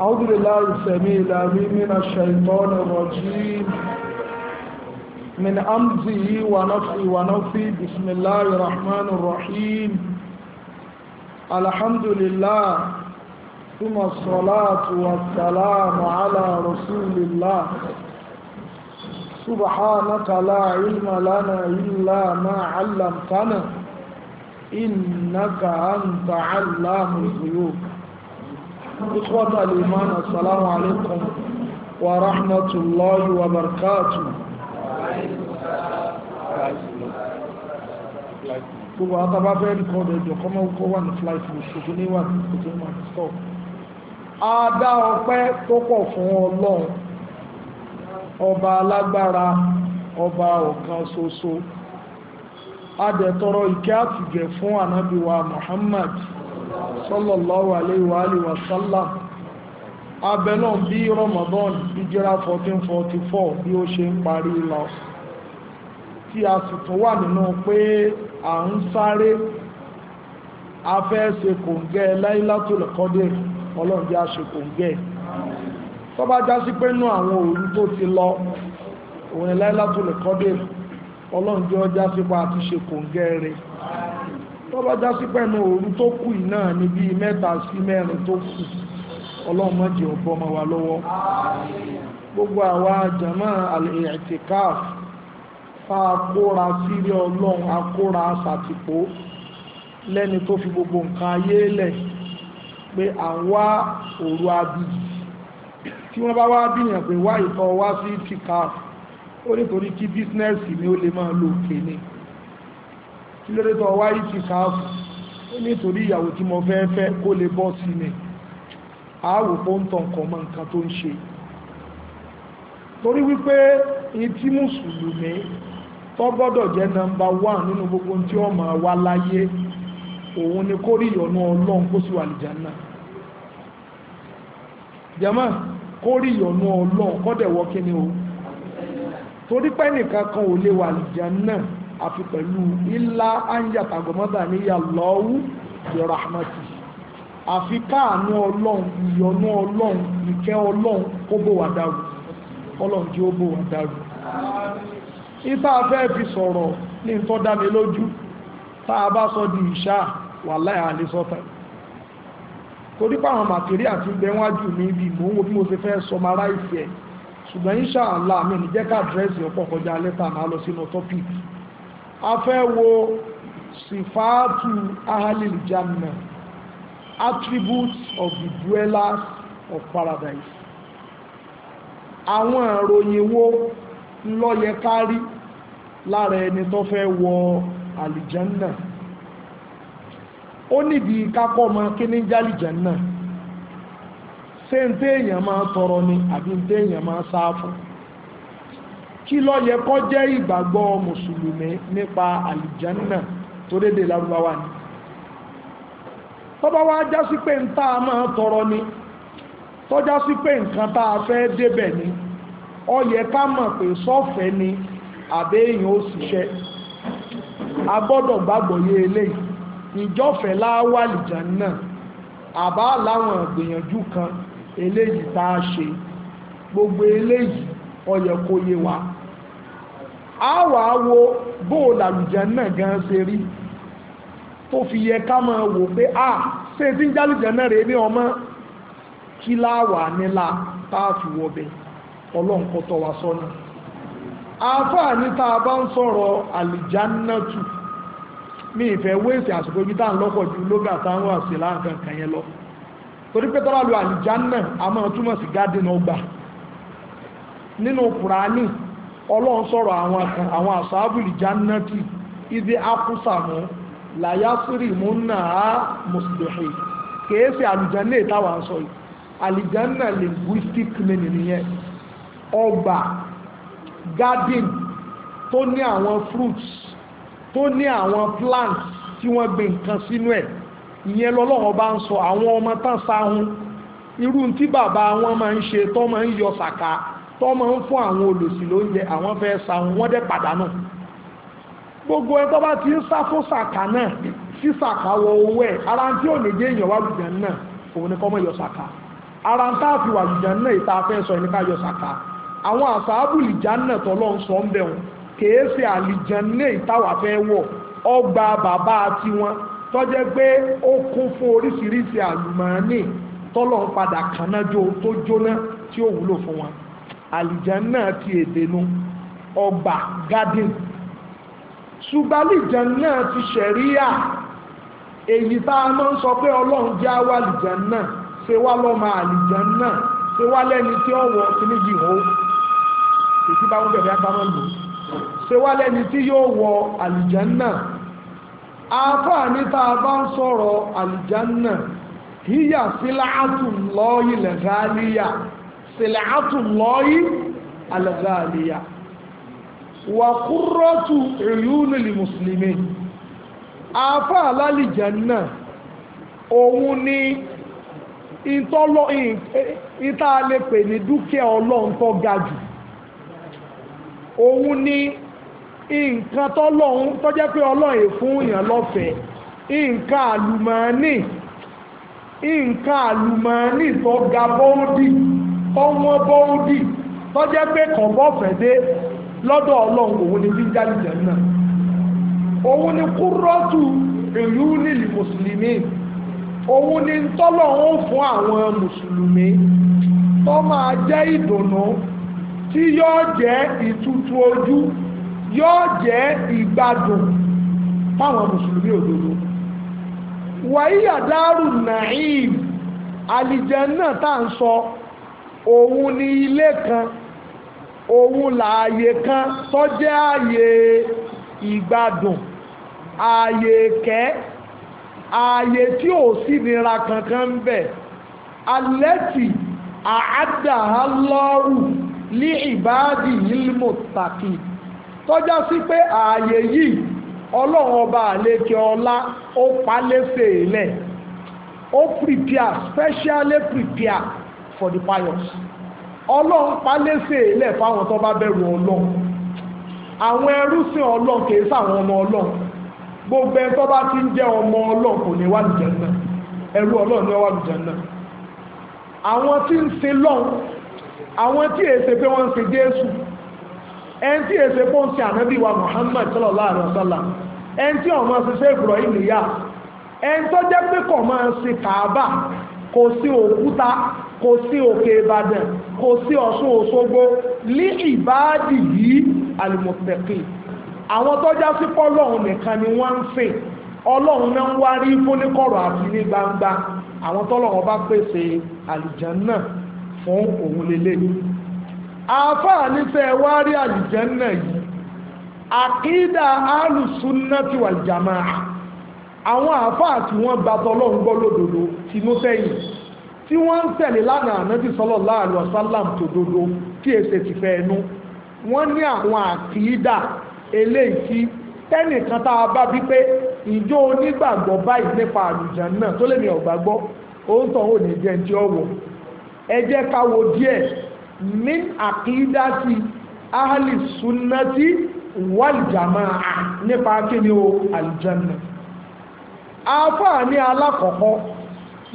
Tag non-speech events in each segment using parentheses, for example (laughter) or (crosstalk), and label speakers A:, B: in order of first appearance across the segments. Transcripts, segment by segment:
A: أعوذ بالله السميع العليم من الشيطان الرجيم من أمزه ونفسه ونفسه بسم الله الرحمن الرحيم الحمد لله ثم الصلاة والسلام على رسول الله سبحانك لا علم لنا إلا ما علمتنا إنك أنت علام الغيوب إخوة الإيمان السلام عليكم ورحمة الله وبركاته gbogbo àwọn tàbá fẹ́ nǹkan ọ̀dọ̀ ìjọ kọ́mọ́ kó wà ní flight ní ṣogbó ní wà ní ṣogbó ní wà ní stop a dá ọpẹ́ tó pọ̀ fún ọlọ́run ọba alágbára ọba ọ̀kan ṣoṣo a dẹ̀ tọrọ ìkẹ́ àtìgẹ̀ fún ànábì Muhammad sallallahu alayhi wa alihi wa sallam abẹ bí Ramadan ìjírá 1444 bí ó ṣe ń parí lọ tí a sì tún wà nínú pé à ń sáré a fẹ́ ṣe kòǹgẹ́ Lailatul Qadr ọlọ́run jẹ́ àṣẹ kòǹgẹ́ tó bá já sí pé nú àwọn òru tó ti lọ òun ni Lailatul Qadr ọlọ́run jẹ́ ọjà sípa àti ṣe kòǹgẹ́ rẹ̀ tọ́bá já sí pẹ̀lú òru tó kù náà ní bíi mẹ́ta sí mẹ́rin tó kù ọlọ́mọdé ọ̀bọ̀ ma wà lọ́wọ́ gbogbo àwa jàmá al-i'tikaf fa akóra sílé ọlọ́run akóra sàtìpó lẹ́ni tó fi gbogbo nǹkan ayé lẹ̀ pé à ń wá òru abiyì tí wọ́n bá wá bíyàn pé wá ìtọ́ wá sí i'tikaf ó nítorí kí bísínẹ́sì ni ó lè máa lo òkè ni. Okay, kí lóde tó wá yìí ti káàfù ó nítorí ìyàwó tí mo fẹ́ fẹ́ kó lè bọ́ sí mi àáwò pọ́ńtọ̀ nǹkan mọ nǹkan tó ń ṣe torí wípé ní tí mùsùlùmí tó gbọ́dọ̀ jẹ́ nọmba wán nínú gbogbo tí ó máa wá láyé òun ni kó rí ìyọ̀nù ọlọ́run kó sì wà lìjánà jẹ́mọ́ kó rí ìyọ̀nù ọlọ́run kọ́dẹ̀ kí ni o torí pé ẹnìkan kan ò lè wà lìjánà àfi pẹ̀lú ilá ányàtàgọ́mọ́dà ní yàlọ́wù ìrọ̀hàmàtì àfi káàánú ọlọ́run ìyọ́nú ọlọ́run ìkẹ́ ọlọ́run kó bò wá dàrú ọlọ́run tí ó bò wá dàrú ìta afẹ́ fi sọ̀rọ̀ ní nǹkan lójú tá a bá sọ di ìṣá wà láì àlesọ́tà torí pé àwọn màtírí àti ń bẹ wájú ní ibi mò ń mo ṣe fẹ́ sọmará ìfẹ́ ṣùgbọ́n ìṣá àlá mi ní jẹ́ ká dírẹ́sì ọ̀pọ̀ kọjá lẹ́tà máa lọ sínú tọ́pìkì a fẹ́ wo sifáàtù ahalil janna attributes of the dwellers of paradise àwọn ìròyìn wo ló yẹ ká rí lára ẹni tó fẹ́ wọ àlìjánà ó níbi kákọ́ ọmọ kíní jálìjánà ṣé ń téèyàn máa tọrọ ni àbí ń téèyàn máa sá kí ló yẹ kó jẹ́ ìgbàgbọ́ mùsùlùmí nípa àlìjánà tó dédé lárúbáwá ni tó bá wá já sí pé ń tá a máa tọrọ ni tó já sí pé nǹkan tá a fẹ́ débẹ̀ ni ó yẹ ká mọ̀ pé sọ́fẹ̀ẹ́ ni àbẹ́yìn ó ṣiṣẹ́ a gbọ́dọ̀ gbàgbọ́ yé eléyìí ìjọ́fẹ́ láwà àlìjánà àbá láwọn ìgbìyànjú kan eléyìí tá a ṣe gbogbo eléyìí ó yẹ yé wa a wà á wo bóòlù àlùjánnà gan ṣe rí tó fi yẹ ká máa wò pé a ṣe tí ń jálùjánnà rèé ní ọmọ kí láwà nílá tá a fi wọbẹ̀ ọlọ́nkọ́ tọ́ wa sọ́nà àáfàá ní tá bá ń sọ̀rọ̀ àlùjánnà tù mi ìfẹ́ wéèsì àsìkò ibi tá à ń lọ́pọ̀ ju lóga táwọn àṣẹ láǹkan kan yẹn lọ torí pé tọ́lá lu àlùjánnà a máa túmọ̀ sí garden ọgbà nínú kùránì ọlọ́run sọ̀rọ̀ àwọn kan àwọn àṣàbùlì jannati ibi akúsàmù làyásírì múnà á mùsùlùmí kìí ṣe àlùjánlé táwa ń sọ yìí àlùjánlá linguistic meaning nìyẹn ọgbà garden tó ní àwọn fruits tó ní àwọn plants tí wọ́n gbé nǹkan sínú ẹ̀ ìyẹn lọ́lọ́run bá ń sọ àwọn ọmọ tán sáhun irú tí bàbá wọn máa ń ṣe tó máa ń yọ sàkà tó máa ń fún àwọn olòṣì lóúnjẹ àwọn fẹ́ sa wọ́n dẹ̀ padà náà gbogbo ẹ̀ tó bá ti ń sá fún sàkà náà sí sàkà wọ owó ẹ̀ ara tí ò ní jẹ́ èèyàn wá lùjẹ̀ náà òun ni kọ́mọ yọ sàkà ara tá a fi wà lùjẹ̀ náà ìta fẹ́ sọ ní ká yọ sàkà àwọn àsáàbùlì jánà tọ́lọ́ ń sọ ń bẹ̀ wọn kèé ṣe àlìjẹ̀ náà ìtawà fẹ́ wọ̀ ọgbà bàbá tiwọn tó jẹ́ pé ó kún fún oríṣiríṣi àlùmọ́ọ́nì tọ́lọ́ padà kànájó tó jóná tí ó wúlò fún wọn àlìjánà ti èdènú ọgbà garden ṣùgbọ́n àlìjánà ti ṣẹ̀ríyà èyí tá a máa ń sọ pé ọlọ́run jẹ́ àwa àlìjánà ṣe wá lọ́mọ àlìjánà ṣe wá lẹ́ni tí ọ̀wọ́ ti ní yìí hó èyí bá ń bẹ̀rẹ̀ agbára lò ṣe wá lẹ́ni tí yóò wọ àlìjánà àfààní tá a bá ń sọ̀rọ̀ àlìjánà híyà síláàtù lọ́ọ́ ilẹ̀ gáálíyà sil'atullahi al-ghaliya wà qurratu uyunil muslimin afá alálìjánná òun ni ìtọ́lọ́ ìta lè pè ní dúkìá ọlọ́run tó ga jù òun ni nǹkan tọ́lọ́run tó jẹ́ pé ọlọ́run è fún èèyàn lọ́fẹ̀ẹ́ nǹkan àlùmọ́ọ́nì nǹkan àlùmọ́ọ́nì tó ga ọwọ́n bọ́ọ̀dì tó jẹ́ pé kàn bọ́ọ̀fẹ́ dé lọ́dọ̀ ọlọ́run òun ni bí jáde jẹ́ náà òun ni kúrọ́tù ìlú nílì mùsùlùmí òun ni tọ́lọ̀ ń fún àwọn mùsùlùmí tó máa jẹ́ ìdùnnú tí yóò jẹ́ ìtutù ojú yóò jẹ́ ìgbádùn fáwọn mùsùlùmí òdodo wàyí àdárù nàìjíríà àlìjẹ náà tá à ń sọ òun ni ilé kan òun lààyè kan tó jẹ́ ààyè ìgbádùn ààyè ìkẹ́ ààyè tí ò nira kankan ń bẹ alẹ́tì àádáha lọ́rù ní ìbáàdì ilmọ̀tàkì tọ́já sí pé ààyè yìí ọlọ́run ọba àlékè ọlá ó palẹ́sẹ̀ ó prepare specially for the pious ọlọ́run palẹ́sẹ̀ ilẹ̀ fáwọn tó bá bẹ̀rù ọlọ́run àwọn ẹrúsìn ọlọ́run kìí sáwọn ọmọ ọlọ́run gbogbo ẹni tó bá ti ń jẹ́ ọmọ ọlọ́run kò ní wà lùjànnà ẹrú ọlọ́run ní wà lùjànnà àwọn tí ń ṣe lọ́run àwọn tí èsè pé wọ́n ń ṣe jésù ẹni tí èsè pé ń ṣe ànábì wa muhammad sallallahu alaihi wasallam ẹni tí ọmọ ṣiṣẹ́ ìgbọ̀rọ̀ yìí nìyá ẹni tó jẹ́ pé kọ̀ máa ń ṣe kàábà kò sí òkúta kò sí òkè ìbàdàn kò sí ọ̀ṣun òṣogbo lí ìbáàdì yìí alìmọ̀tẹ̀kì àwọn tó já sí pọ́lọ́hun nìkan ni wọ́n ń fè ọlọ́run náà ń wá rí fóníkọ̀rọ̀ àti ní gbangba àwọn tọ́lọ́run bá pèsè àlìjánà fún òun lélẹ̀ àáfàá nífẹ̀ wá rí àlìjánà yìí àkídà alùsùnà ti wà jàmáà àwọn àáfàá tí wọ́n gbàtọ́ ọlọ́run gbọ́ lódodo tinú sẹ́yìn tí wọ́n ń tẹ̀lé lánàá ànábì sallallahu alaihi wasallam tó dodo tí èsè ti fẹ́ ẹnu wọ́n ní àwọn àkìídà eléyìí tí tẹ́nìkan tá a bá bí pé ìjọ onígbàgbọ́ báyìí nípa àlùjá náà tó lè ní ọ̀gbàgbọ́ òun tàn ò ní jẹ́ ti ọ̀wọ̀ ẹ jẹ́ ká wo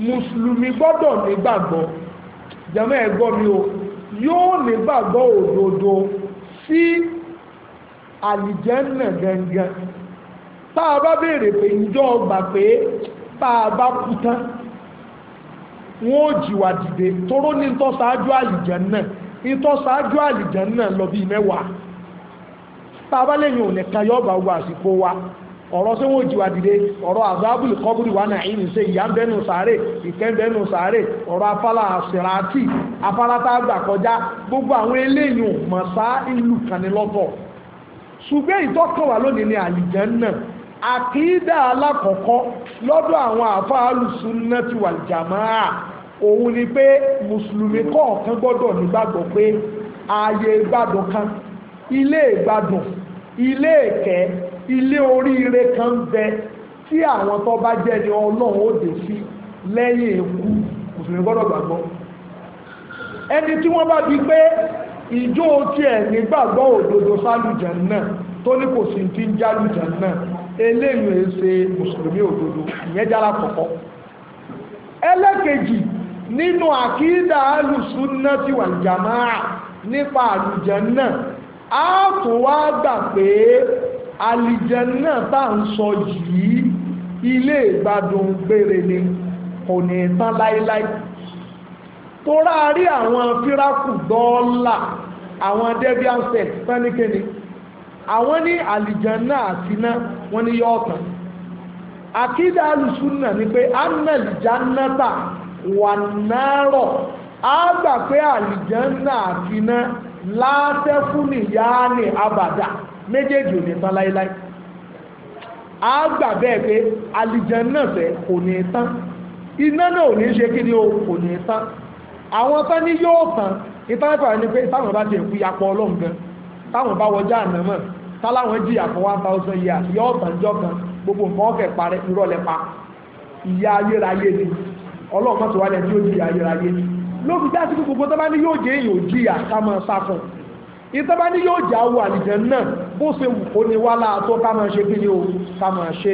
A: mùsùlùmí gbọ́dọ̀ nígbàgbọ́ jẹ́mọ́ ẹ̀gbọ́ mi o yóò nígbàgbọ́ òdodo sí àlìjẹ́nà gangan tá a bá béèrè pé ìjọ ọgbà pé tá a bá kú tán wọ́n ó jìwà dìde tóró ní tọ́sáájú àlìjẹ́nà ìtọ́sáájú àlìjẹ́nà lọ bí mẹ́wàá tá a bá lẹ́yìn òní kan yóò bá wọ àsìkò wa ọ̀rọ̀ sí wọ́n jìwà dìde ọ̀rọ̀ àzábùlì kọ́bùrì wà náà ìrìn sí ìyá bẹnu sàárè ìkẹ́bẹnu sàárè ọ̀rọ̀ afárá àṣìráàtì afárá tá a gbà kọjá gbogbo àwọn eléyìn mọ̀sá ìlú kanilọ́tọ̀ ṣùgbọ́n ìtọ́kànwá lónìí ni àlìjẹ́nnà àkídà alákọ̀ọ́kọ́ lọ́dọ̀ àwọn àfáàlù sunnati wal jamaa òun ni pé mùsùlùmí kọ̀ọ̀kan gbọ́dọ̀ nígbàgbọ́ pé ààyè ìgbádùn kan ilé ìgbádùn ilé ìkẹ́ ilé oríire kan bẹ tí àwọn tó bá jẹ́ ni ọlọ́run ó dé sí lẹ́yìn ikú mùsùlùmí gbọ́dọ̀ gbàgbọ́ ẹni tí wọ́n bá bi pé ìjó tí ẹ̀ nígbàgbọ́ òdodo sálùjẹ̀ náà tó ní kò sí ti ń jálùjẹ̀ náà eléyìn èsè mùsùlùmí òdodo ìyẹn jára kọ̀kọ́ ẹlẹ́kejì nínú àkídà alùsùnà ti wà jàmáà nípa àlùjẹ̀ náà a tún wá gbà pé àlìjẹ́nà bá ń sọ yìí ilé ìgbádùn gbére ni kò ní tán láíláí torá rí àwọn fíráàkù dọ́ọ́là àwọn debian set fẹ́nikẹ́ni àwọn ní àlìjẹ́nà àti iná wọ́n ní yọ́ ọ̀tàn alùsùnà ni pé anàlìjánátà wà náírọ̀ á gbà pé àlìjẹ́nà àti iná látẹ́fúnìyá ní abàdà méjèèjì ò ní tán láíláí a gbà bẹ́ẹ̀ pé alìjẹun náà fẹ́ kò ní tán iná náà ò ní ṣe kí ni o kò ní tán àwọn tán ní yóò tán ìtànàfà ni pé táwọn bá ti ẹ̀kú yapọ̀ ọlọ́run gan táwọn bá wọjá ànámọ̀ táláwọn jìyà fún one thousand years yóò tán jọ kan gbogbo nǹkan ọ̀fẹ́ parẹ́ ìrọ̀lẹ́ pa ìyá ayérayé ni ọlọ́run mọ́tò wálẹ̀ tí ó jìyà ayérayé ló dá sí gbogbo tó bá ní yóò jẹ́ èèyàn jìyà ká máa sá fún un ìtọ́bá ní yóò jà wọ àlìjàn náà bó ṣe wù kó ní wá láàtọ́ ká máa ṣe kíni o ká máa ṣe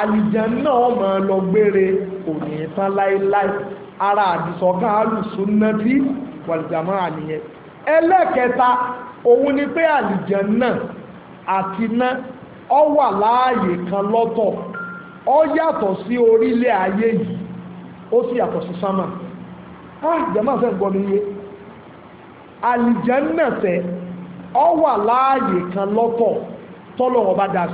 A: àlìjàn náà máa lọ gbére kò ní tán láéláé ara àdìsọ́kàn alùsùn náà tí wàlìjàmọ́ àníyẹn ẹlẹ́kẹta òun ni pé àlìjàn náà àti iná ọ wà láàyè kan lọ́tọ̀ ọ yàtọ̀ sí orílẹ̀ ayé yìí ó sì yàtọ̀ sí sánmà ah jẹ́mọ́ fẹ́ gbọ́ mi yé àlìjàn náà tẹ́ ọ wà láàyè kan lọ́tọ̀ tọ́lọ̀ ọba dá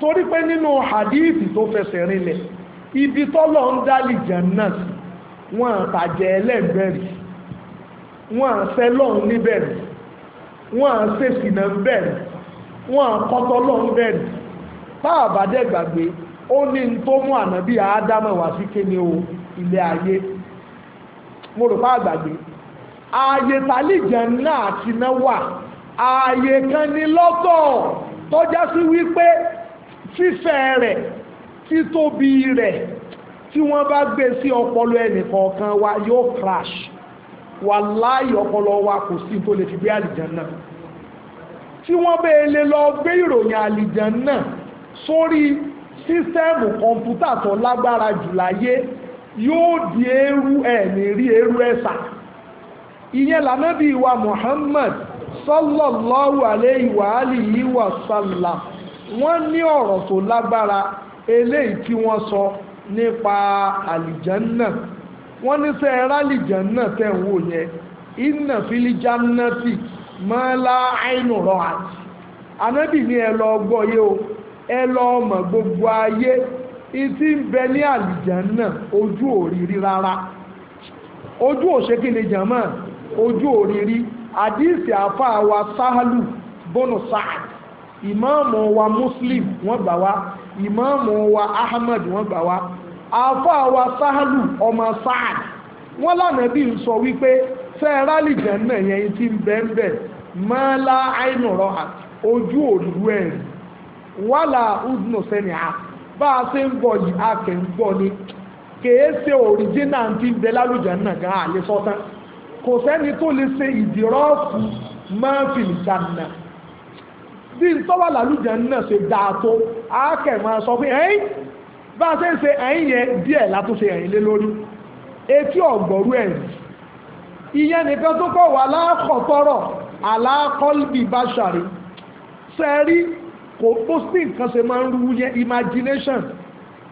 A: torí pé nínú hadithi tó fẹsẹ̀ rinlẹ̀ ibi tọ́lọ̀ ń dálì jẹ̀nà sí wọ́n àtàjẹ́ ẹlẹ́gbẹ̀rì wọ́n àṣẹlọ́ níbẹ̀rì wọ́n àṣẹ̀sìnà bẹ̀rì wọ́n àkọ́tọ́lọ́ bẹ̀rì bá àbádẹ́ gbàgbé ó ní tó mú ànábì àádámọ̀ wá sí kéde o ilé ayé mo rò bá àgbàgbé ààyè tàlíjẹ̀ náà àti náà wà ààyè kan ní lọ́tọ̀ tó já sí wípé fífẹ̀ rẹ̀ títóbi rẹ̀ tí wọ́n bá gbé sí ọpọlọ ẹnìkọ̀ọ̀kan wa yóò crash wàláhì ọpọlọ wa kò sí tó lè fi gbé àlìjànnà tí wọ́n bẹ́ẹ̀ lè lọ gbé ìròyìn àlìjànnà sórí sísẹ́ẹ̀mù kọ̀ǹpútà tó lágbára jù láyé yóò di eérú ẹ̀ ní rí eérú ẹ̀sà ìyẹn lànàbí wa Muhammad sallallahu alayhi wa alihi wa sallam wọ́n ní ọ̀rọ̀ tó lágbára eléyìí tí wọ́n sọ nípa àlìjánná wọ́n ní sẹ́ ẹ̀rá àlìjánná tẹ̀ ń wò yẹn inna filijanati mọ́lá àìnù rọ̀ àti anábì ní ẹ lọ gbọ́ yé o ẹ lọ mọ̀ gbogbo ayé ìtí ń bẹ ní àlìjánná ojú òrírí rárá ojú òṣèkìlì jàmọ́ ojú òrírí rárá àdíìsì àfáà wa sáhálù bọ́nù sáàd ìmáàmù wa muslim wọ́n gbà wá wa ahmed wọ́n gbà wá àfáà wa sáhálù ọmọ sáàd wọ́n n sọ wípé sẹ́ẹ̀rálì jẹ́nà yẹn ti ń bẹ́ẹ̀ bẹ́ẹ̀ mọ́lá ojú òdúrú ẹ̀rì wàlà bá a ṣe ń bọ̀ yìí a ń kò sẹ́ni tó lè ṣe ìdírọ́ọ̀fù máa fi ìjànà bí n tọ́wà làlújẹ náà ṣe dáa tó ákẹ̀ máa sọ pé ẹ̀yìn bá a ṣe ń ṣe ẹ̀yìn yẹn díẹ̀ látúnṣe ẹ̀yìn lé lórí etí ọ̀gbọ̀rú ẹ̀yìn ìyẹn nìkan tó kọ̀ wà láàkọ̀tọ́rọ̀ imagination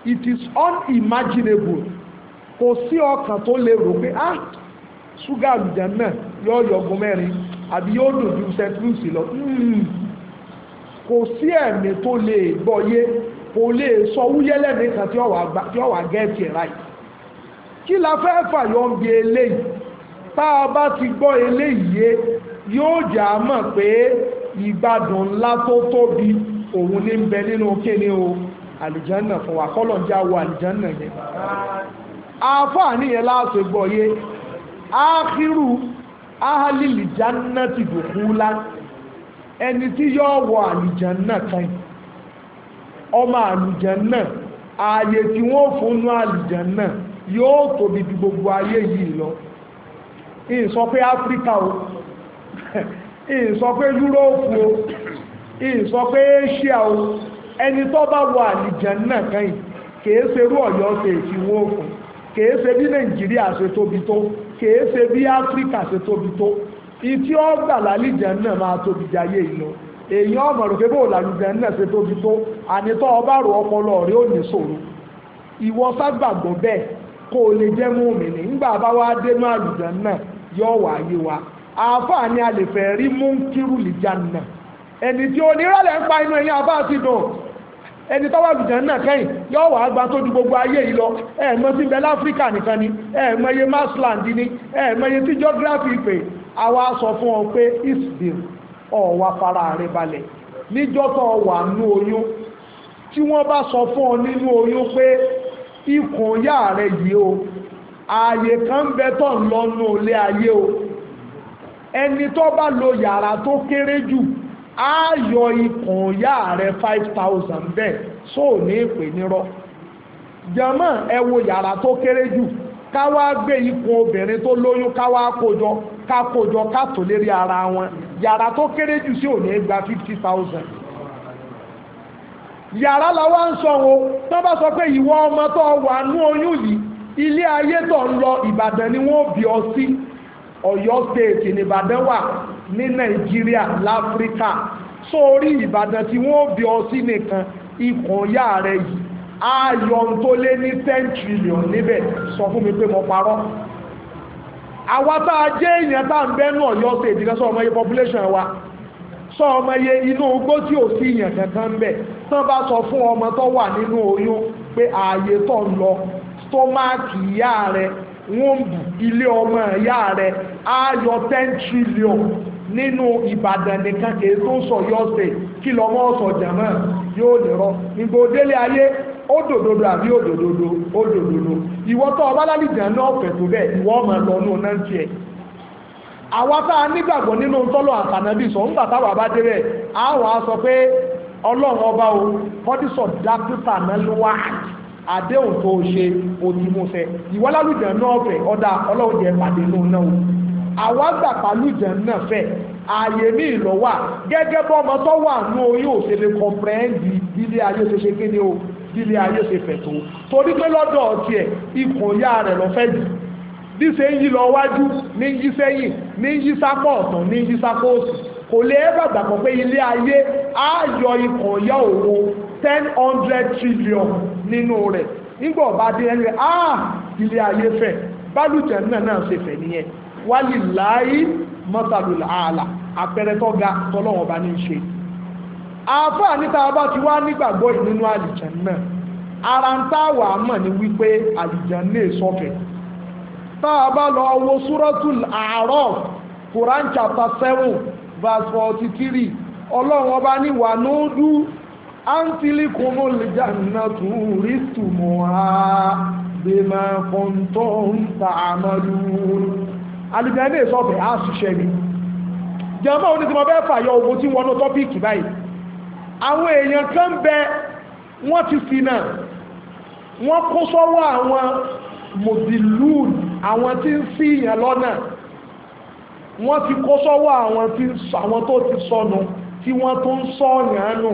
A: it is unimaginable kò sí ọkàn tó lè rò pé ah ṣúgà àlùjẹ́ náà yóò yọgun mẹ́rin àbí yóò dùn ju centrus lọ hmm. kò sí ẹ̀mí tó lè gbọ́yé kò lè sọ wúyẹ́lẹ̀ nìkan tí ọ̀wà gẹ́ẹ̀tì ráì kí la fẹ́ fàyọ ń bi eléyìí tá a bá ti gbọ́ eléyìí yé yóò jà á mọ̀ pé ìgbádùn ńlá tó tóbi òun ní bẹ nínú kíni o àlùjánà fún wa kọ́lọ̀ ń jáwọ́ àlùjánà yẹn àáfàá nìyẹn láti gbọ́yé áàkírù áhàlìlì jánà ti dùkúlá ẹni tí yóò wọ àlùjánà kan ọmọ àlùjánà ààyè tí wọ́n fúnnú àlùjánà yóò tóbi ju gbogbo ayé yìí lọ ìsọ pé áfíríkà o ìsọ pé yúróòpù o ìsọ pé asia o ẹni tó bá wọ àlùjánà kan yìí kèése rú ọ̀yọ́ ṣe ìfiwó òfin kèése bí nàìjíríà ṣe tóbi tó. Bito kèé bí áfíríkà ṣe tóbi tó ìtí ọgbà lálìjẹ náà máa tóbi jayé ìlú èèyàn ọmọ rò pé bó làlùjẹ náà ṣe tóbi tó ànitọ́ ọba rò ọpọlọ rẹ ò ní ṣòro ìwọ ságbàgbọ́ bẹ́ẹ̀ kó o lè jẹ́ múmìnì ńgbà bá wá dénú àlùjẹ náà yọ wa àáfàá ni a lè fẹ́ rí múnkírù lìjà náà ẹni tí onírẹ̀lẹ̀ ń pa inú ẹ̀yìn àbá ẹni tọ́wọ́ àgùjẹ́ náà kẹ́yìn yọ́ wà á gba tó ju gbogbo ayé yìí lọ ẹ̀ẹ̀mọ́ sí bẹ́lá áfíríkà nìkan ni ẹ̀ẹ̀mọ́ye masland ni ẹ̀ẹ̀mọ́ye tí geography pè àwa sọ fún ọ pé isbir ọ̀wà fara rẹ̀ balẹ̀ níjọ́tọ̀ wà nú oyún tí wọ́n bá sọ fún ọ nínú oyún pé ikùn yá rẹ̀ yìí o ààyè kan bẹ tọ̀ ń lọ ilé ayé o ẹni tó bá lo yàrá tó kéré jù á yọ ikùn ìyá rẹ̀ five thousand bẹ́ẹ̀ só ò ní ìpè nírọ́ jẹ̀mọ́ ẹ wo yàrá tó kéré jù ká wá gbé ikùn obìnrin tó lóyún ká wá kójọ ká kójọ lérí ara wọn yàrá tó kéré jù sí ò gba fifty thousand yàrá làwọn ń sọ wọn tó bá sọ pé ìwọ ọmọ tó wà nú oyún yìí ilé ayé tó ń lọ Ìbàdàn ni wọ́n bí ọ sí. Ọ̀yọ́ state ní Ìbàdàn wà ní Nàìjíríà láfíríkà sórí Ìbàdàn tí wọ́n bí ọ sí nìkan ikùn ọ̀yá rẹ yìí ayọ̀ tó lé ní ten trillion níbẹ̀ sọ fún mi pé mo parọ́ àwa tá a jẹ́ èèyàn tá à ń bẹ́nu Ọ̀yọ́ state kan sọ ọmọ iye population wa sọ ọmọ iye inú igbó tí ò sí èèyàn kankan ń bẹ̀ tán bá sọ fún ọmọ tó wà nínú oyún pé ààyè tó ń lọ stomach ìyá rẹ wọ́n ilé ọmọ ìyá rẹ̀ á yọ ten trillion nínú ìbàdàn nìkan kìí tó sọ yọ si kí lọ́mọ ọ̀sọ̀ jẹ̀mọ́ yóò rọ nígbò délé ayé ódòdòdò àbí òdòdòdò ódòdòdò ìwọ́tọ̀ ọbálàlìjàn náà fẹ̀ tó bẹ́ẹ̀ ìwọ́ ọmọ ń tiẹ̀ a nígbàgbọ́ nínú tọ́lọ̀ àtànàbí sọ ń bàtà a sọ pé ọlọ́run ọba o dákítà náà àdéhùn tó ṣe òtìmọ̀fẹ́ ìwọ́lálùjẹ̀ náà fẹ́ ọ̀dà ọlọ́run jẹ́ pàdé náà àwa gbà pàlùjẹ̀ náà fẹ́ ààyè ní ìlọ́wà gẹ́gẹ́ bọ́ ọmọ tó wà ní oyún òṣèlè kọ̀m̀pẹ́ẹ́ndì ilé ayé ṣe ṣe kéde o ilé ayé ṣe fẹ̀ tó torí pé lọ́dọ̀ ọtí ẹ̀ ikùn ìyá rẹ̀ lọ fẹ́ jù bí ṣe ń yí lọ wájú ní yí sẹ́yìn ní yí sápọ̀ ọ̀tàn ní yí sápọ̀ òsì kò lè ẹ́ bàgbà pé ilé ayé á yọ ikùn ìyá òun ten hundred trillion nínú rẹ̀ nígbà ọba dé ẹgbẹ́ ah ilé ayé fẹ̀ bálùjẹ̀ náà náà ṣe fẹ̀ nìyẹn wálì láàyè mọ́tàlùlà ààlà àpẹẹrẹ tó ga tọ́lọ́wọ́n ọba ní í ṣe àfáà níta bá ti wá nígbàgbọ́ nínú àlìjẹ̀ náà ara ń táwà mọ̀ ní wípé àlìjẹ̀ náà sọ́fẹ̀ tá a bá lọ wo súrọ́tùl A'raf Quran chapter seven verse forty three ọlọ́run ọba ní wà nóódú antilikumul jannatu ristumuha bima kuntum ta'malun alìjẹ́ ilé ìsọ̀bẹ̀ á ṣiṣẹ́ ni jẹ́mọ́ òní tí mo bẹ́ẹ̀ fàyọ ogun tí wọnú tọ́pìkì báyìí àwọn èèyàn kan bẹ wọ́n ti ṣìnà wọ́n kó sọ́wọ́ àwọn mòdìlúùn àwọn tí ń ṣì yàn lọ́nà wọ́n ti kó sọ́wọ́ àwọn tó ti sọnù tí wọ́n tó ń sọ̀yàn nù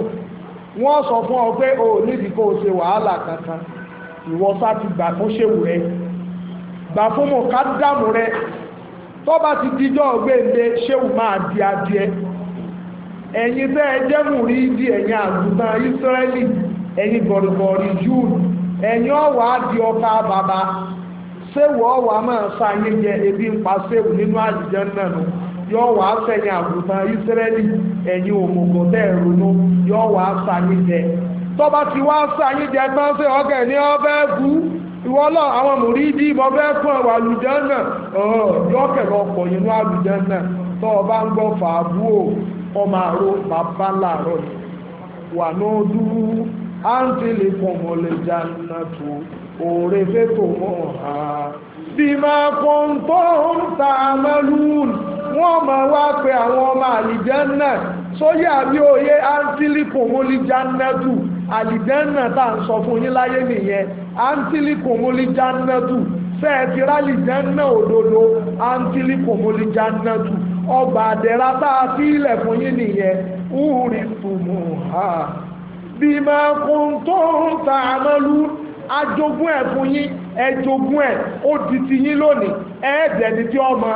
A: wọ́n sọ fún ọ pé o nídìí kó o ṣe wàhálà kankan ìwọ sá ti gbà fún ṣéwù rẹ gbà fún mọ̀ ká dààmú rẹ tó bá ti dijọ́ gbèǹde ṣéwù máa di adìẹ ẹ̀yin tẹ́ ẹ jẹ́ múrí di ẹ̀yin àgùntàn Ísírẹ́lì ẹ̀yin gọ̀rọ̀gọ̀rì Júù ẹ̀yin ọ̀wà di ọba bàbá ṣéwù ọ̀wà máa sa yín ebi ń pa ṣéwù nínú àjíjẹ náà nù yóò wá sẹ́yìn àgùntàn Ísírẹ́lì ẹ̀yin òmùgọ̀ tẹ́ ronú yóò wá sàyìn jẹ tọ́ba ti wá sàyìn jẹ tán ṣe ọ̀gẹ̀ ní ọbẹ̀ kú ìwọ́lọ̀ àwọn mùrídìí ìbọn fẹ́ fún ẹwà àlùjẹ́ náà yóò kẹ̀lọ́ ọ̀pọ̀ inú àlùjẹ́ náà tọ́ ọba ń gbọ́ fàábù ò ọmọ àrò bàbá làárọ̀ yìí wà ní ojú áńtìlì kọ̀mọ̀lẹ̀jà náà tó òòrè fẹ́ tó mọ̀ ọ́n bima kuntum ta'malun wọ́n máa wá pé àwọn ọmọ àlìjánà sóyè àbí òye antilikomolijanatu àlìjánà tá à ń sọ fún yín láyé nìyẹn antilikomolijanatu fẹ́ẹ̀tì rálìjánà òdodo antilikomolijanatu ọgbà àdẹ̀rà tá a fi ilẹ̀ fún yín nìyẹn húrí tùmù ha bima kuntum ta'malun ajogún ẹ̀ fún yín ẹ ẹ̀ ó di ti yín lónìí ẹ̀ẹ́dẹ̀ni tí ọmọ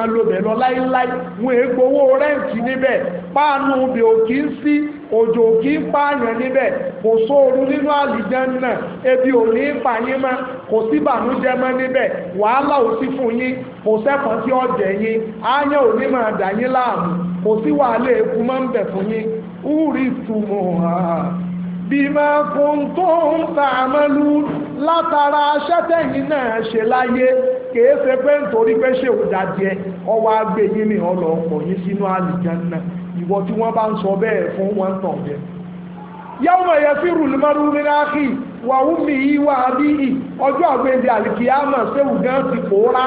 A: lọ láíláí wọn è gbowó rẹ́ǹtì níbẹ̀ páànù ibẹ̀ ò kí ń sí òjò kí ń pààyàn níbẹ̀ kò sóoru nínú ebi ò ní pààyàn mọ́ kò sí wàhálà ò sí fún yín kò tí ó jẹ yín látara aṣẹ́tẹ̀yìn náà ṣe láyé kìí ṣe pé nítorí pé ṣe òdàdìẹ ọwọ́ agbè yín ni ọlọ́ pọ̀ yín sínú àlìjánná ìwọ tí wọ́n bá ń sọ bẹ́ẹ̀ fún wọn tàn jẹ. yawma yafiru al-mar'u min akhi wa ummihi wa abihi ọjọ́ àgbèdè àlìkìyàmọ̀ gan ti pòórá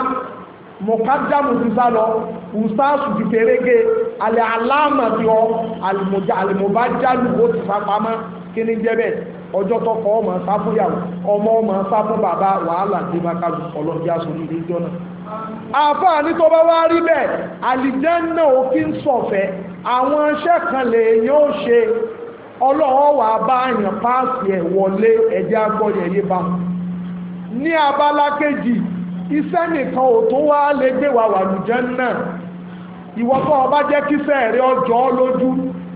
A: ti sá lọ alẹ́ ọjọ́ tọkọ ọmọ sá fún yàwó ọmọ ọmọ sá fún bàbá wàhálà dé bá kájú ọlọ́dí aṣojú ilé ìjọ
B: náà
A: àfáà ní tó bá wá rí bẹ́ẹ̀ àlìjẹ́nà òfin sọ̀fẹ́ àwọn iṣẹ́ kan lè yóò ṣe ọlọ́wọ́ wà bá àyàn páàsì ẹ̀ wọlé ẹ̀jẹ̀ agbọ́yẹ̀ yé bá ní abala kejì iṣẹ́ nìkan ò tó wá lè gbé wa wà àlìjẹ́nà ìwọ́pọ̀ ọba jẹ́ kíṣẹ́ rẹ̀ ọjọ́ lójú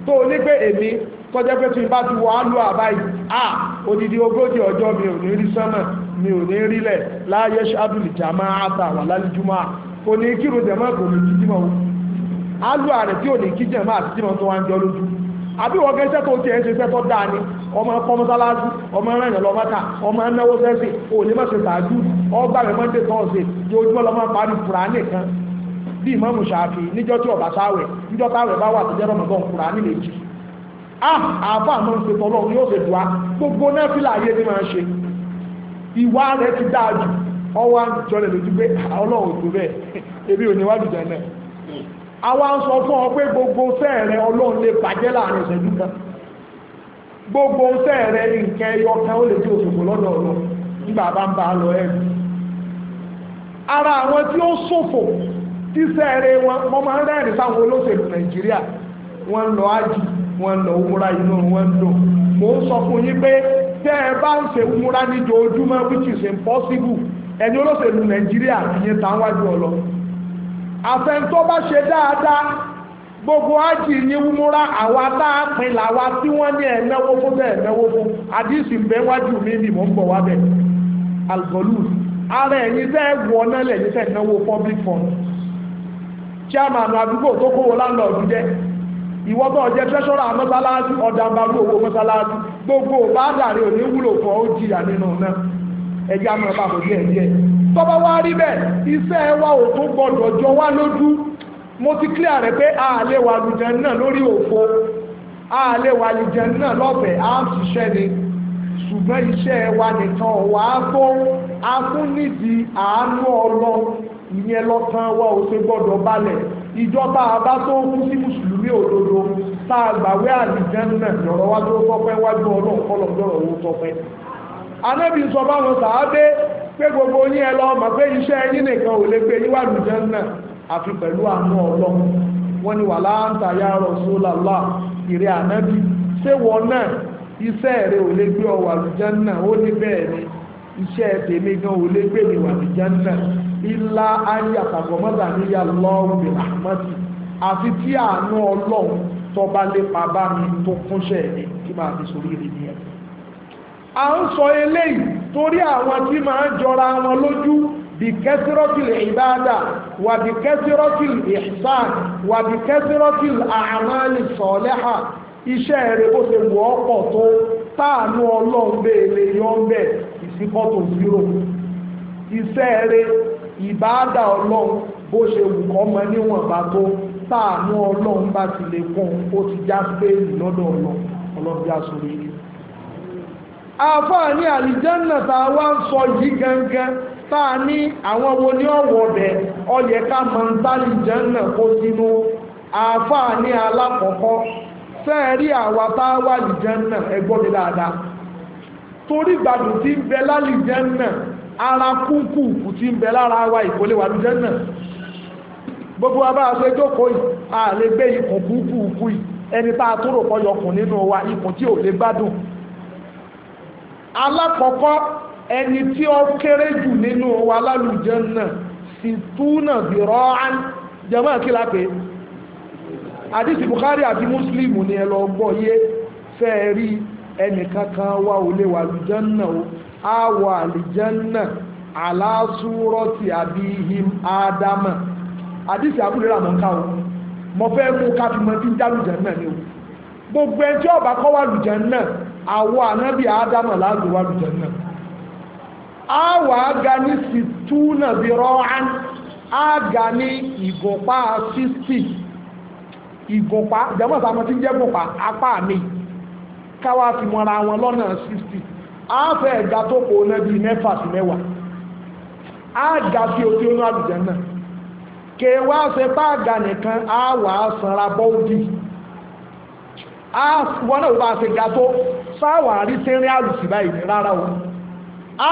A: tó ní pé èmi tọ́jẹ́ pé tí bá ti wọ álù àbáyì à odidi ogójì ọjọ́ mi ò ní rí sánmà mi ò ní rílẹ̀ láyé ṣáàdùlì jàmá àtà wà lálẹ́júmọ́ kò ní kírun jẹ̀mọ́ kò ní kíjímọ̀ o álù ààrẹ tí ò ní kíjẹ̀mọ́ àti kíjímọ̀ tó wá ń jọ lójú àbí wọ́n gẹ́sẹ́ tó ti ẹ̀ ṣe fẹ́ tó dáa ni ọmọ kọmọsálásí ọmọ ẹ̀rìn lọ́mọ́ta ọmọ ẹ̀náwó sẹ́sì òní mọ́sẹ̀ tààjú ọgbà rẹ̀ mọ́ndé tọ́ọ̀sẹ̀ tí ojúmọ́ lọ́mọ parí Kùránì kan bí Ìmáàmù Ṣáfi'í níjọ́ tí ọ̀bá sáwẹ̀ níjọ́ táwẹ̀ bá wà tó jẹ́ rọmọdọ́ Kùránì méjì Ah, àbá àmọ́ ń ṣètò ọlọ́run yóò ṣètò á gbogbo náà fílà ayé ni máa ń ṣe ìwà rẹ̀ ti dáa jù ọwọ́ àjọlẹ̀ lójú pé ah, ọlọ́run tó bẹ́ẹ̀ ebi (laughs) ò níwájú jẹ́ náà àwa ń sọ fún ọ pé gbogbo sẹ́ẹ̀rẹ̀ ọlọ́run lè bàjẹ́ láàrin ìṣẹ́jú kan gbogbo sẹ́ẹ̀rẹ̀ nǹkan ẹyọ kan ó lè di òṣòfò lọ́dọ̀ ọ̀rọ̀ nígbà bá ń bá lọ ẹ̀rù ara àwọn tí ó ṣòfò tí sẹ́ẹ̀rẹ̀ wọn mọ́ máa ń rẹ́rìn sáwọn olóṣèlú Nàìjíríà wọn lọ ájì wọ́n lọ umura inú wọn dùn mo ń sọ fún yín pé tẹ́ ẹ bá ń ṣe umura níjojúmọ́ which is impossible ẹni olóṣèlú nàìjíríà ìyẹn táwájú ọlọ
B: àfẹnutọ́ bá ṣe dáadáa
A: gbogbo ájì ní wúmúra àwa tá a pin làwa tí wọ́n ní ẹ̀náwó fún bẹ́ẹ̀ náwó fún àdìsí bẹ́ẹ̀ wájú mi ni mò ń bọ̀ wá bẹ́ẹ̀ algolu ara ẹ̀yin tẹ́ wọ náà lẹ́yìn tẹ́ náwó public fund chairman àdúgbò tó kówó láńlọ́ọ̀dù jẹ́ ìwọ tó jẹ́ treasurer mọ́sálásí ọ̀dàmbarú owó mọ́sálásí gbogbo bádàrí òní wúlò fún ó jìyà nínú náà ẹjẹ́ àmọ́ ìpapọ̀ díẹ̀ díẹ̀ tó bá wá rí bẹ́ẹ̀ iṣẹ́ wa ò tó gbọdọ̀ jọ wá lójú mo ti clear rẹ̀ pé ààlẹ́ wà lùjẹ́ náà lórí òfo ààlẹ́ wà lùjẹ́ náà lọ́fẹ̀ẹ́ á ń ṣiṣẹ́ ni ṣùgbọ́n iṣẹ́ wa nìkan wà á tó a fún nídìí àánú ọlọ ìyẹn lọ́tàn wa ò ṣe gbọdọ̀ balẹ̀ ìjọba àbá tó kú sí mùsùlùmí òdodo tá a gbàwé àlìjẹ́nà lọ́rọ̀ wájú ó tọ́pẹ́ wájú ọlọ́run kọ́lọ̀ lọ́rọ̀ ó tọ́pẹ́ anábì sọ báwọn sàábé pé gbogbo yín ẹ lọ mọ̀ pé iṣẹ́ yín nìkan ò lè gbé yín wà àlìjẹ́nà àfi pẹ̀lú àánú ọlọ́run wọ́n ní wà láǹtà yá Rasulullah ìrẹ́ ànábì ṣé wọn náà iṣẹ́ rẹ̀ ò lè gbé ọ wà àlìjẹ́nà ó ní bẹ́ẹ̀ ni iṣẹ́ tèmi gan ò lè gbé mi wà àlìjẹ́nà ilá ayé àtàgọ́mọ́dà ní ya lọ́rùn bí rahmati àfi tí àánú ọlọ́run tó bá lépa bá mi tó kúnṣẹ́ ẹ̀mí tí máa fi sórí rí ní ẹ̀ a ń sọ eléyìí torí àwọn tí máa ń jọra wọn lójú bí kẹsírọ́tìl ìbáadà wà bí kẹsírọ́tìl ìṣàn wà bí kẹsírọ́tìl àmàlì sọ̀lẹ́hà iṣẹ́ rẹ̀ bó ṣe wọ́ ọ̀pọ̀ tó táànú ọlọ́run bẹ́ẹ̀ lè yọ́ ń bẹ̀ ìsìnkọ́ zero iṣẹ́ rẹ̀ ìbáàdà ọlọ́run bó ṣe wù kọ́ mọ níwọ̀nba tó sáànú ọlọ́run bá ti lè kún ó ti já spéèlì lọ́dọ̀ ọlọ́run ọlọ́run bí a sọ rí i. àfáà ní àlìjẹ́nà tá a wá ń sọ yìí alákọ̀ọ́kọ́ fẹ́ẹ̀rí àwa tá a wà ẹgbọ́n mi dáadáa torí gbàdùn tí ń bẹ lálìjẹ́nà ara kúkú kù tí ń bẹ lára wa ìkólé wà lójẹ́ náà gbogbo wa bá a ṣe jókòó yìí a lè gbé ikùn kúkú kú yìí ẹni tá a tó rò kọ́ yọkùn nínú wa ikùn tí ò lè gbádùn alákọ̀ọ́kọ́ ẹni tí ó kéré jù nínú wa lálùjẹ́ náà sì túnà bí rọ́án jẹ́mọ́ àkílá pé Bukhari àti Muslim ni ẹ lọ gbọ́ yé fẹ́ẹ́ rí ẹnì kankan wa ò lè wà lùjẹ́ náà o àwọ̀ àlìjẹ́nà aláṣúrọ́tì àbíhìm ádámà àdìsí àbúrẹ́rà mọ́ ká o mọ́ fẹ́ mú káfí mọ́ tí ń já lùjẹ́nà ni o gbogbo ẹ tí ọba kọ́ wà lùjẹ́nà àwọ̀ ànábì ádámà láàrùn wà lùjẹ́nà àwọ̀ àga ní situna bí rọ́án àga ní ìgọ̀pá 60 ìgọ̀pá jẹ́mọ̀ sàmọ́ tí ń jẹ́ gọ̀pá apá mi káwá fi mọ́ra wọn lọ́nà 60 àáfẹ́ ẹ̀dá tó kò náà bíi mẹ́fà sí mẹ́wàá àádá sí ojú inú àbìjẹ́ náà kèwà ṣe páàgà nìkan àwà sanra bọ́ọ̀dì wọ́n náà bá ṣe ga tó sáwà rí sí rí àlùsì báyìí rárá o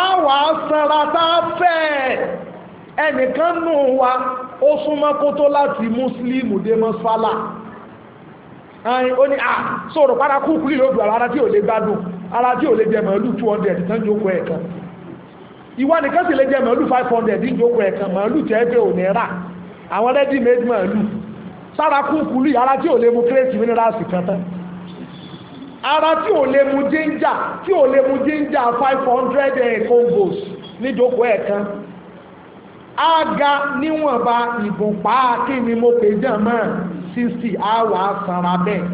A: àwà sanra táfẹ́ ẹnìkan nù wa ó súnmọ́ kó tó láti mùsùlùmù dé ẹ̀yìn ó ní à sọ̀rọ̀ padà kú kúrì lóòdù ara tí ò lè gbádùn ara tí ò lè jẹ màálù 200 tán jókòó ẹ̀kan ìwọ nìkan sì lè jẹ màálù 500 ní jókòó ẹ̀kan màálù tẹ́ẹ̀bẹ̀ ò ní rà àwọn ready made màálù sára kú kúrì ara tí ò lè mu kírèsì minerals kan tán ara tí ò lè mu jíńjà tí ò lè mu jíńjà 500 congos ní jókòó ẹ̀kan ága níwọ̀nba ìbùnpá kí ni mo pè jẹ́ mọ́ sixty àwà sanra bẹ́ẹ̀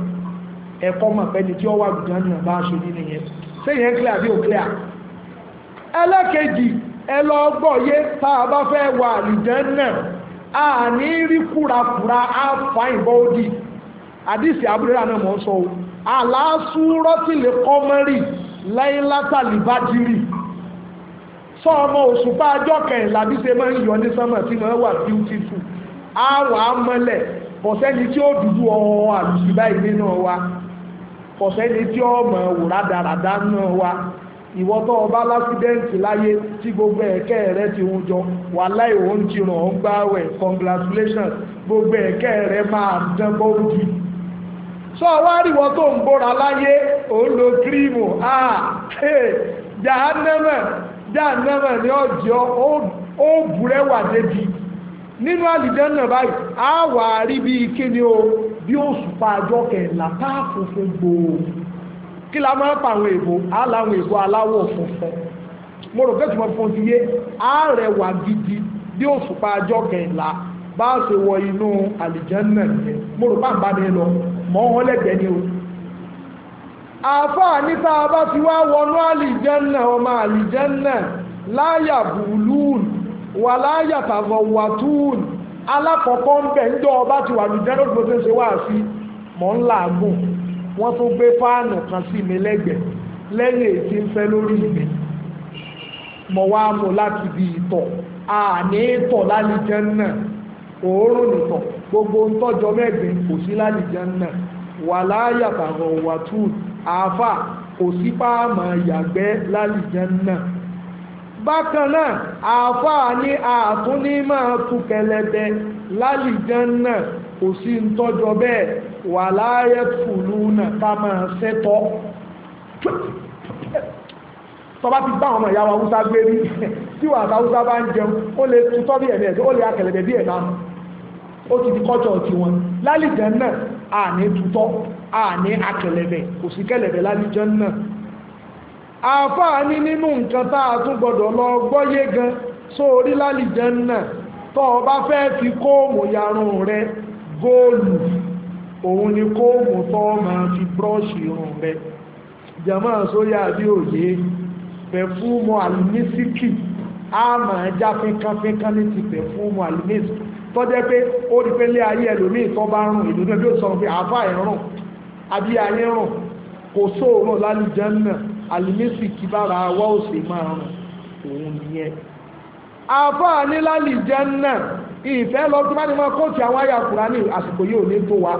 A: ẹ̀kọ́ mọ̀ pẹ́ni tí ó wà gùdán ní ọba aṣojú nìyẹn sẹ́yìn clear bí ó clear ẹlẹ́kejì ẹ lọ gbọ́yé a bá fẹ́ wà àlìjẹ́ náà a ní rí kúrakúra a fa ìbọn òdì àdìsí abúlé náà mọ̀ ń sọ o àlàásù rọ́tìlẹ̀ kọ́mẹ́rì lẹ́yìn látàlì bá jírí sọ ọmọ òṣùpá ajọ́ beautiful a wà á kọ̀sẹ́ni tí ó dúdú ọ̀hún àlùsí báyìí nínú wa kọ̀sẹ́ni tí ó mọ̀ wùrà dáradá nínú wa ìwọ ọba lásìdẹ́ǹtì láyé tí gbogbo ẹ̀kẹ́ rẹ ti hun jọ wà láì òun ti ràn ọ́n gbáwẹ̀ congratulations gbogbo ẹ̀kẹ́ rẹ máa dán bọ́ọ̀dì sọ wá ríwọ tó ń bóra láyé òun lo kírímù àà jahannama jahannama ni ọjọ́ ó búrẹ́wà débi nínú àlìjẹ́nà báyìí a wà rí bí kíni o bí ó sùpá àjọ kẹ̀lá táà funfun gbòò kí la máa ń pa àwọn èbò aláwọn èbò aláwọ̀ funfun mo rò pẹ́tù mọ́ fún ti yé a rẹwà gidi bí ó sùpá àjọ kẹ̀lá bá ṣe wọ inú àlìjẹ́nà yẹn mo rò pàǹbá mi lọ mọ́ wọn lẹ́gbẹ̀ẹ́ ni o àfáà níta bá wà láyàtàgọ̀ wà túùn alákọ̀ọ́kọ́ ń bẹ̀ ń jọ ọba ti wà ní jẹ́rọ̀ tó ṣe wá sí mọ́ ń làágùn wọ́n tún gbé fáànù kan sí mi lẹ́gbẹ̀ẹ́ lẹ́yìn èyí ń fẹ́ lórí mi mọ̀ wá mú láti bí ìtọ̀ àní ìtọ̀ lálìjẹ́ náà òórùn nìtọ̀ gbogbo ń tọ́jọ mẹ́gbìn kò sí lálìjẹ́ náà wà láyàtàgọ̀ wà túùn àáfà kò sí páàmà yàgbẹ́ lálìjẹ́ náà bákan náà àáfàá ní ààtún ní máa tu kẹlẹbẹ lálìjẹun náà kò sí ń tọ́jọ bẹ́ẹ̀ wà láàyè fùlù náà ká máa ṣẹ́tọ́ tọba ti bá ọmọ ìyá wa húsá gbé rí tí wà tá húsá bá ń jẹun ó lè tutọ́ bí ẹ̀mí ẹ̀dọ́ ó lè akẹ̀lẹ̀bẹ̀ bí ẹ̀dá ó ti di kọ́tọ̀ ti wọn lálìjẹun náà àní tutọ́ àní akẹ̀lẹ̀bẹ̀ kò sí kẹ̀lẹ̀bẹ̀ lálìjẹun náà àáfàá ní nínú nǹkan tá a tún gbọ́dọ̀ lọ gbọ́yé gan sórí lálìjẹ́ náà tó o bá fẹ́ fi kóòmù yarun rẹ góòlù òun ni kóòmù tó máa fi búrọ́ọ̀ṣì irun rẹ jama sórí àbí òye pẹ̀fúmù àlùmísíkì a máa já fínkanfínkan ní ti pẹ̀fúmù àlùmísíkì tó jẹ́ pé ó di pé lé ayé ẹlòmíì tó bá rùn ìlú náà bí ó sọ pé àáfàá ẹ̀rùn àbí ayé rùn kò sóòrùn lálìjẹ́ náà àlùmísì kí bára wá òsè máa rùn òun nìyẹn àfáà ní lálìjẹ́ náà ìfẹ́ lọ tí bá ní máa kóòtù àwọn àyà kùránì àsìkò yìí ò ní tó wa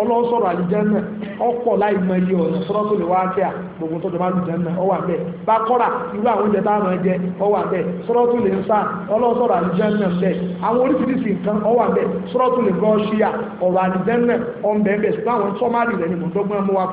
A: ọlọ́sọ̀rọ̀ àlìjẹ́nà ọ̀pọ̀ láì mọ iye ọ̀nà sọ́rọ́sọ̀ lè wá kí à gbogbo tó jọba àlìjẹ́nà ó wà bẹ́ẹ̀ bá kọ́ra irú àwọn oúnjẹ táwọn ẹ̀jẹ̀ ó wà bẹ́ẹ̀ sọ́rọ́sọ̀ lè ń sá ọlọ́sọ̀rọ̀ àlìjẹ́nà bẹ́ẹ̀ àwọn oríṣiríṣi nǹkan ó wà bẹ́ẹ̀ sọ́rọ́sọ̀ lè bọ́ ṣíyà ọ̀rọ̀ àlìjẹ́nà ọ̀nbẹ̀ẹ̀bẹ̀ sí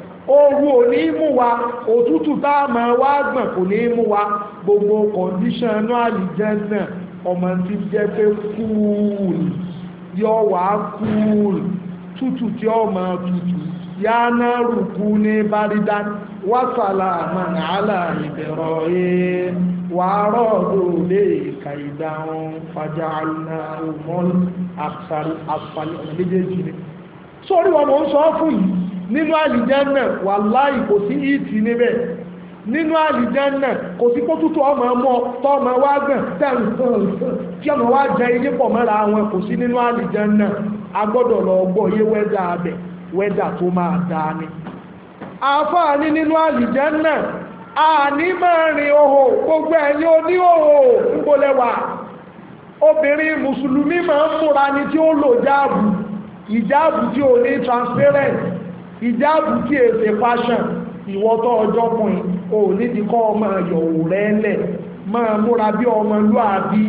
A: ooru ò ní mú wa òtútù tá a máa wá gbọ̀n kò ní mú wa gbogbo kọ̀ǹdíṣàn inú àlìjẹ́nà ọmọ tí jẹ́ pé kúùlù yọ wá kúùlù tútù tí ó máa tutù yá náà rùkú ní bárídá wásàlà àmàlà àlàìbẹ̀rọ̀ ee wàárọ̀ lóòlé ìka ìdáhùn fàjà àlùnà òmọ́lù àṣàlẹ̀ méjèèjì ni sórí wọn mò ń sọ fún yìí nínú àlìjánà wà láì kò sí ìtì níbẹ̀ nínú àlìjánà kò sí kó tútù ọmọ ọmọ tọmọ wá gbọ̀n tẹ̀sán tí ọmọ wá jẹ ilé pọ̀ mọ́ra wọn kò sí nínú àlìjánà a gbọ́dọ̀ lọ gbọ́ yé wẹ́dà abẹ wẹ́dà tó máa dá ni obìnrin mùsùlùmí máa ń múra ni tí ó lò jáàbù ìjáàbù tí ò ní transparent ìjáàbù tí è ṣe fashion ìwọ́tọ́ ọjọ́ pin o nídìí kọ́ ọmọ yọ̀wò rẹ̀ lẹ̀ máa múra bí ọmọ lúàbí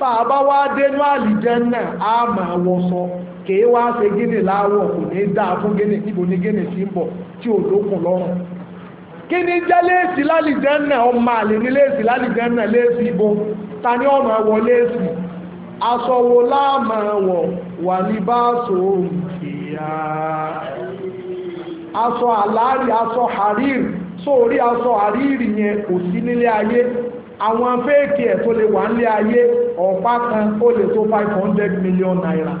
A: tá a bá wá dénú àlìjẹ́ náà á máa wọṣọ kèé wá ṣe gíní láàárọ̀ kò ní dáa fún gíní níbo ni gíní sí ń bọ̀ tí ò lókun lọ́rùn kí ni jẹ́ léèsì lálìjẹ́ náà ọmọ àlè ní léèsì lálìjẹ́ náà léèsì ibo ta ni ọ̀nà wọ léèsì aṣọ wo láàmà wọ̀ wà ní bá sòrò kìíyà aṣọ àláàrí aṣọ hariri sórí aṣọ hariri yẹn kò sí nílé ayé àwọn fẹ́ẹ̀kì ẹ̀ tó lè wà nílé ayé ọ̀pá kan ó lè tó 500 million naira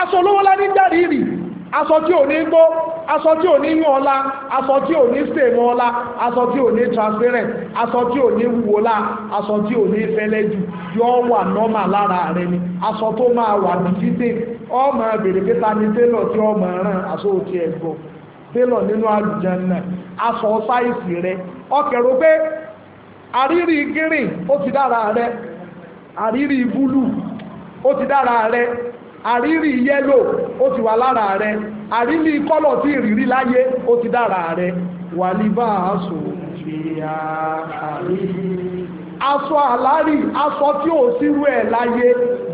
A: aṣọ olówó lá ní jàrírì aṣọ tí ò ní gbó aṣọ tí ò ní yún ọlá aṣọ tí ò ní sèmú ọlá aṣọ tí ò ní transparent aṣọ tí ò ní wúwo aṣọ tí ò ní fẹ́lẹ́ yọ wà nọ́mà lára rẹ ni aṣọ tó máa wà ní ọmọ bèrè ta ni télọ̀ tí ọmọ ràn aṣọ nínú aṣọ sáìsì rẹ pé àrírí àrírí yẹ́lò ó ti wà lára rẹ àrírí kọ́lọ̀ tí ìrírí láyé ó ti dára rẹ wà ní bá aṣọ aṣọ àlárí aṣọ tí ò sírú ẹ̀ láyé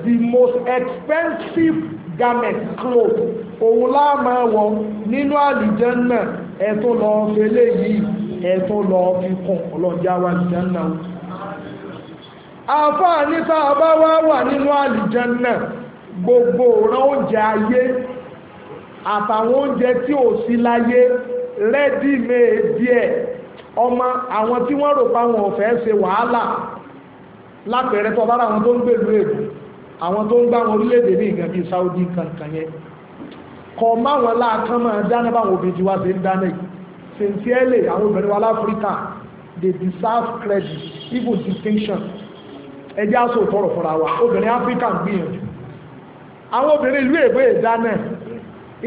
A: the most expensive garment cloth òun láàmà wọ nínú àlìjẹ́nà ẹ̀tún lọ fẹ́lẹ̀ yìí ẹ̀tún lọ fi kún ọlọ́jà wà àlìjẹ́nà àfáà níta bá wá wà nínú àlìjẹ́nà gbogbo òran oúnjẹ ayé àtàwọn oúnjẹ tí ò sí láyé rẹ́dí méèdì ẹ̀ ọmọ àwọn tí wọ́n rò pa wọn ò fẹ́ ṣe wàhálà lápẹẹrẹ tó bára àwọn tó ń gbèlú èdè àwọn tó ń gbá wọn orílẹ̀-èdè ní ìgbà bíi Saudi kankan yẹn kọ máwọn láàkán máa dáná báwọn obìnrin ti wá sí ń dáná yìí sincerely àwọn obìnrin wa láfíríkà they deserve credit even distinction ẹjẹ́ àṣọ ìtọrọ fúnra wa obìnrin Áfíríkà ń gbìyànjú àwọn obìnrin ìlú èbó ìdáná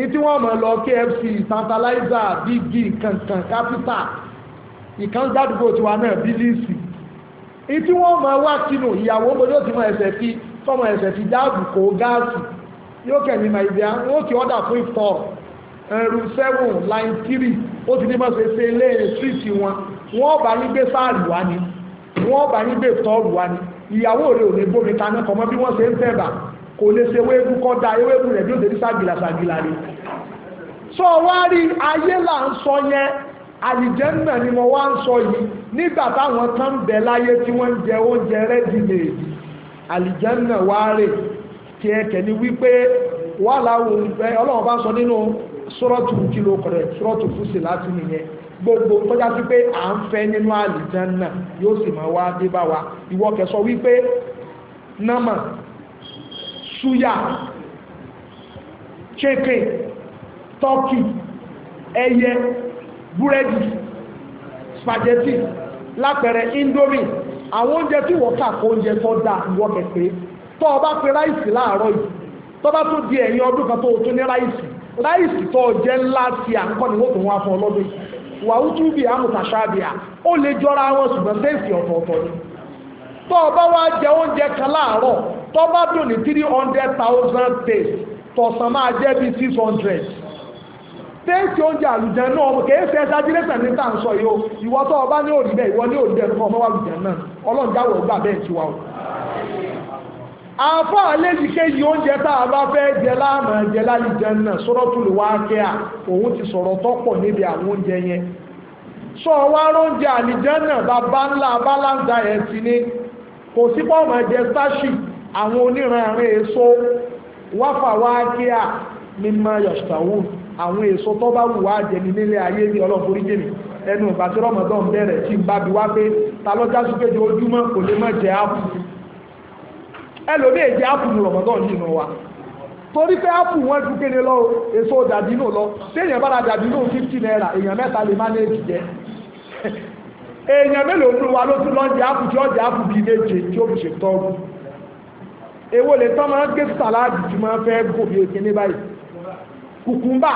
A: ìtí wọ́n mọ̀ lọ KFC tantalizer big kankan capital ìkan gbádùgbò tiwa náà bílíìsì ìtí wọ́n mọ̀ wá kínú ìyàwó bójú ti mọ ẹsẹ̀ fi tọmọ ẹsẹ̀ fi dáàbò kó gáàsì yóò kẹ̀mí ma ìdí àwọn ó ti ọ́dà fún ìfọ̀ ẹ̀rù 7 line 3 ó ti ní mọ́ ṣe ṣe ilé street wọn wọ́n bá ní gbé sáàrì wá ni wọ́n bá ní gbé tọ́ọ̀rù wá ni ìyàwó rẹ̀ ò ní gbómi kaná kọmọ bí wọ́n ṣe ń tẹ̀bà kò lè ṣe ewéegun kọ́ da ewéegun rẹ̀ bí ó tẹ̀lé ságìlà ságìlà ni sọ wá rí ayé là ń sọ yẹn àlìjẹ́nà ni mo wá ń sọ yìí nígbà táwọn tán ń bẹ láyé tí wọ́n ń jẹ oúnjẹ rẹ́dì mèèdì àlìjẹ́nà wá rè kí ẹ kẹ̀ ní wípé wà láwọn ọlọ́run bá sọ nínú sọ́rọ́tù kìlò kọ̀rẹ̀ sọ́rọ́tù fúsì láti nìyẹn gbogbo tọ́já sí pé à ń fẹ́ nínú àlìjẹ́nà yóò sì máa wá dé bá wa ìwọ kẹsọ wípé námà suya cheke turkey ẹyẹ búrẹ́dì spaghetti lápẹẹrẹ indomie àwọn oúnjẹ tí wọ́n oúnjẹ tó dáa ìwọ kẹ̀kẹ́ bá pe ráìsì láàárọ̀ yìí bá tó di ẹ̀yìn ọdún kan tó tó ní ráìsì ráìsì tọ́ jẹ́ ńlá ti ni wọ́n tó wá fún ọlọ́dún tó bá dùn ní three hundred thousand days tọ̀sán máa jẹ́ bí six hundred téèkì oúnjẹ àlùjẹ náà kèé ṣe ẹ̀dájírẹ́sẹ̀ ní tà ń sọ yìí o ìwọ tó ọba ní òrì bẹ́ẹ̀ ìwọ ní òrì bẹ́ẹ̀ fún ọmọ àlùjẹ náà ọlọ́run jáwọ̀ gbà bẹ́ẹ̀ ti wà o. àfọ àlejò kejì oúnjẹ tá a bá fẹ́ jẹ láàmú ẹ̀jẹ̀ lálùjẹ náà sọ̀rọ̀ tó lè wá kẹ́ à òun ti sọ̀rọ̀ tó níbi àwọn oúnjẹ yẹn. sọ wá oúnjẹ àlùjẹ náà bàbá ńlá balance diet ni kò sí pọ́ọ̀mù ẹ̀jẹ̀ starship àwọn oníranrin èso wáfà wá kí à mímọ́ yọ̀ṣàwù àwọn èso tó bá wù wá jẹ ní nílé ayé ní ọlọ́forí jèmi ẹnu ìgbà tí rọmọdán bẹ̀rẹ̀ tí ń bá bi wá pé ta lọ́jà súpéjì ojúmọ́ kò lè mọ́ jẹ ápù ẹlòmí èjì ápù ní rọmọdán yìí nù wa torí pé ápù wọn ju kéde lọ èso dàbínò lọ téèyàn bára dàbínò fifty naira èèyàn mẹ́ta lè má ní èjì jẹ èèyàn mélòó ló wà ló tún lọ́njẹ ápù ọjà ápù bíi méje tí ó fi ṣètọ́gùn èwo lè tọ́ máa gé sàláàdì jù máa fẹ́ gòbí òkè ní báyìí kùkùmbà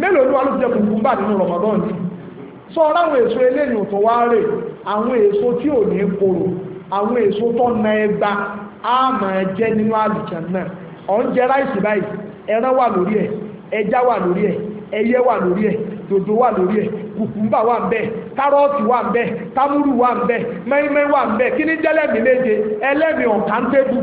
A: mélòó ló wà ló jẹ kùkùmbà nínú Ramadan ni sọ ráwọn èso eléyìn ò tó wá rè àwọn èso tí ò ní korò àwọn èso tó na ẹgba á máa jẹ nínú àlùjàn náà ọ̀ ń jẹ ráìsì báyìí ẹran wà lórí ẹ̀ ẹja wà lórí ẹ̀ ẹyẹ wà lórí ẹ̀ dòdò wà lórí ẹ̀ kùkùmbà wà ń bẹ̀ kárọ́ọ̀tì wà ń bẹ̀ támúrù wà ń bẹ̀ mẹ́rìnmẹ́rì wà ń bẹ̀ kí ní jẹ́lẹ̀mí méje ẹlẹ́mì ọ̀kántébù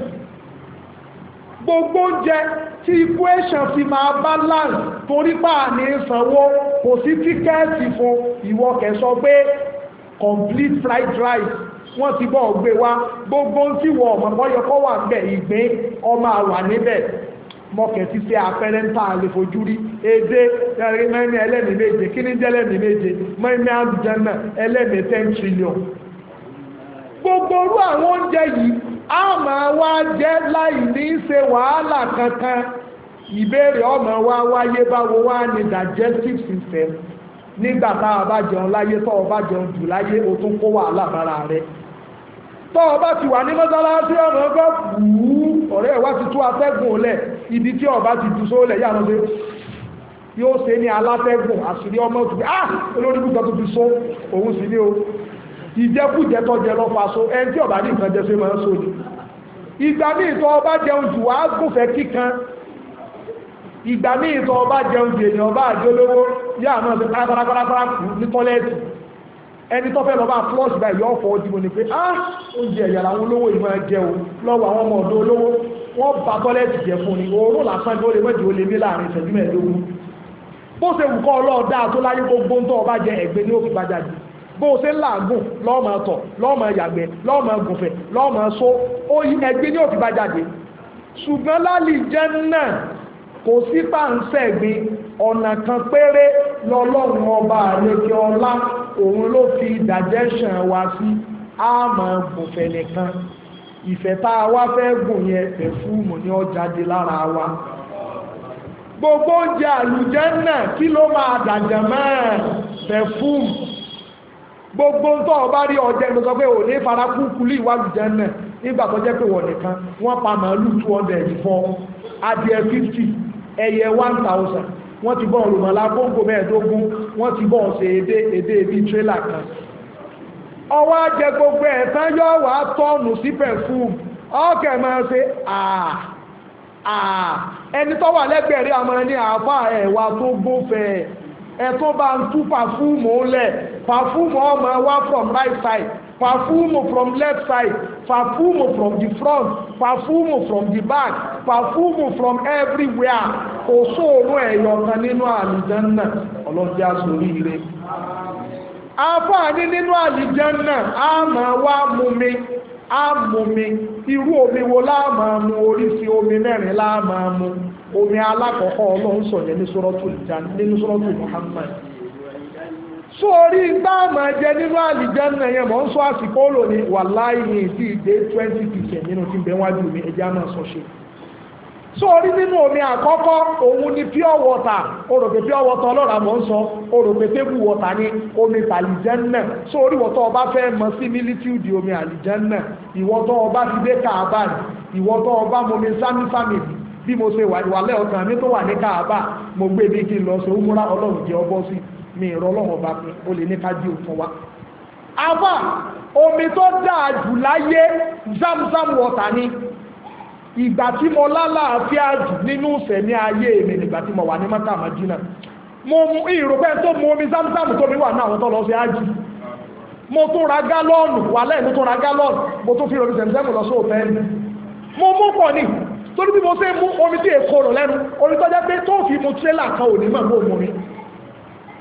A: gbogbo oúnjẹ tí equation fi máa balance torí pa ní sanwó kò sí tíkẹ́ẹ̀tì fún ìwọkẹ̀ sọ pé complete fried rice wọ́n ti bọ́ ọ̀gbẹ́ wa gbogbo tí wọ́n ọmọ bọ́yọkọ́ wà ń bẹ̀ ìgbín ọmọ àwà níbẹ̀ mọ́kẹ̀ tí sí apẹ́rẹ́ ń tà lè fojú rí èdè ẹ̀rí mẹ́rin ẹlẹ́mì méje kí ní jẹ́ ẹlẹ́mì méje mẹ́rin àlùjànnà ẹlẹ́mì ten trillion gbogbo orú àwọn oúnjẹ yìí a máa wá jẹ́ láì ní ṣe wàhálà kankan ìbéèrè ọmọ wa wáyé báwo wá ní digestive system nígbà tá a bá jẹun láyé tó o bá jẹun jù láyé o tún kó wàhálà bára rẹ̀ tọ́ ọba ti wà ní mọ́sálásí ọ̀nà ọgọ́ bùú ọ̀rẹ́ ẹ̀wá ti tú atẹ́gùn olẹ̀ ibi tí ọba ti tú sólẹ̀ yà lọ́dẹ́ yóò ṣe ní alátẹ́gùn àṣírí ọmọ tó ah olórí púpọ̀ tó fi só òun sì ní o ìjẹkújẹ tó jẹ lọ́fà só ẹn tí ọba ní nǹkan jẹ sí máa ń sóni ìgbà ní ìtọ́ ọba jẹun jù wá gúnfẹ́ kíkan ìgbà ní ìtọ́ ọba jẹun jù èèyàn ọba àjọlówó yà ẹni tó fẹ́ lọ bá flush by yọ ọ̀fọ̀ ojú mo ni pé ah oúnjẹ ẹ̀yà làwọn olówó yìí máa jẹ o lọ́wọ́ àwọn ọmọ ọ̀dọ́ olówó wọ́n ba tọ́lẹ́tì jẹ fún ni òórùn lásán ni ó lè mẹ́jọ lè mí láàrin ìṣẹ́jú mẹ́ẹ̀ẹ́dógún bó ṣe wù kọ́ ọlọ́ọ̀dá tó láyé gbogbo ń tọ́ ọba jẹ ẹ̀gbẹ́ ní òfin gbájáde bó ṣe láàgùn lọ́ọ̀mọ̀ tọ̀ lọ́ọ̀mọ̀ yàgbẹ́ lọ́ọ̀mọ̀ gùnfẹ̀ lọ́ọ̀mọ̀ so ó yí ẹgbẹ́ ní òfin gbájáde ṣùgbọ́n lálì jẹ́ náà kò sí pàǹsẹ̀gbin ọ̀nà kan péré lọ́lọ́run ọba àlejò ọlá òun ló fi digestion wa sí àmọ́ bùfẹ̀ nìkan ìfẹ́ tá a wá fẹ́ gùn yẹn pẹ̀fúùmù ni ó jáde lára wa gbogbo oúnjẹ àlùjànnà kí ló máa dàjẹ̀ mẹ́ẹ̀ pẹ̀fúùmù gbogbo tó ọba rí ọjẹ́ ló sọ pé ò ní fara kúkú lè wá àlùjànnà nígbà tó jẹ́ pé wọ̀ nìkan wọ́n pa màálù two hundred four adìẹ fifty ẹyẹ one thousand wọ́n ti bọ́ olùmọ̀lá kóńgò mẹ́ẹ̀ẹ́dógún wọ́n ti bọ́ ṣe èdè èdè ibi tírélà kan ọwọ́ ajẹ gbogbo ẹ̀ tán yóò wá tọ́ọ̀nù sí pẹ̀fúùmù ọkẹ̀ máa ṣe àà àà ẹni tó wà lẹ́gbẹ̀ẹ́rí àmọ́ ní àáfà ẹ̀wà tó gbófẹ̀ẹ́ ẹ̀ tó bá ń tú pàfúùmù lẹ̀ pàfúùmù ọmọ wá from right side Perfume from left side, perfume from the front, perfume from the back, perfume from everywhere. Kò sóòrò ẹ̀yọ̀ kan nínú àlìjánná, ọlọ́dí aṣòrí ire. Afáàní nínú àlìjánná, a máa wá mú a mú mi, irú omi wo láàmà mú, oríṣi omi mẹ́rin láàmà mú, omi alákọ̀ọ́kọ́ ọlọ́run sọ̀yẹ́ ní Sọ́rọ́tù Muhammad sórí gbáàmà jẹ nínú àlìjáná yẹn mọ̀ ń sọ àsìkò lò ní wàláì ní ìdí ìdé twenty percent nínú tí ń bẹ wájú mi ẹja máa sọ ṣe sórí nínú omi àkọ́kọ́ òun ni pure water orògbé pure water ọlọ́ra mọ̀ ń sọ orògbé table water ní omi àlìjáná sórí wọ́tọ́ ọba fẹ́ mọ sí militude omi àlìjáná ìwọ́tọ́ ọba ti dé káàbà ìwọ́tọ́ ọba mọ̀mí sami sami bí mo ṣe wà lẹ́ ọkàn mi tó wà ní káàbà mo gbé bí kí n lọ sọ ó ọlọ́run jẹ́ ọbọ̀ sí i mi ìrọlọ́wọ́ bá mi ó lè ní ká jí òfin wa àbá omi tó dáa jù láyé zamzam water ni ìgbà tí mo lálàáfíà jù nínú ìsẹ̀mí ayé mi nígbà tí mo wà ní mọ́tà àmàjínà mo mú ìròpẹ́ tó mu omi zamzam tó mi wà ní àwọn tó lọ sí ájì mo tún ra gálọ́ọ̀nù wà lẹ́yìn mo tún ra gálọ́ọ̀nù mo tún fi omi zẹ̀mzẹ́mù lọ sí òtẹ́ẹ̀lì mo mú pọ̀ ni torí bí mo ṣe mú omi tí èkó rò lẹ́nu orí tó jẹ́ pé tó fi mu tírélà kan ò ní mọ̀ mọ́ omi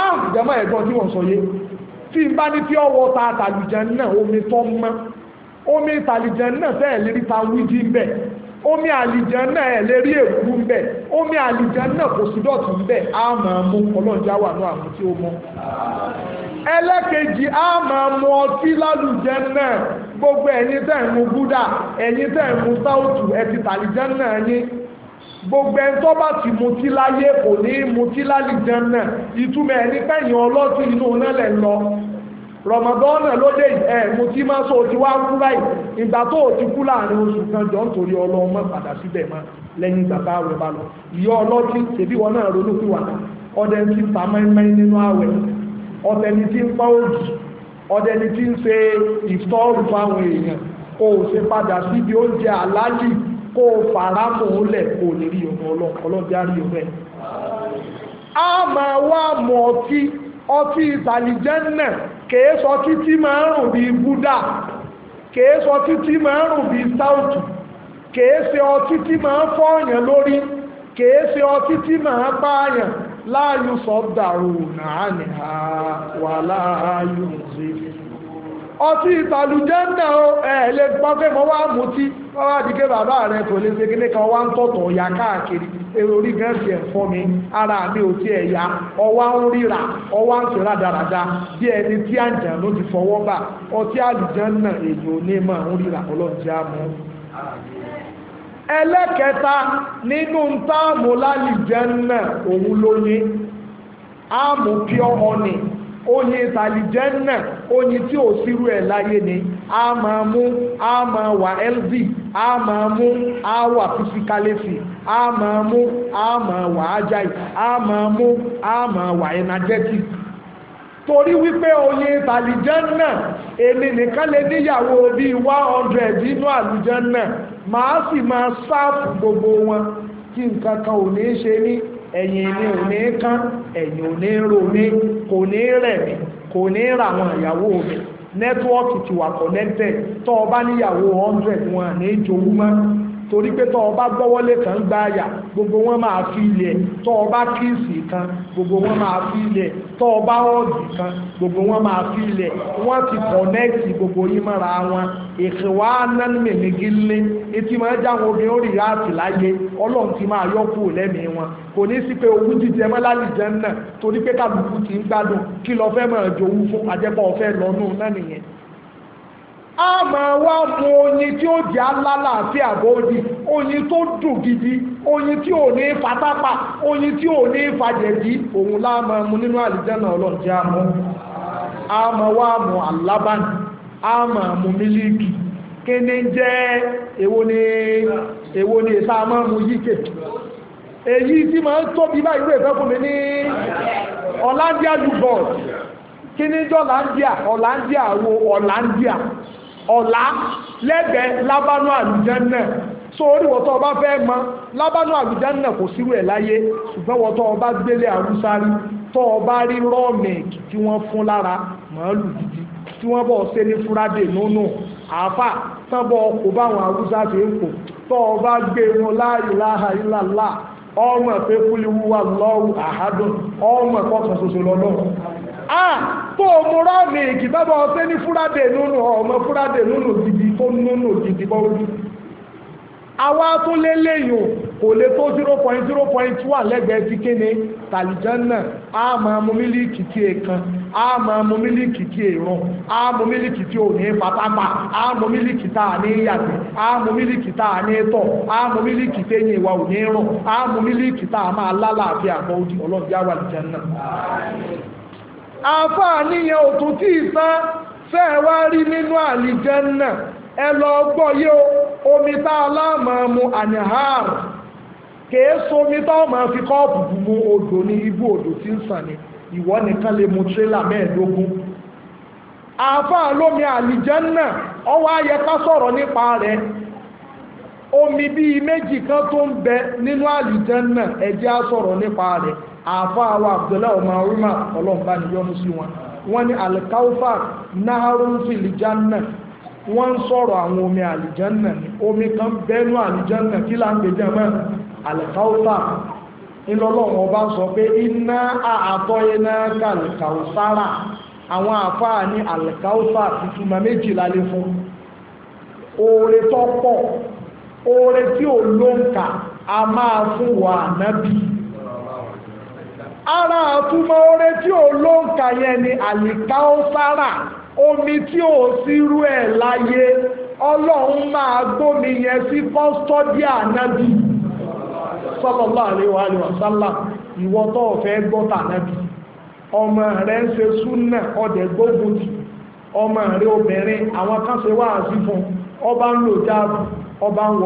A: a jẹ́mọ́ ẹ̀gbọ́n tí wọ́n sọ yé tí n bá ní tí ọwọ́ ta àtàlùjẹ náà omi tó mọ́ omi ìtàlùjẹ náà fẹ́ẹ̀ lérí ta wíjì ń omi àlùjẹ náà ẹ̀ lérí èkú omi àlùjẹ náà kò sí dọ̀tí ń bẹ̀ á mú wà àmú tí ó mọ́ ẹlẹ́kejì gbogbo ẹ̀yin tẹ̀ ń búdà ẹ̀yin tẹ̀ ń sáùtù ẹ̀ gbogbo ẹni tó bá ti mutí láyé kò ní mutí lálìjẹ náà ìtumọ̀ ẹni pẹ̀yìn ọlọ́tí inú náà lẹ̀ lọ rọmọdọ́nà lóde ẹ̀ mutí máa sọ ti wá kú báyìí ìgbà tó o ti kú láàrin oṣù kan jọ nítorí ọlọ́mọ padà síbẹ̀ má lẹ́yìn bàbá rẹ̀ bá lọ ìyá ọlọ́tí tèbí wọn náà ronú pìwà ọdẹ ti pa mẹ́mẹ́ nínú ààwẹ̀ ọdẹ ni ti ń pa òjì ọdẹ ni ti ń ṣe ìfọ́ọ̀rù fáwọn èèyàn o ò ṣe padà síbi oúnjẹ àlálì kó o fara mọ́ ó lẹ̀ kó o lè rí ọmọ ọlọ́jà rí ọmọ ẹ̀. a máa wá mọ ọtí ọtí ìtàlìjẹ́nà kèé sọ títí máa ń rùn bíi Buddha kèé sọ títí máa rùn bíi sáùtù kèé ọtí tí máa fọ́ọ̀yàn lórí kèé ọtí tí máa báyàn láàyò dàrú nàánìá wà láàyò zèlè ọtí ìtàlùjẹ́ náà ó ẹ̀ẹ́lẹ́ pọ́fẹ́ mọ́ wá mú tí wọ́n wá dìgbé bàbá rẹ̀ kò lè ṣe kíní kan wá ń tọ̀tọ̀ ya káàkiri èrò orí gẹ́ẹ̀sì ẹ̀ fọ́ mi ara mi ò tí ẹ̀ ya ọwá ń ríra ọwá ń tẹ̀ra dáradá bí ẹni tí àǹjàn ló ti fọwọ́ bà ọtí àlùjẹ́ náà èyí ò ní máa ń ríra ọlọ́ọ̀jẹ́ àmọ́ ẹlẹ́kẹta nínú onye tàlìjẹ́nà onye tí ò sírú ẹ̀ ni a máa mú a máa wà healthy a máa mú a wà physically fit a máa mú a máa wà agile a máa mú a máa wà energetic torí wípé oyin tàlìjẹ́nà èmi nìkan lè níyàwó bíi one hundred nínú àlùjẹ́nà màá sì máa sáàpù gbogbo wọn kí nǹkan kan ò ní ṣe ní ẹ̀yìn mi ò ní kán ẹ̀yìn ò ní rò mí kò ní rẹ̀ mí kò ní rà àwọn ìyàwó mi nẹ́tíwọ́ọ̀kì ti wà connected tó bá níyàwó 100 wọn ní ìjòwú mọ́ torí pé tọ́ ọba gbọ́wọ́lé kan gba àyà gbogbo wọn máa fi ilẹ̀ tọ́ ọba kíìsì kan gbogbo wọn máa fi ilẹ̀ tọ́ ọba ọ̀dì kan gbogbo wọn máa fi ilẹ̀ wọ́n ti kọ̀nẹ́ẹ̀tì gbogbo yín mọ́ra wọn èkè wá nánìmẹ̀ nígílé etí máa jáwọn obìnrin ó rí láti láyé ọlọ́run ti máa yọ kúrò lẹ́mìí wọn kò ní sí pé owú jíjẹ mọ́ lálìjẹ́ náà torí pé kálukú ti ń gbádùn kí lọ fẹ́ mọ̀ jòwú fún àjẹpọ̀ ọ̀fẹ́ lọ́nù náà nìyẹn a máa wá mú oyin tí ó jẹ́ alálàáfíà bóòdì oyin tó dùn gidi oyin tí ò ní fatápà oyin tí ò ní fàjẹ̀dí òun la máa mú nínú àlìjánà ọlọ́jẹ́ àmọ́ a máa wá mú a máa mú mílíkì kí ní jẹ́ èwo ni ni ìta máa mú èyí tí máa ń tóbi mi ní ọ̀làndíà kí ní jọ́ ọ̀làndíà ọ̀làndíà wo ọ̀la lẹ́gbẹ̀ẹ́ lábánú àlùjànnà so orí wọ́tọ́ ọba fẹ́ mọ lábánú àlùjànnà kò sírú ẹ̀ láyé ṣùgbọ́n wọ́tọ́ ọba gbélé àrúsárí tọ́ ọba rí rọ́ọ̀mẹ̀kì tí wọ́n fún lára màálù gidi tí wọ́n bọ̀ ṣe ní fúrádé nínú àáfà tán bọ̀ kò báwọn àrúsá ṣe ń kò tọ́ ọba gbé wọn la ilaha illallah ọmọ pé kúlíwúwa lọ́wọ́ àhádùn ọmọ ẹ̀kọ́ kan ṣoṣo lọ́lọ́run a tó o mú ráàmì ní fúrádé nínú ọmọ fúrádé nínú òjìdí tó nínú òjìdí bọ́ ojú àwa tó lé léyìn kò lè tó zero lẹ́gbẹ̀ẹ́ ti kéne tàlìjánà á máa mú mílíkì tí e mú mílíkì tí e mú mílíkì tí ò ní mú a ní yàgbẹ́ mú mílíkì a ní tọ̀ mú mílíkì ìwà ò ní àáfàá níyẹn òtún tí ìtàn fẹ́ẹ̀ wá rí nínú àlìjẹ́nà ẹ lọ gbọ́ yé o omi tá a mu àníhàr kèé somi tá ọmọ fi kọ́ọ̀pù mu odò ní ibú odò tí ń sàn ni ìwọ nìkan lè mu tírélà mẹ́ẹ̀ẹ́dógún àáfàá lómi àlìjẹ́nà ọwọ́ ayẹpá sọ̀rọ̀ nípa rẹ̀ omi bíi méjì kan tó ń bẹ nínú àlìjẹ́nà ẹ̀jẹ̀ á sọ̀rọ̀ nípa rẹ̀ àfáà wa abdullahi ọmọ orúmà ọlọ́mbà ni yọ́nú sí wọn wọ́n ní alkaufar naharun fil janna wọ́n ń sọ̀rọ̀ àwọn omi àlìjánà ní omi kan bẹ́nu àlìjánà kí là ń pè jẹ́ mọ́ alkaufar ìlọ́lọ́wọ́ ọba sọ pé iná àtọ́ iná kalkaufara àwọn a máa fún wa nábìí ara àtúmọ̀ oore tí ò ló ń kà yẹn ni omi tí ò sírú ẹ̀ láyé ọlọ́run máa gbómi yẹn sí kọ́sítọ́dì ànábì sallallahu alaihi wa sallam ìwọ tó ọmọ rẹ̀ ń ṣe súnà ọdẹ gbógun ọmọ rẹ̀ obìnrin àwọn kan ṣe wáàsí fún ọba ń lò ọba ń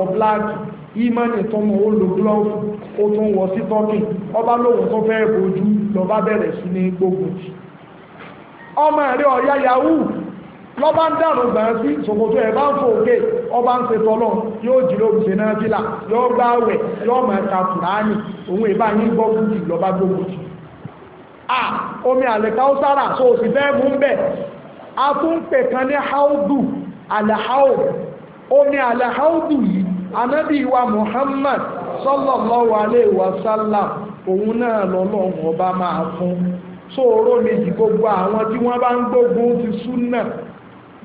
A: ìmọ̀nì tọmọ ó lo glove ó tún wọ sí tọ́kì ọba lóhun tó fẹ́ bojú lọ́ba bẹ̀rẹ̀ sí ní gbógun jì ọmọ rẹ̀ ọ̀yá yahoo lọ́ba ń dànù gbàǹ sí ṣòkòtò ẹ̀ bá ń fò òkè ọba ń ṣètò ọlọ́run yóò jìlọ òṣè náà fìlà yóò gbá àwẹ̀ yóò mọ̀ ẹ̀ka fúlàní òun ìbá yín gbógun jì lọ́ba gbógun jì à omi àlẹ́ká ó sára tó o sì fẹ́ mú bẹ́ẹ̀ a tún pè kan ní haudu àlàhaudu omi àlàhaudu yìí anábì wa Muhammad sallallahu alaihi wasallam òun náà lọ́lọ́run ọba máa fún sóòrò méjì gbogbo àwọn tí wọ́n bá ń gbógun ti súnà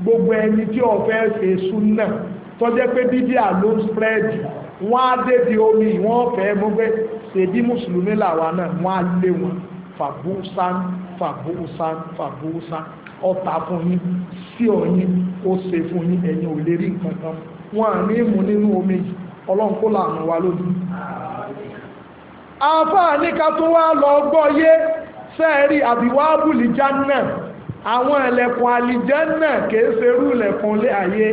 A: gbogbo ẹni tí ọ̀fẹ́ ṣe súnà tó jẹ́ pé bídíà ló ń spread wọ́n á débi omi wọ́n fẹ́ mú pé ṣèdí mùsùlùmí làwa náà wọ́n á lé wọn fàbúsán fàbúsán fàbúsán ọ̀tà fún yín sí ọ̀yìn ó ṣe fún yín ẹ̀yin ò lè nǹkan kan fún wọn à ní mú nínú omi ọlọ́run kó láàánú wa lójú àfáà ní ká tó wá lọ gbọ́ yé sẹ́ẹ̀rí àbíwáàbù lìjánà àwọn ẹlẹ́kùn àlìjánà kìí ṣerú ẹlẹ́kùn lé ayé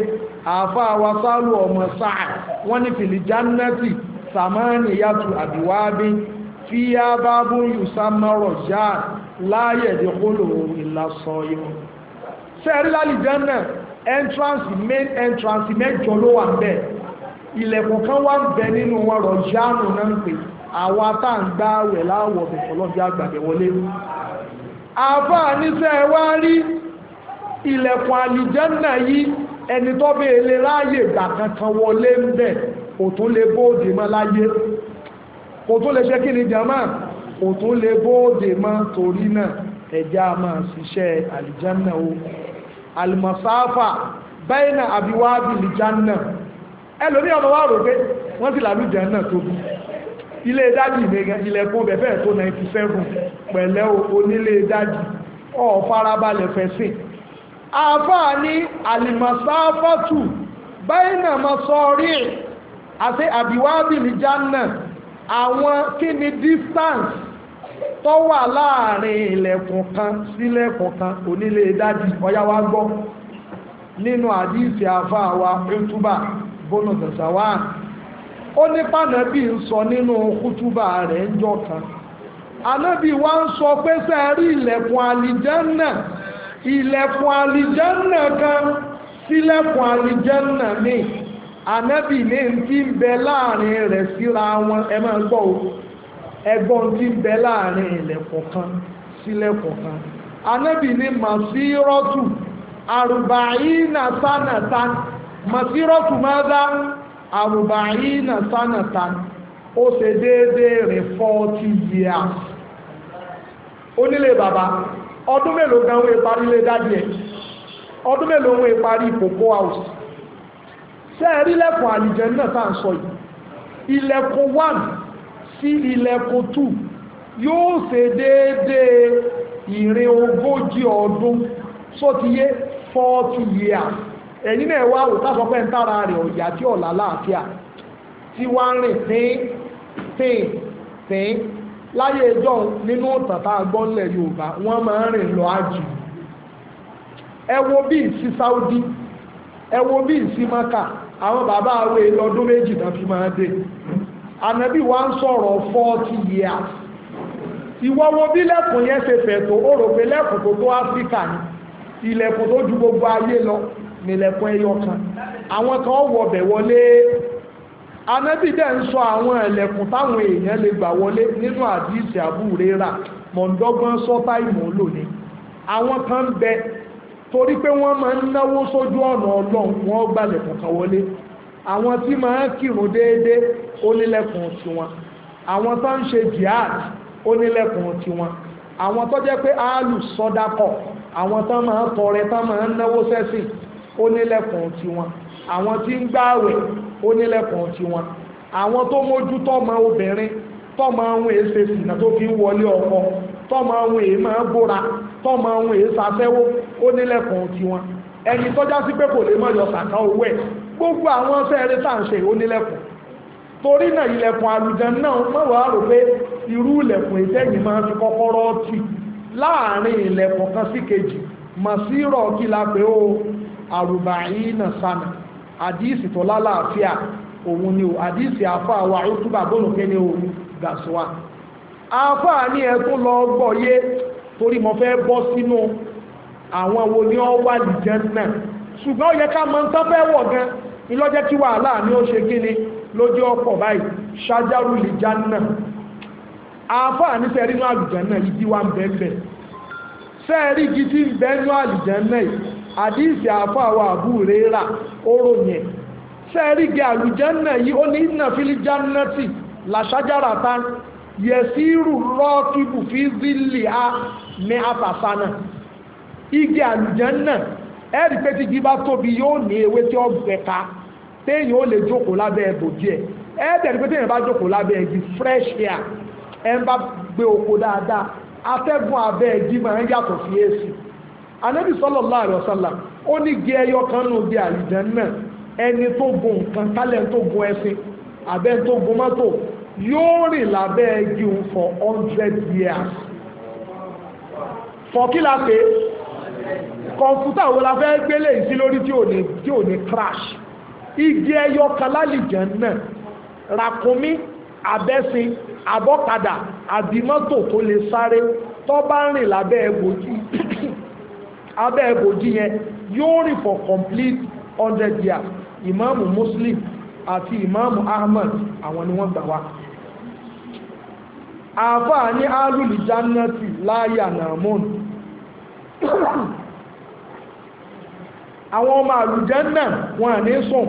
A: àfáà wa sálù ọmọ sáà wọ́n ní fìlìjánà tì sàmánì yàtù àbíwáàbí fíyà bábú yùsámọ́rọ̀ já láyẹ̀dẹ̀kólò ìlàsọ sẹ́ẹ̀rí lálìjánà entrance main entrance mẹ́jọ ló wà bẹ́ẹ̀ ilẹ̀kùn kan wà bẹ nínú wọn rọ̀ jáàmù náà ń pè àwọn atá ń gbá rẹ̀ láwọ̀ bẹ̀fọ̀lọ́bí àgbàbẹ̀ wọlé àfáà níṣẹ́ wá rí ilẹ̀kùn àlìjẹ́nà yìí ẹni tó bẹ́ ilé láàyè ìgbà kankan wọlé ń bẹ̀ kò tún lè bóòdè mọ́ láyé kò tún lè ṣe kí ni jama kò tún lè bóòdè mọ́ torí náà ẹja máa ṣiṣẹ́ àlìjẹ́nà o alimasafa bẹ́ẹ̀nà àbíwábì lìjánà ẹlòmí ọmọ wà rò pé wọ́n ti làlú jẹ́ náà tóbi ilé dájì ilẹ̀kùn bẹ̀fẹ́ tó 97 pẹ̀lẹ́ onílé dájì ọ̀ farabalẹ̀ fẹ̀sìn àfáà ní alimasafa tù bẹ́ẹ̀nà masọ́rí àti àbíwábì lìjánà àwọn kí ni distance tó wà láàrin ilẹ̀kùn kan sílẹ̀kùn kan onílé dádì ọyá wa gbọ́ nínú àdíìsì àfáà wa ẹtúbà bọ́nà tẹ̀sàwáà ó ní pànàbí ń sọ nínú kútúbà rẹ̀ ń jọ kan anábì wa ń sọ pé sẹ́ẹ̀rí ilẹ̀kùn àlìjẹ́nà ilẹ̀kùn àlìjẹ́nà kan sílẹ̀kùn àlìjẹ́nà míì anábì ní ti ń bẹ láàrin rẹ̀ síra wọn ẹ máa gbọ́ o ẹgbọ́n tí ń bẹ láàrin ilẹ̀kùn kan sílẹ̀kùn kan anábì ní masirọ́tù àrùbáyínà sánàtàn masirọ́tù mẹ́ta àrùbáyínà sánàtàn ó ṣe déédéé rẹ̀ fọ́ọ̀tì years onílé bàbá ọdún mélòó gan wọ́n parí lé dádì ẹ̀ ọdún mélòó wọ́n parí ìkòkó house ṣe é rí lẹ́kùn àlìjẹ́ náà tá à ń sọ yìí ilẹ̀kùn one sí ilẹ̀kùn tù yóò ṣe déédéé ìrìn ogójì ọdún sótiyé 40 years ẹ̀yìn náà wá òtásọ pé ń tára rẹ̀ ọ̀yà tí ọ̀là láàfíà tí wá ń rìn tín tín tín láyé ẹjọ́ nínú tàtà agbọ́nlẹ̀ Yorùbá wọ́n máa ń rìn lọ ájì ẹ wo bí sí Saudi ẹ wo bí sí Maka àwọn bàbá awé lọ́dún méjì náà fi máa dé ànábì wa ń sọ̀rọ̀ 40 years ìwọ́wọ́ bí lẹ́kùn yẹn ṣe fẹ̀ tó ó rò pé lẹ́kùn tó tó áfíríkà ni ilẹ̀kùn tó ju gbogbo ayé lọ nílẹ̀kùn ẹyọ kan àwọn kan wọ̀bẹ̀ wọlé ànábì dẹ̀ ń sọ àwọn ẹlẹ́kùn táwọn èèyàn lè gbà wọlé nínú àdìsí àbúrérà mọ̀ndọ́gbọ́n sọ́tà ìmọ̀ lónìí àwọn kan bẹ torí pé wọ́n máa ń náwó sójú ọ̀nà ọlọ́run wọ́n gbalẹ̀kùn kan wọlé àwọn tí máa ń kírun déédé ó nílẹ̀kùn tiwọn àwọn tó ń ṣe jihad ó nílẹ̀kùn tiwọn àwọn tó jẹ́ pé áàlù sọ́dákọ̀ àwọn tó máa ń tọrẹ tó máa ń náwó sẹ́sìn ó nílẹ̀kùn tiwọn àwọn tí ń gbààwẹ̀ ó nílẹ̀kùn tiwọn àwọn tó mójútó ọmọ obìnrin tọ́mọ ohun èése sìnà tó fi ń wọlé ọkọ tọ́mọ ohun èé máa bóra tọ́mọ ohun èé safẹ́wó ó nílẹ̀kùn tiwọn ẹni tọ́já sí pé kò lè mọ̀ yọ sàkà owó ẹ̀ gbogbo àwọn sẹ́ẹ̀rẹ́ tàǹṣe onílẹ̀kùn torí náà ilẹ̀kùn na náà mọ́wàá rò pé irú ilẹ̀kùn ìtẹ́yìn máa fi kọ́kọ́rọ́ ti láàrin ilẹ̀kùn kan sí kejì si kí la pé ó àrùbà ìnà sànà àdíìsì tó lálàáfíà òun ni ó àdíìsì àfà wa òtúbà bónúkẹ́ ni ó gàṣọ́wà àfà ní ẹkún lọ torí mo fẹ́ bọ́ sínú àwọn wo ni ó lìjẹ́ náà ṣùgbọ́n ó yẹ ìlọ́jẹ́ tí wàhálà ní ó ṣe kíni lójú ọ̀pọ̀ báyìí ṣájárù lè já náà àáfàá ní sẹ́rí inú àlùjẹ́ náà igi wa ń bẹ́ẹ̀ sẹ́ẹ̀rí igi ń bẹ́ẹ̀ àlùjẹ́ náà àdíìsì àáfàá wa àbú rèéra oró yẹn sẹ́ẹ̀rí igi àlùjẹ́ náà yìí ó ní ìnà fílíjà náà tì làṣájára tán yẹ̀sírù rọ́ọ̀kìbù fi zílì a ní àfàsánà igi àlùjẹ́ náà ẹ̀rí pé tí igi bá tóbi yóò ní ewé tí ó gbẹ̀ka téèyàn ó lè jókòó lábẹ́ ẹbò díẹ̀ ẹ̀ẹ́dẹ̀ ni pé téèyàn bá jókòó lábẹ́ ẹbí fresh air ẹ̀ ń bá gbé oko dáadáa atẹ́gùn abẹ́ ẹbí máa ń yàtọ̀ sí èsì anabi sallallahu alaihi wasallam ó ní gé ẹyọ kan nù bí àlìjẹ náà ẹni tó gun nǹkan kálẹ̀ tó gun ẹṣin abẹ́ tó gun mọ́tò yóò rìn lábẹ́ ẹbí for hundred years for kí la pé kọ̀ǹpútà wo la fẹ́ gbélé ìsí lórí tí ò ní crash igi ẹyọ kalálìjẹ́ náà ràkúnmí abẹ́sìn abọ́kadà àbímọ́tò tó lè sáré tó bá rìn lábẹ́ ẹgbòjì (coughs) abẹ́ ẹgbòjì yẹn yóò rìn for complete hundred years ìmáàmù Muslim àti ìmáàmù Ahmed àwọn ni wọ́n gbà wá àfáà ní alùlì jannati láyà náà mọ́nù àwọn ọmọ àlùjẹ́ náà wọ́n à ní sùn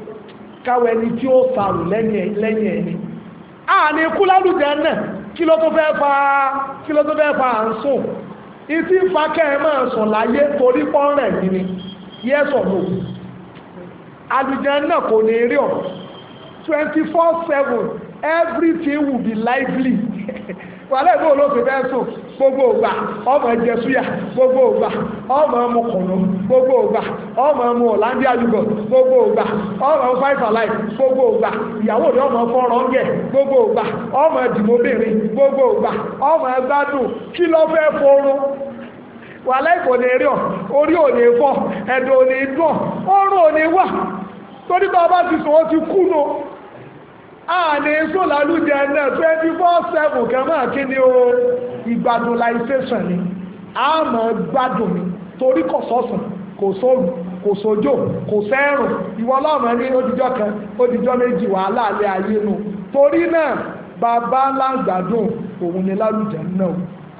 A: káwọ ẹni tí ó sàrù lẹ́yìn ẹni àní ikú lálùjẹ́ náà kí ló tó fẹ́ fa kí ló tó fẹ́ fa à ń sùn ìtí ń fa kẹ́ ẹ máa láyé torí pọ́nrẹ̀ mi ni yes or náà kò ní rí ọ̀ twenty four everything will be lively (laughs) wàhálà ìbò ló fi gbogbo ògbà ọmọ ẹ̀jẹ̀ súyà gbogbo ògbà ọmọ ẹmu gbogbo ògbà ọmọ ẹmu ọ̀làndíà yugọ gbogbo ògbà ọmọ ẹmu five gbogbo ògbà ìyàwó rẹ ọmọ ń gbogbo ògbà ọmọ gbogbo ògbà ọmọ ẹgbádùn kí ló fẹ́ fọrún wàhálà ìbò lè rí ọ orí ò ní àní sùn lálùjẹ náà twenty four seven kẹ́mọ́ kí ni o ìgbádùn láìsẹ̀sàn ni a máa gbádùn ni torí kò sọ̀sán kò sóòrùn kò sójò kò sẹ́rùn ìwọ ọlọ́run ní odijọ́ kan odijọ́ méjì wàhálà alẹ́ ayé nu torí náà bàbá ńlá gbádùn òun ni lálùjẹ náà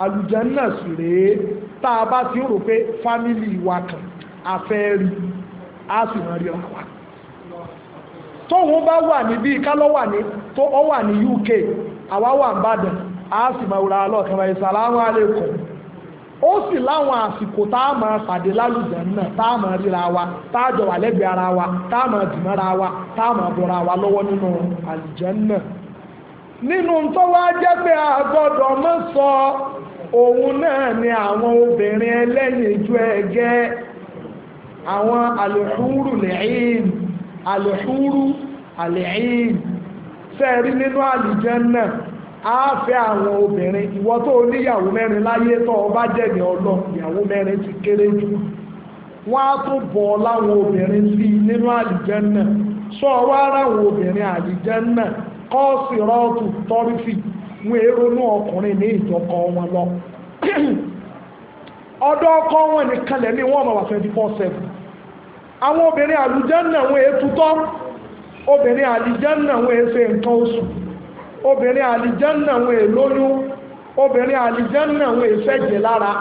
A: àlùjẹ náà sì rèé tá a bá ti ń rò pé fámìlì wa kan àfẹ́ rí a sì rán ríra wa tóun bá wà ní bí kálọ́ wà ní tó ọ wà ní UK àwa wà ń bàdàn á sì máa wúra lọ́ọ̀kan wáyé sàlámù aláìkùm ó sì láwọn àsìkò tá a máa pàdé lálùjẹ̀ náà tá a máa ríra wa tá jọ wà lẹ́gbẹ̀ẹ́ ara wa tá a máa dìmọ́ra wa tá a máa wa lọ́wọ́ nínú àlùjẹ̀ náà nínú tó wá jẹ́ pé a gbọ́dọ̀ mọ́ sọ òun náà ni àwọn obìnrin ẹlẹ́yinjú ẹgẹ́ àwọn àlùkùrù lẹ́yìn àlẹ̀húrú àlẹ̀hìn sẹ́ẹ̀rí nínú àlìjẹ́nnà àáfẹ́ àwọn obìnrin ìwọ tó níyàwó mẹ́rin láyé tó ọba jẹ̀mí ọlọ́ ìyàwó mẹ́rin ti kéré jù wọ́n á tún bọ̀ láwọn obìnrin sí nínú àlìjẹ́nnà sọ ọwọ́ aráwọ̀ obìnrin àlìjẹ́nnà kọ́ọ̀sì rọ́ọ̀tù tọ́rífì wọn èrònú ọkùnrin ní ìjọkọ wọn lọ (clears throat) ọ̀dọ̀ ọkọ wọn nìkan lẹ́ni wọ́n mọ̀ wà 24/7 àwọn obìnrin àlùjànnà wọn ètútọ́ obìnrin àlùjànnà wọn èsè nǹkan oṣù obìnrin àlùjànnà wọn èlóyún obìnrin àlùjànnà wọn èsẹ̀jẹ̀ lára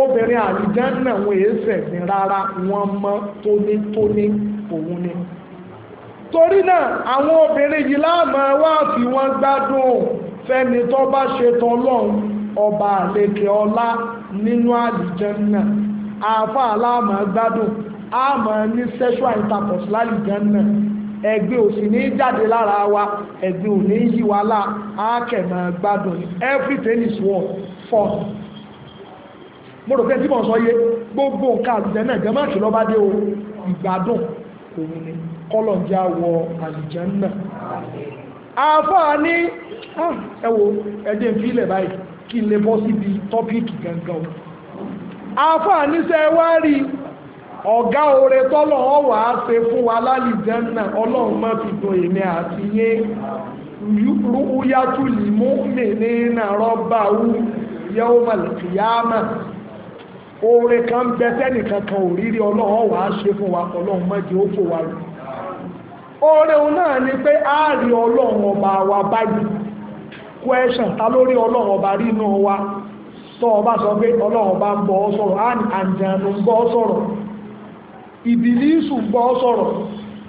A: obìnrin àlùjànnà wọn èsẹ̀gbìn rárá wọn mọ́ tónítóní òun ni torí náà àwọn obìnrin yìí láàmú wá fi wọ́n gbádùn fẹ́ni tó bá ṣe tọlọ́hun ọba àlekè ọlá nínú gbádùn a máa ní sexual intercourse lálìjẹ́ náà ẹ̀gbin ò ní jáde lára wa ẹ̀gbin ò ní yí wa lá a gbádùn ní everything is one fun
B: mo rò pé tí mo sọ
A: yé gbogbo nǹkan àlùjẹ́ náà jẹ́ máàkì lọ́ba dé o ìgbádùn òun ni kọ́lọ̀ jẹ́ àwọ̀ àlùjẹ́ àfáà ní ẹwọ ah, ẹjẹ́ ìfilẹ̀ báyìí kí lè bọ́ síbi tọ́pìkì gangan àfáà ní sẹ́wárí ọ̀gá oore tọ́lọ̀ wọn wà fún wa lálìjẹ́ náà ọlọ́run má fi dùn èmi àti yé rúúyátù lìmú ní nàrọ́bà wú yẹ́wò kan kan òrírí ọlọ́run wà á fún wa ọlọ́run má jẹ́ a ọlọ́run ọba wa báyìí ta lórí ọlọ́run ọba rí inú wa ọba sọ pé ọlọ́run ọba ìbìlísù gbọ́ sọ̀rọ̀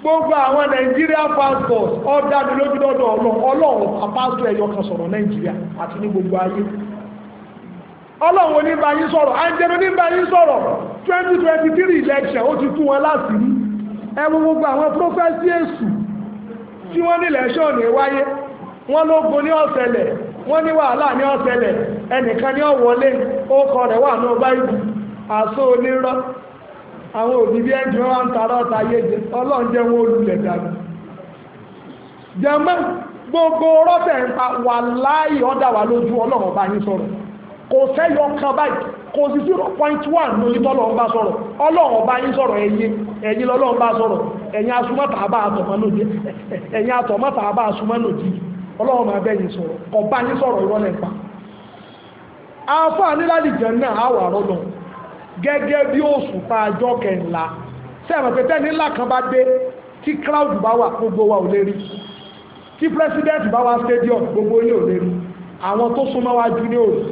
A: gbogbo àwọn Nigeria pastor ọ̀dà mi ọlọ́run àpásọ̀ ẹ̀yọ sọ̀rọ̀ Nigeria àti ní gbogbo ayé ọlọ́run oníbàyí sọ̀rọ̀ sọ̀rọ̀ 2023 election ó ti wọn láti rí ẹwọ gbogbo àwọn tí wọ́n ní election wáyé wọ́n ní ọ̀sẹ̀lẹ̀ wọ́n ní wàhálà ní ọ̀sẹ̀lẹ̀ ẹnìkan ní ọ̀wọ́lé ó àwọn òbí bí wọn wá ń tarọ́ ọ̀tá ayé jẹ ọlọ́run jẹ́ wọn olùlẹ̀ gbogbo rọ́bẹ̀ ń wà láàyè ọ̀dà wà lójú ọlọ́run bá yín sọ̀rọ̀ kò sẹ́yọ kan kò sí 0.1 lórí tọ́lọ́run bá sọ̀rọ̀ ọlọ́run bá sọ̀rọ̀ ẹ̀yin lọ́lọ́run bá sọ̀rọ̀ ẹ̀yin bá gẹ́gẹ́ bí òṣùpá ọjọ́ kẹńlá sẹ́ẹ̀mọ̀ pé tẹ́ni ńlá kan bá dé tí crowd bá wà gbogbo wa ò lè rí tí president bá wà stadium gbogbo ilé ò lè rí àwọn tó súnmọ́ wájú ní òòlù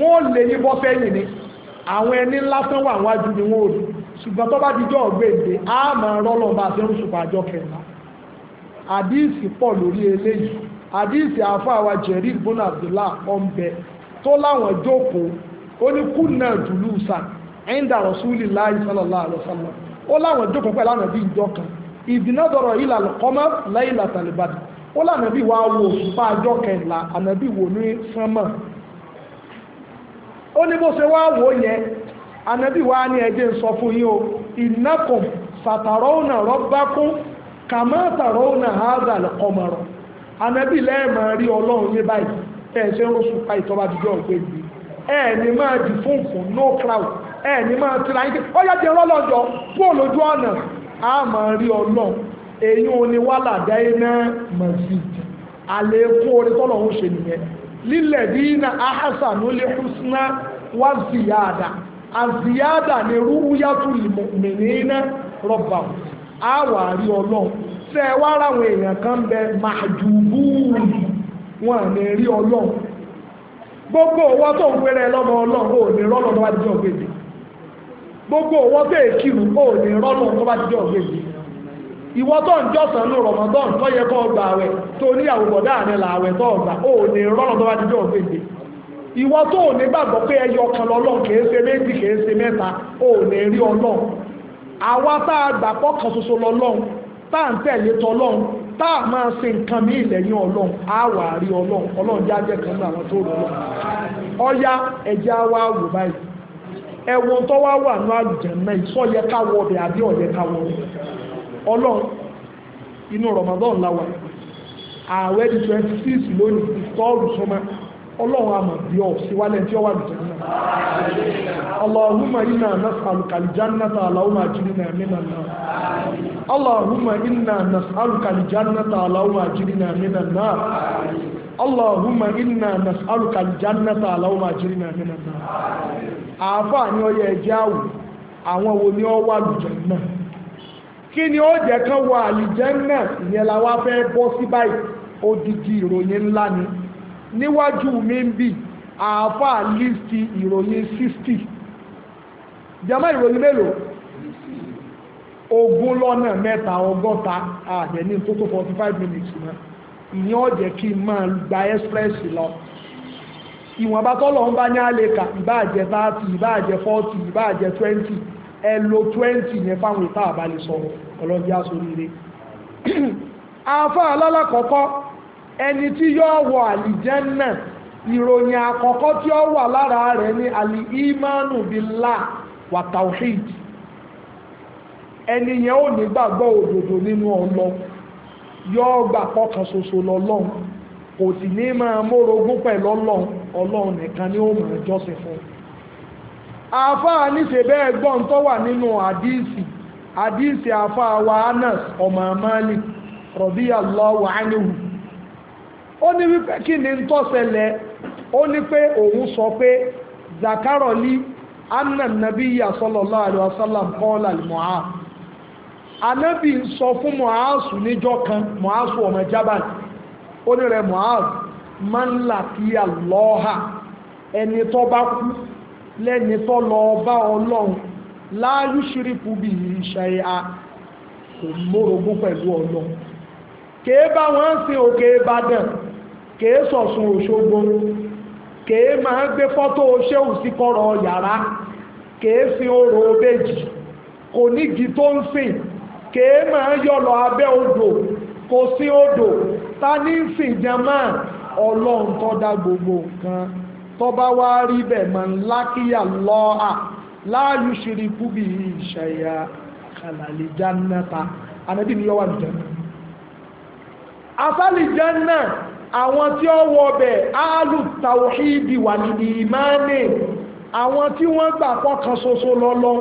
A: wọn ò lè ní bọ́ sẹ́yìn ni àwọn ẹni ńlá tán wà wájú ni wọn ò rí ṣùgbọ́n tó bá dijọ́ ọ̀gbẹ́ǹde á máa rọ́lọ́ bá ṣe ń sùpà àjọ kẹńlá àdíìsì pọ̀ lórí eléyìí àdíìsì àfáà wa jerry bonabdullah ọ̀nbẹ tó láwọn jókòó ó ní kúnnà jùlù sà ẹ̀ńdà rọ̀súlì láì sọ́lọ́lá àlọ́sọ́lá ó láwọn jókòó pẹ̀lú ànàbí ìjọ kan ìdínádọ̀rọ̀ ilà kọ́mọ́ lẹ́yìn làtàlìbàdì ó lànàbí wa wo òṣùpá àjọ kẹ̀ńlá ànàbí wo ní sánmà ó ní bó ṣe wá wò yẹn ànàbí wa ní ẹjẹ́ ń sọ fún yín o ìnákùn sàtàrọ́ọ̀nà rọ́bákún kàmátàrọ́ọ̀nà hádàlì ẹ̀ẹ̀ni máa dì funfun no crowd ẹ̀ẹ̀ni máa te. yín ó yá jẹ́ rọ́lọ́jọ́ bóòlù ojú ọ̀nà a máa rí ọlọ́ èyí ò ní wà ládá iná masjid àlékún orí tọ́lọ̀ ń ṣe nìyẹn lílẹ̀ bí iná ahasanu lè húsná wá ziyada àziyada ni rúwúyàtú mìíràn rọ́bà a wà rí ọlọ́run tẹ́ wá ráwọn èèyàn kan bẹ màdùbúù wọn ní rí ọlọ́run gbogbo owó tó ń pèrè lọ́mọ ọlọ́run ò ní rọ́lọ́ tó bá ti jẹ́ ògbèdè gbogbo owó tó èkìrù ò ní rọ́lọ́ tó bá ti jẹ́ ògbèdè ìwọ tó ń jọ́sàn ní rọmọdán tó yẹ kó gba àwẹ̀ tó níyàwó bọ̀dá rẹ̀ làwẹ̀ tó gbà ò ní rọ́lọ́ tó bá ti jẹ́ ògbèdè ìwọ tó ò ní gbàgbọ́ pé ẹyọ kan lọ́lọ́ kìí ṣe méjì kìí ṣe mẹ́ta ò ní rí ọlọ́run àwa tá a gbà pọ́ kan ṣoṣo lọ́lọ́run tá à ń tẹ̀lé tá a máa ṣe nǹkan mí ìlẹ́yìn ọlọ́run á wà á rí ọlọ́run ọlọ́run já jẹ́ kan láwọn tó rọ̀ ọlọ́run ọya ẹja wá wò báyìí ẹ̀wọ̀n tó wá wà ní àlùjànnà ìsọ̀yẹ káwọ́ ọbẹ̀ àbí ọ̀yẹ káwọ́ ọlọ́run inú Ramadan la wà ààwẹ̀ di twenty six lónìí ìtọ́ọ̀rù sọmọ́ ọlọ́run àmọ̀ bí ọ síwálẹ̀ tí ó wà lùjẹ́ náà allahumma inna nas'aluka aljannata allahumma ajirna minan nar allahumma inna nas'aluka aljannata allahumma ajirna minan nar allahumma inna nas'aluka aljannata allahumma ajirna minan nar àáfàá ni ọyẹ ẹjẹ àwò àwọn wo ni ọ wà lùjẹ́ náà kí ni ó jẹ́ kán wọ àlùjẹ́ náà ìyẹn la wá fẹ́ bọ́ sí báyìí odidi ni níwájú mi ń bì àáfà lífti ìròyìn 60 jama ìròyìn mélòó ogún lọ́nà mẹ́ta ọgọ́ta àdẹ̀ní tó tó 45 minutes náà ìyẹn ọ̀jẹ̀ kí n máa gba express lọ ìwọ̀nba tọ́lọ̀ ń bá ní àlèkà ìbáàjẹ́ 30 ìbáàjẹ́ 40 ìbáàjẹ́ 20 ẹ lo 20 yẹn fáwọn ìta àbálẹ̀ sọ̀rọ̀ ọlọ́bí aṣoríire (clears throat) àáfà ẹni tí yóò wọ àlìjẹ́nà ìròyìn àkọ́kọ́ tí ó wà lára rẹ̀ ní alìímánù billah wa tawhid ẹni yẹn ò ní gbàgbọ́ òdodo nínú ọlọ yóò gbà kọkàn ṣoṣo kò sì ní máa mórogún pẹ̀lú ni ó fún níṣe bẹ́ẹ̀ gbọ́n tó wà nínú àdíìsì Anas ọmọ ó ní wípé kí ni tó ṣẹlẹ̀ ó ní pé òun sọ pé zakaroli anna nabiya sallallahu alaihi wasallam kọ́ọ̀lá mu'az anabi ń sọ fún mu'az níjọ́ kan mu'az ọmọ jabal ó ní rẹ̀ mu'az man laqiya Allaha ẹni tó bá kú lẹ́ni tó lọ bá ọlọ́run láàyú ṣírípù bí ìṣẹ́ a kò mórogún pẹ̀lú ọlọ́run ń sin òkè Ìbàdàn kèé sọ̀sùn òṣogbo kèé máa gbé fọ́tò ṣéhù sí kọ́rọ̀ yàrá kèé sin orò obéjì kò nígi tó ń sìn kèé máa yọ̀lọ̀ abẹ́ odò kò sí odò ta ní ń sìn jama ọlọ́run tó dá gbogbo nǹkan tó bá wá rí bẹ̀ mọ̀ ńlá kíyà lọ́à láàyù ṣìrì kúbi ìṣẹ̀yà kàlàlì jannata ànábì ni yọ wà ní jannata àwọn tí ó wọ bẹ̀ áàlù tàwọ̀hídì wà níbi ìmáàmì àwọn tí wọ́n gbà pọ́kan ṣoṣo lọ́lọ́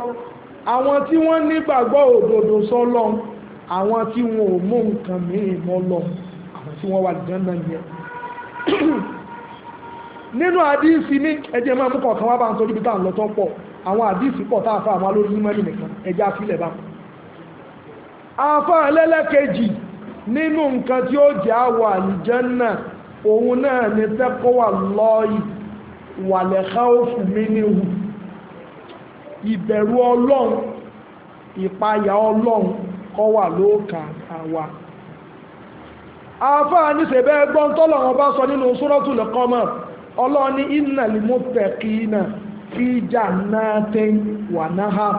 A: àwọn tí wọ́n nígbàgbọ́ òdodo sọ́lọ́ àwọn tí wọn ò mú nǹkan mìíràn mọ́lọ́ àwọn tí wọ́n wà gánà yẹn (clears throat) nínú àdíìsì ní ẹjẹ́ máa mú kọ̀ọ̀kan wá bá ń torí bí táà ń lọ tó pọ̀ àwọn àdíìsì pọ̀ táà fà àwọn alórí mímọ́ nìkan ẹjẹ́ àfilẹ̀ bá àfà ẹlẹ́lẹ́kejì nínú nǹkan tí ó jẹ́ àwọ̀ àlìjẹ́nà òun náà ni tẹ́kọ̀wà lọ́ọ̀yì wàlẹ̀ká òfin mi níhù ìbẹ̀rù ọlọ́run ìpayà ọlọ́run kọ́ wà lóòkà àwa àfáà níṣẹ́ bẹ́ẹ̀ gbọ́n tọ́lọ̀run bá sọ nínú suratul Qamar ọlọ́run ní innal muttaqina fi jannatin wa nahar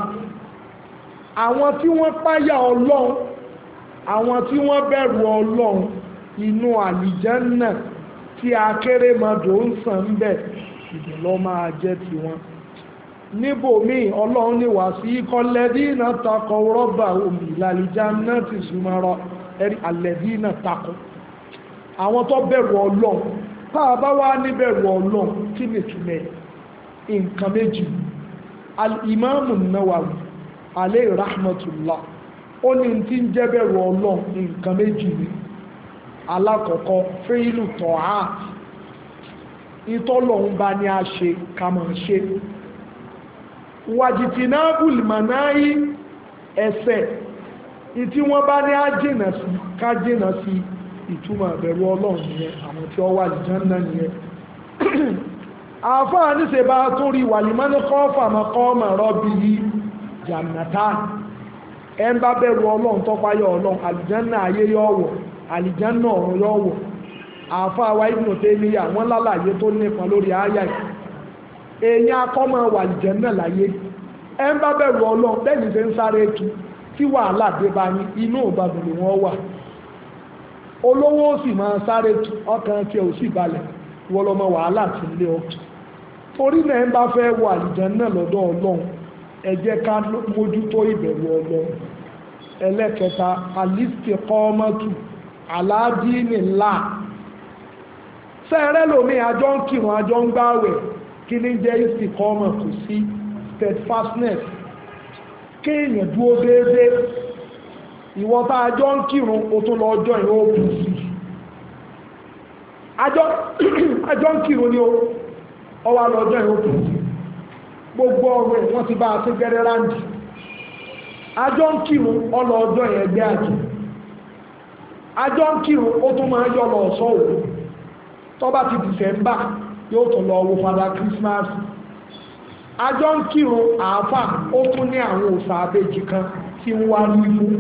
A: àwọn tí wọ́n páyà ọlọ́run àwọn tí wọ́n bẹ̀rù ọlọ́run inú àlìjánà tí akérèmọdò ń sàn ń bẹ̀ ìdùnnú máa jẹ́ tiwọn níbò míì ọlọ́run ní wà sí kọ́lẹ́dínà takọ̀ rọ́bà omi ìlàlìjánà ti súnmọ́rọ́ ẹ̀rí àlẹ́dínà takọ̀ àwọn tó bẹ̀rù ọlọ́run tá a bá wá níbẹ̀rù ọlọ́run kí nìtúmẹ̀ nǹkan méjì al-Imam an-Nawawi alayhi rahmatullah ó ní tí ń jẹ́ bẹ̀rù ọlọ́run nǹkan méjì ni alákọ̀ọ́kọ́ fíìlù tọ̀ á ìtọ́lọ̀hún bá ní a ṣe kàmọ̀ ṣe wàjìtì náà bùlìmọ̀náyí ẹsẹ̀ ìtí wọ́n bá ní a jìnà sí ká jìnà sí ìtumọ̀ bẹ̀rù ọlọ́run nìyẹn àwọn tí ó wà jìjánná nìyẹn àáfàá níṣẹ́ bá tó rí wàlìmọ́nì fàmọ́kọ́ mọ̀rọ́ bí yìí ẹ bẹ̀rù ọlọ́run tọ́páyọ̀ ọlọ́run àlìjánà ayé yọ wọ̀ àlìjánà ọ̀run yọ wọ̀ àfa wa ibùdó tẹ́ níyà wọ́n lálàyé tó nípa lórí àyà yìí èèyàn akọ́mọ wà àlìjánà láyé ẹ bẹ̀rù ọlọ́run bẹ́ẹ̀ni ṣe ń sáré tu tí wàhálà dé bá ní inú ìbàdàn ni wọ́n wà olówó sì máa sáré tu ọkàn tí ò sì wàhálà ti lé ọ torí náà fẹ́ wọ ẹ jẹ́ ká mójútó ìbẹ̀rù ọlọ́run ẹlẹ́kẹta alistair kọ́ọ́mọ́tù aláàdínì ńlá sẹ́ẹ̀rẹ́ lómi àjọ ń kírun àjọ ń gbáwẹ̀ kí ní jẹ́ ìsìn kọ́ọ́mọ̀ kò sí steadfastness kéèyàn dúró déédéé ìwọ tá àjọ ń kírun o tún lọ ọjọ́ ìwọ òkú sí àjọ (clears throat) ń kírun ni ó ọwọ́ lọ ọjọ́ ìwọ òkú sí gbogbo ọ̀rọ̀ ẹ̀ wọ́n ti bá a sí gẹ́rẹ́ ráńdì ajọ́ ń kírun ọlọ ọjọ́ yẹn gbé àjò ajọ́ ń kírun ó tún máa ń yọ lọ ọ̀sọ́ òru tọ́ba ti dìsẹ́mbà yóò tún lọ wo fada Christmas ajọ́ ń kírun àáfà ó tún ní àwọn òòsà abéjì kan tí ń wá ní fún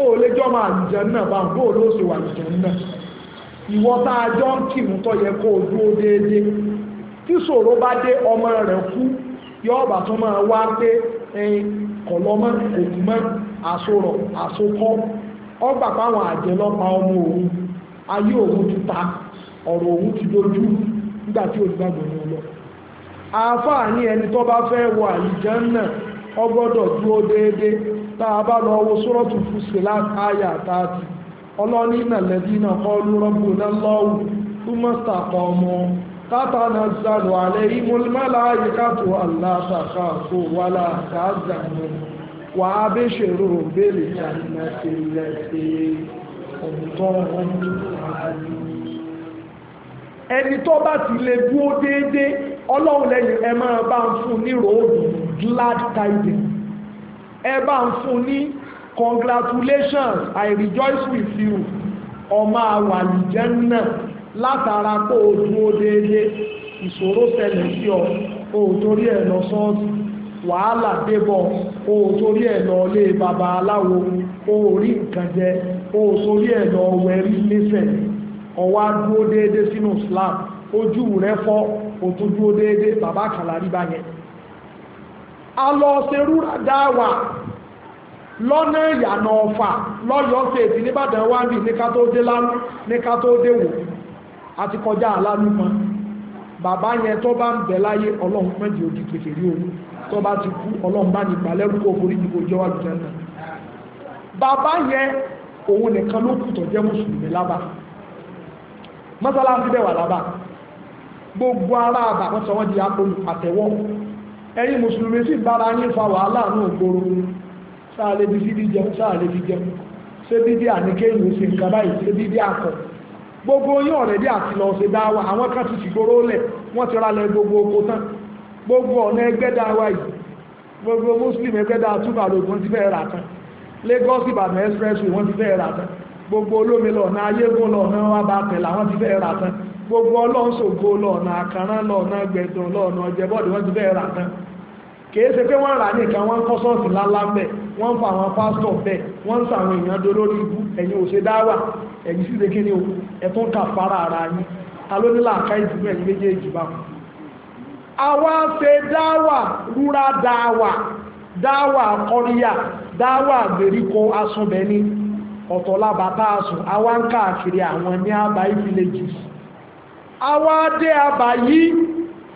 A: ó lè jọ́ máa àlùjẹ́ náà bá ń bóòlù ó sì wà àlùjẹ́ náà ìwọ tá ajọ́ ń kírun tó yẹ kó o dúró déédéé tí ṣòro bá dé ọmọ rẹ̀ kú yóò tó máa wá pé ẹyin kọ̀lọ́mọ́ ògùnmọ́ àsorọ̀ àsokọ́ ọgbà páwọn àjẹlọ́pa ọmọ òun ayé òun ti ta ọ̀rọ̀ òun ti dojú nígbà tí olùgbàgbọ́ ní ọlọ́ àáfàá ní ẹni tó bá fẹ́ wọ àlìjánná ó dúró déédéé tá a bá lọ wo sọ́rọ́tù àyà àtàtì تتنزل عليهم الملائكة ألا تخافوا ولا تحزنوا وأبشروا بالجنة التي كنتم ẹni tó bá ti lè dúó déédéé ọlọ́run lẹ́yìn ẹ máa bá ń fún ní ròódù glad tidings ẹ bá ń fún ní congratulations I rejoice with you ọmọ àwàlìjẹ́ náà látara kó o dúró déédéé ìṣòro ṣẹlẹ̀ sí ọ kó o torí ẹ̀ lọ sọ́ọ̀sì wàhálà débọ̀ kó o torí ẹ̀ lọ lé babaláwo kó o rí nǹkan jẹ kó o torí ẹ̀ lọ wẹ̀rí lẹ́sẹ̀ ọwá dúró déédéé sínú Islam ojú rẹ fọ́ o tún dúró déédéé bàbá kàlárí bá yẹn a lọ ṣerúra dáwà lọ́nà ìyànà ọ̀fà lọ́yọ̀ọ́ sèèdì nìbàdàn wá ní ká tó dé láwù ní ká tó dé wò àti kọjá alálùmọ́ bàbá yẹn tó bá ń bẹ láyé ọlọ́run mẹ́jì òdì kékeré òun tó bá ti kú ọlọ́run bá ní ìgbàlẹ́rú kó borí ìdìbò jẹ́ wàlùjẹ́ náà bàbá yẹn òun nìkan ló kù tó jẹ́ mùsùlùmí lába mọ́sálásí bẹ́ẹ̀ lába gbogbo ara àbà wọ́n sọ wọ́n di apolùpàtẹ́wọ́ ẹ̀yin mùsùlùmí sì bára yín fa wàhálà ní ògbóró sáà lè fi síbi jẹun sáà lè fi jẹun ṣé bíbí àníkéyìn ó ṣe nǹkan báyìí ṣé bíbí àkọ́ gbogbo yín ọ̀rẹ́ bí àti lọ ṣe dáwà àwọn kan ti ti gbóró lẹ̀ wọ́n ti rálẹ̀ gbogbo oko tán gbogbo ọ̀nà ẹgbẹ́ dáwà yìí gbogbo muslim ẹgbẹ́ dáwà túbà lòdì ti fẹ́ rà tán Lagos ibadan express wọ́n ti fẹ́ rà tán gbogbo olómi lọ́nà ayégún lọ́nà wábàtẹ̀ làwọn ti fẹ́ rà tán gbogbo ọlọ́nṣògo lọ́nà àkàrán lọ́nà gbẹ̀dọ̀ lọ́nà ọjẹ́bọ́dì wọ́n ti fẹ́ rà tán kìí ṣe pé wọ́n rà nìkan wọ́n kọ́ sọ́ọ̀sì lálá mẹ́ wọ́n fa àwọn pásítọ̀ bẹ́ wọ́n sàwọn èèyàn dó lórí ibú ẹ̀yin òṣè dáwà ẹ̀yin sì ṣe kíni o ẹ̀tún kà fara ara yín ta ló nílà àká ìdìbò ẹ̀yin méjèèjì bá wọn. àwa ṣe dáwà rúra dáwà dáwà kọ́ríyà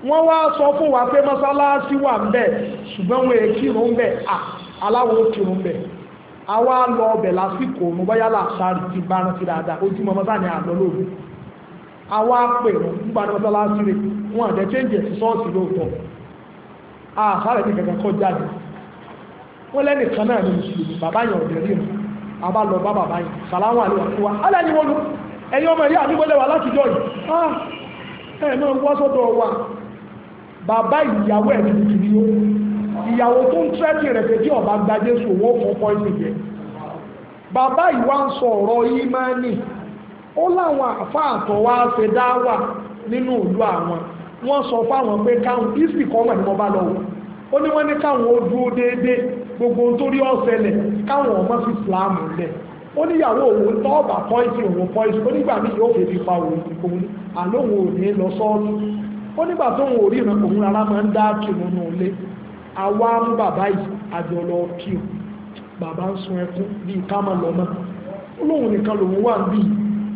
A: wọ́n wá sọ fún wa pé mọ́sálásí wà ń bẹ̀ ṣùgbọ́n wọn è kírun ń bẹ̀ aláwọ̀ ó kírun ń bẹ̀ àwa lọ ọbẹ̀ lásìkò òun bọ́yá làṣàrì ti bá rántí dáadáa ojúmọ́ mọ́sá ni àlọ́ lóru àwa pèrún nígbà ní mọ́sálásí rẹ̀ wọn àjẹ́ chẹ́ǹjì ẹ̀sì sọ́ọ̀sì lóòótọ́ àṣàrẹ̀ ní kankan kọ́ jáde wọ́n lẹ́nìkan náà ní mùsùlùmí bàbá yẹn ọ̀dẹ̀ rí mu àbá lọ bá bàbá yẹn sàlámù àlewà fún wa alẹ́ ni wọ́n lu ẹ̀yin ọmọ ìyá àdúgbò lẹ́wà látijọ́ yìí ah, bàbá ìyàwó ẹ̀ kìrìkìrì ó ìyàwó tó ń tẹ́tì rẹ̀ pé tí ọba gba jésù owó fún pọ́ìsì jẹ bàbá ìwà ń sọ ọ̀rọ̀ ìmánì ó láwọn àfáà tó wá ṣe dá wà nínú ìlú àwọn wọ́n sọ fáwọn pé káwọn ìsì kọ́mọ̀ ní mo bá lọ́wọ́ ó ní wọ́n ní káwọn ó dúró déédéé gbogbo nítorí ọ̀sẹ̀lẹ̀ káwọn ọmọ sí islam lẹ̀ ó níyàwó òun tọ́ọ̀bà pọ́ìsì òun pọ́ìsì ó nígbà míì yóò fi fi pa òun òun àlóhùn òní lọ sọ́ọ̀tù ó nígbà tó ń orí ìran òun ara máa ń dá kírun nù lé àwa mú bàbá yìí àjọ lọ kírun bàbá ń sun ẹkún bíi ká máa lọ mọ́ ó nìkan lòun wà ń bí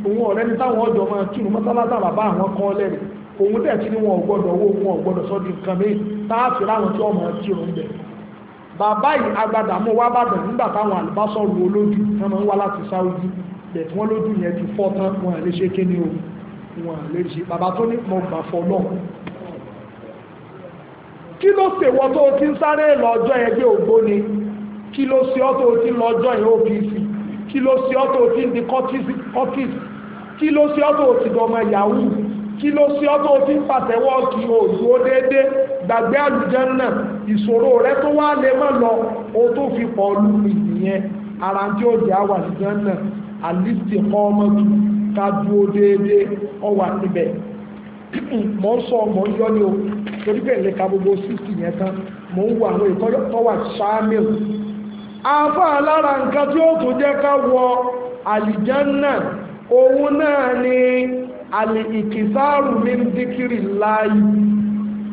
A: òun ọ̀rẹ́ ní táwọn ọjọ́ máa kírun mọ́sálásá bàbá àwọn kan lẹ́rìí òun dẹ̀ tí wọn owó wọn nǹkan táàfì láwọn tí ọmọ wọn lè ṣe bàbá tó ní mo gbà fọlọ́ kí ló ṣe wọ́n tó ti ń sáré lọ́jọ́ ẹgbẹ́ ògbóni kí ló ṣe ọ́ tó ti lọ́jọ́ ẹ̀ OPC kí ló ṣe ọ́ tó ti ń di ọ́fíìsì kí ló ṣe ọ́ tó ti dọmọ yahoo kí ló ṣe ọ́ tó ti ń pàtẹ́wọ́ kí òòlù ó déédé gbàgbé àlùjànnà ìṣòro rẹ tó wá lè má lọ o tó fi pọ̀ lu ìyẹn ara tí ó jẹ́ àwàlùjànnà àlìsí kọ́ ọmọ tuntun ka dúró déédéé ọwà níbẹ̀ (clears throat) mọ̀ ń sọ mọ̀ ń yọ́ o torí ka gbogbo 60 yẹn tán mọ̀ ń wo àwọn ìtọ́jọ́ tọ́wà sáàmìl alára nǹkan tí ó tún jẹ́ ká wọ àlìjánà òun náà ni àlè ìkìsáàrù mi ń díkìrì láàyè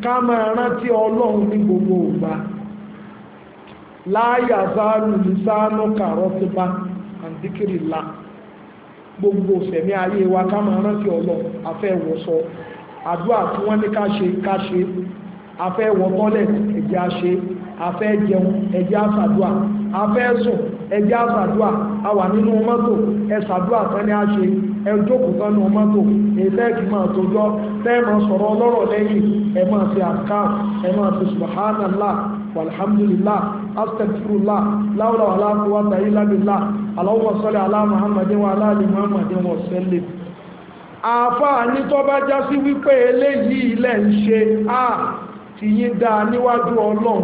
A: ká máa rántí ọlọ́run ní gbogbo ògbà láàyè gbogbo sẹ̀mí ayé wa ká máa rántí ọlọ́ afẹ́wọ̀sọ àdúrà tí wọ́n ní ká ṣe ká ṣe afẹ́wọ̀ tọ́lẹ̀ ẹ̀jẹ̀ àṣe afẹ́ jẹun ẹ̀jẹ̀ àṣàdúà afẹ́ sùn ẹ̀jẹ̀ àṣàdúà a wà nínú mọ́tò ẹ̀ṣàdúà tán ní àṣe ẹjókòó tán nínú mọ́tò ẹ̀lẹ́ẹ̀kì máa tójọ́ tẹ́ẹ̀mọ̀ sọ̀rọ̀ ọlọ́rọ̀ lẹ́yìn ẹ̀ máa ti àká ẹ̀ máa ti subhanallah walhamdulillah astagfirullah láwùlà wàlá quwwata illa billah allahumma salli ala muhammadin wa ala ali muhammadin wa sallim àfáà ní tó bá já sí wípé eléyìí ilẹ̀ ń ṣe a ti yín dáa níwájú ọlọ́run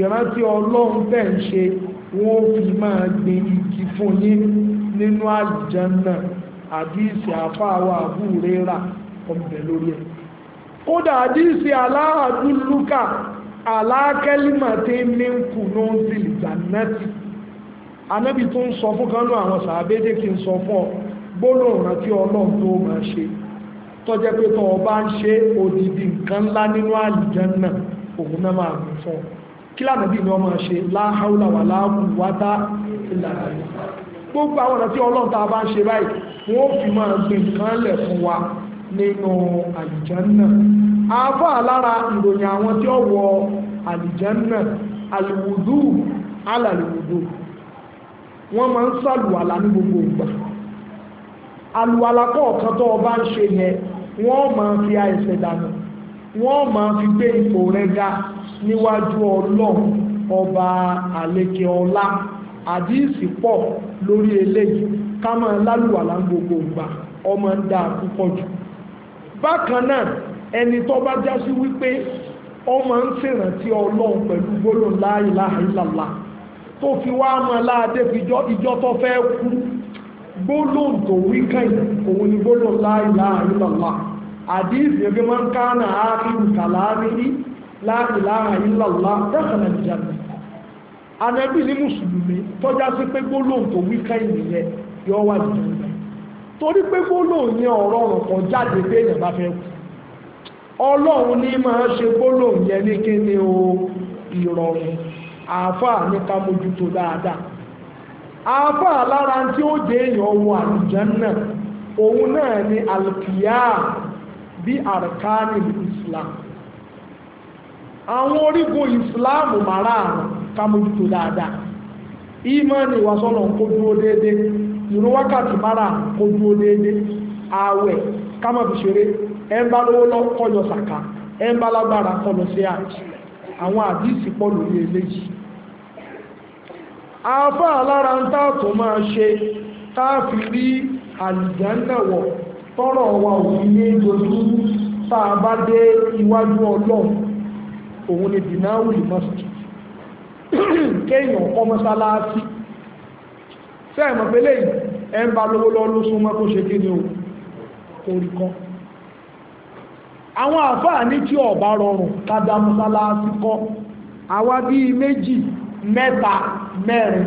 A: ìrántí ọlọ́run tẹ̀ ń ṣe wọ́n fi máa gbin igi fún yín nínú àlùjánnà àdíìsì àfáàwà àbúrẹ́rà ọ̀bẹ̀ lórí ẹ̀ kódà àdíìsì aláàdúlúkà alákẹ́límà tí ní ń kù ló ń zìlì jannati anábì tó ń sọ fún kánú àwọn sàábédé kí n sọ fún ọ gbóná ìrántí ọlọ́run tó máa ṣe tọ́jẹ́ pé tọ́ ọ bá ń ṣe odidi nǹkan ńlá nínú àlìjánná òun náà máa mú fún ọ kí lànàbí ni wọ́n máa la hawla wala quwwata illa billah gbogbo àwọn ìrántí ọlọ́run a bá ń ṣe báyìí wọ́n fi máa gbé nǹkan lẹ̀ nínú àlìjánà àáfà lára ìròyìn àwọn tí ó wọ àlìjánà àlùwùdú alàlùwùdú wọ́n máa ń sàlùwàlà ní gbogbo ìgbà àlùwàlà kọ̀ọ̀kan tó ọba ń ṣe yẹn wọ́n máa fi àìsẹ̀ dànù wọ́n máa fi gbé ipò rẹ̀ ga níwájú ọlọ́run ọba àlekè ọlá àdíìsì pọ̀ lórí eléyìí ká máa lálùwàlà ní gbogbo ìgbà ọmọ ń dáa púpọ̀ jù bákan náà ẹni tó bá já sí wípé ọmọ ń ṣèrántí ọlọ́run pẹ̀lú gbólóhùn la ilaha illallah tó fi wá mọ́ láàdé fi ìjọ tó fẹ́ kú gbólóhùn tó wí kàn òun ni gbólóhùn la ilaha illallah àdíìsì ẹgbẹ́ máa ń ká náà la ilaha illallah dakhala al-jannah anẹ́bí ní mùsùlùmí tọ́já sí pé gbólóhùn tó torí pé gbólóhùn ní ọ̀rọ̀ ọ̀rùn jáde pé èèyàn bá fẹ́ kù, ọlọ́run ní máa ṣe gbólóhùn yẹn ní kí ni o ìrọ̀rùn àáfàá ní mójútó dáadáa àáfàá lára tí ó dé èèyàn wọ náà, òun náà ni alkiya bí arkani islam àwọn orígun islam márààrún ká mójútó dáadáa Ìmọ̀ wa sọ́nà kó dúró déédéé ìró wákàtí mara kó dúró déédéé ààwẹ̀ kámọ fi ṣeré ẹ ń bá lówó lọ kọjọ sàkà ẹ ń bá lágbára kọlọ sí àjì àwọn àdìsí pọ̀ lórí eléyìí afá alára ń tààtò máa ṣe táàfi rí àlìjáńdàwọ̀ tọ́rọ̀ wa òun ní dojú tá bá dé iwájú ọlọ́run òun ni dìnáwùlì mọ́sí kéèyàn kọ́ mọ́sálásí fẹ́ ẹ̀mọ̀ pé lẹ́yìn ẹ ń bá lówó lọ́ọ́ ló súnmọ́ kó ṣe kí ni o torí kan àwọn àfáà ní tí ọ̀bá rọrùn kádà mọ́sálásí kọ́ àwa bíi méjì mẹ́ta mẹ́rin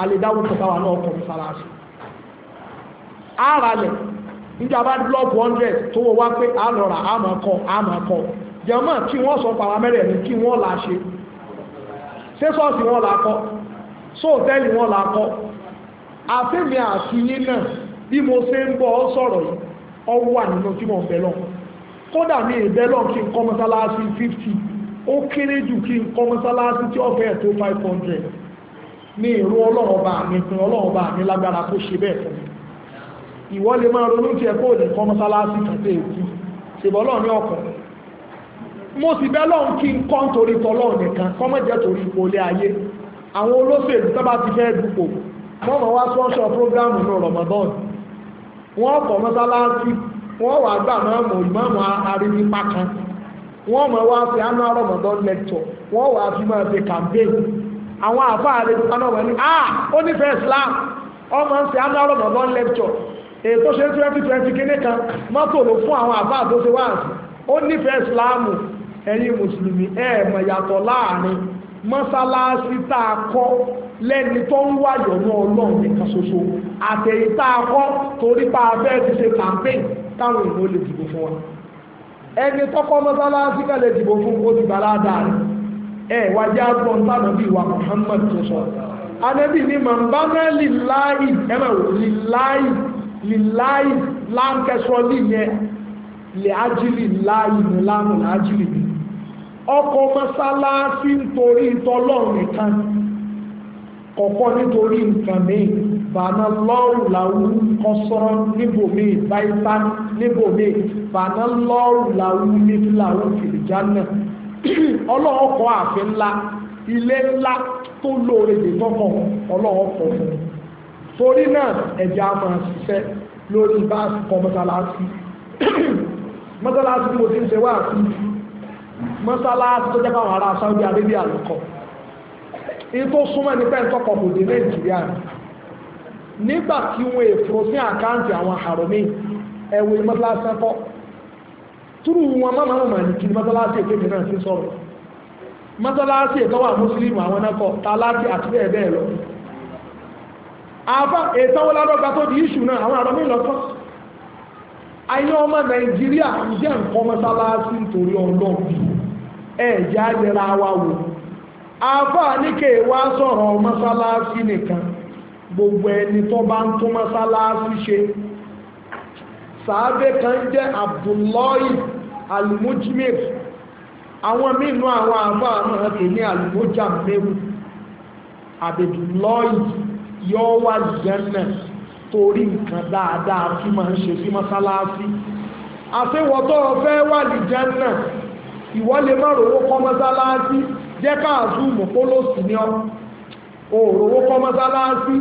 A: àlèdáwò kọ̀ọ̀káwà náà kọ̀ mọ́sálásí àràlẹ̀ níjọba blọọkù 100 tó wọ́n wá pé àlọ́ra àmọ́kọ́ àmọ́kọ́ jẹ́mọ́ kí wọ́n sọ paramẹ́rẹ̀ ní kí wọ́n là ṣe ṣé wọ́n là kọ́ wọ́n là kọ́ àfẹ́mi àti yín náà bí mo ṣe ń bọ́ sọ̀rọ̀ yìí ọwọ́ wà nínú tí mo fẹ́ lọ kódà mi ìbẹ́ lọ kí n kọ́ mọ́sálásí 50 ó kéré jù kí n kọ́ mọ́sálásí tí ọ̀fẹ́ tó 500 ní iru ọlọ́run bá mi pin ọlọ́run bá mi lágbára kó ṣe bẹ́ẹ̀ fún mi ìwọ lè máa ronú tiẹ̀ kó lè kọ́ mọ́sálásí ní ọkọ̀ mo sì bẹ́ kí n kọ́ nítorí nìkan torí ipò ayé àwọn olóṣèlú tó bá ti fẹ́ wọ́n mọ̀ wá program ní Ramadan wọ́n kọ́ mọ́sálásí wọ́n wà gbà máa mọ̀ kan wọ́n mọ̀ wá Ramadan lecture wọ́n wà fi máa fi campaign àwọn àfáà rẹ̀ ah, Islam Ramadan mùsùlùmí ẹ̀ẹ̀mọ̀ mọ́sálásí tá a kọ́ lẹ́ni tó ń wá yọ̀nú ọlọ́run nìkan ṣoṣo àtẹ̀yí tá a kọ́ torí pa abẹ́ ti ṣe campaign táwọn èèyàn lè dìbò fún wa ẹni tọ́kọ́ mọ́sálásí ká lè dìbò fún ó ti bàrá dáa ẹ̀ wájú àgbọn ni màmbá náà lìláì ẹ̀mọ̀ ọkọ̀ mọ́sálásí nítorí ìtọ́lọ́run nìkan kọ̀kọ́ nítorí nǹkan míì bàánà lọ́rù làwù kọ́sọ́rọ́ níbòmí báyìí níbòmí bàánà lọ́rù làwù níbi làwù fìlìjánà ọlọ́ọ̀kọ́ àfin ńlá ilé ńlá tó lóore lè tọ́kọ̀ ọlọ́ọ̀kọ́ fún un torí náà ẹ̀jẹ̀ a máa ṣiṣẹ́ lórí bá kọ́ mọ́sálásí (coughs) mọ́sálásí mo ti ń ṣe wá àfihàn mọ́sálásí tó jẹ́pá àwọn ará Saudi Arabia ló kọ́ èyí tó súnmọ́ ní pẹ́ẹ́ tọkọ̀ kò dé Nàìjíríà nígbà tí wọ́n èfò sí àkáǹtì àwọn àròmí ẹ̀wọ̀n mọ́sálásí kọ́ túrú wọn mọ́mọ́ mọ́ ní kí mọ́sálásí èké mi náà ti sọ̀rọ̀ mọ́sálásí èkó wà mùsùlùmí àwọn nákọ̀ tàlákì àti bẹ́ẹ̀ bẹ́ẹ̀ lọ àbá ètàwọ́ládọ́gba tó di ìṣù náà àwọn àrọ́mí lọ́tọ́ ayé ọmọ Nàìjíríà ń jẹ́ nǹkan mọ́sálásí nítorí ọlọ́ọ̀bí ẹ̀jẹ̀ ayẹra wa wò àáfàá ní sọ̀rọ̀ mọ́sálásí nìkan gbogbo ẹni tó bá ń tún mọ́sálásí ṣe sàábé kan jẹ́ abdullahi almujmir àwọn mínú àwọn àáfàá náà pè ní almujamir abdullahi yóò wá jẹ́nà torí nǹkan dáadáa tí máa ń ṣe sí fẹ́ wà ìwọ lè má rówó kọ́ mọ́sálásí jẹ́ káàzú mọ̀pólòsì ni ọ́ o rówó kọ́ mọ́sálásí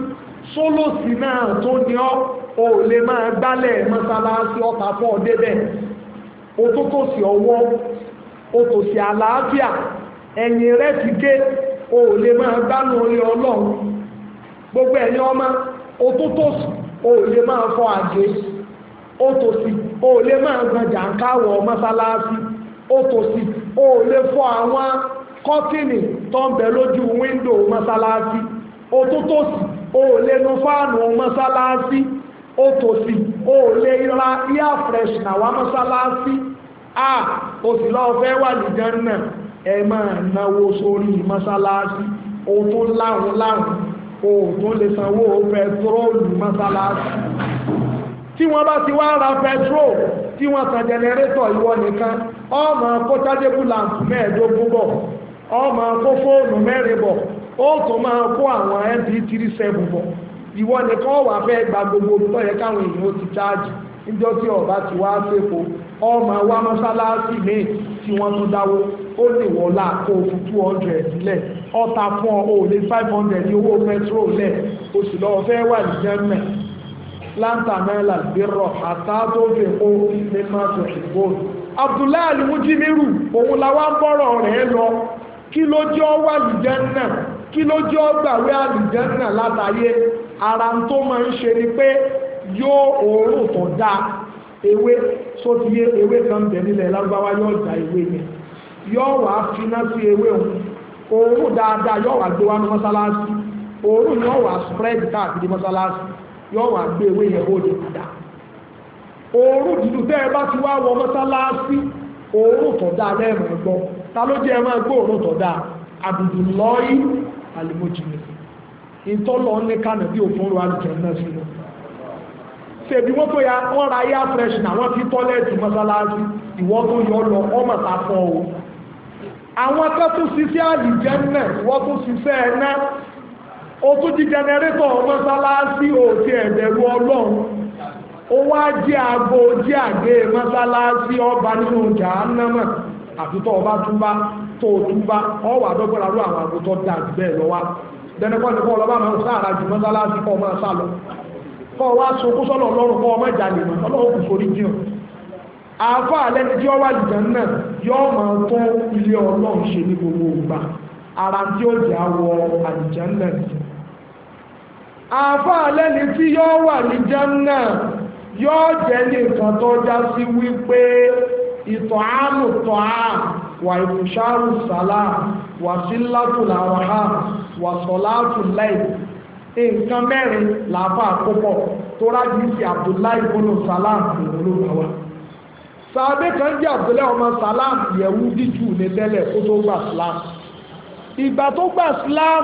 A: sólòsì náà tó ni ọ́ o lè máa gbálẹ̀ mọ́sálásí ọ̀tà fún ọ débẹ̀ o tó tòsí ọwọ́ o tòsí àlàáfíà ẹ̀yìn rẹ̀ ti gé o lè máa gbánú orí ọlọ́run gbogbo ẹ̀yìn ọmọ o tó o lè máa fọ àgé o tòsí o lè máa gbọ̀njà ń káwọ̀ mọ́sálásí ó tòsí ó lè fọ́ àwọn kọ́tìnì tó ń bẹ lójú wíńdò mọ́sálásí ó tó tòsí ó lè nu fáànù mọ́sálásí ó tòsí ó lè ra air freshener wá mọ́sálásí à ó sì lọ́ọ́ fẹ́ wà nìjẹun náà ẹ máa náwó sórí mọ́sálásí ó tó láhùn láhùn ó tó lè sanwó pẹtrólù mọ́sálásí tí wọ́n bá ti wá ra petrol tí wọ́n san jẹnẹrétọ̀ ìwọ nìkan ọmọ kó chargeable lamp mẹ́ẹ̀ẹ́dógún bọ̀ ọmọ kó fóònù mẹ́rin bọ̀ ó tún máa kó àwọn mp37 bọ̀ ìwọ nìkan wà fẹ́ gba gbogbo tó yẹ káwọn èèyàn ti charge níjọ́ tí ọba ti wá sépo ọmọ wa mọ́sálásí míì tí wọ́n tún dáwó ó lè wọ́n láàkó fún 200 lẹ̀ ọta fún ọ lè 500 ní owó petrol lẹ̀ oṣù lọ́wọ́ fẹ́ wà ní germany láńtà mẹ́lá bírọ̀ àtàdófin ó ní máa tó ìgbóhùn abdullahi alimujimiru òun làwọn bọ́rọ̀ rẹ̀ lọ kí ló jẹ́ ọwọ́ àlùjẹ́nà kí ló jẹ́ ọgbàwé àlùjẹ́nà látàyé ara tó máa ń ṣe ni pé yóò òórùn tó dáa ewé sótìyé ewé kan bẹ̀ nílẹ̀ lárúbáwá yóò da ewé yẹn yóò wá finá sí ewé òun òórùn dáadáa yóò wá gbé wá ní mọ́sálásí òórùn yóò wá spread káàkiri mọ́sálásí yọ wà gbé ewé yẹn bó lè dà òórùn ti wá wọ mọ́sálásí òórùn tó dáa lẹ́ẹ̀mọ̀ ẹ̀gbọ́n ta ló jẹ́ ẹ máa gbọ́ òórùn tó dáa Abdullahi alimojimi ní kánà bí òfin náà ya wọ́n ra fresh wọ́n fi mọ́sálásí ìwọ́ tó lọ ọmọ ta o àwọn akẹ́tù náà wọ́n tó o tún ti jẹnẹrétọ̀ mọ́sálásí òtí ẹ̀bẹ̀rù ọlọ́run ó wá jẹ́ aago jẹ́ àgbé mọ́sálásí ọba nínú jàánàmà àfitọ́ ọba túnbá tó túnbá ọwà dọ́gbọ́n àrú àwọn àgùtọ́ dà bẹ́ẹ̀ lọ wá dẹnukọ́ ni kọ́ ọlọ́ba máa ń sáàrà jù mọ́sálásí kọ́ máa sá lọ kọ́ wá sunkún sọ́nà ọlọ́run kọ́ ọmọ ìjà lè ara tí ó jà wọ àjìjà náà àáfàá lẹ́ni tí yóò wà ní jẹ́nà yóò jẹ́ ní nǹkan tó já sí wípé ìtọ̀ àánú tọ̀ á wà ìfúṣàrù sàlá wà sílátù làwàhà wà sọ̀látù láì nǹkan mẹ́rin làáfàá púpọ̀ tó rájì sí Abdullahi ibn Salam ìrọ̀lọ́gbà wa sàbẹ́ kan jẹ́ Abdullahi ọmọ Salam yẹ̀wú díjù ní tẹ́lẹ̀ kó tó gbà Islam ìgbà tó gbà Islam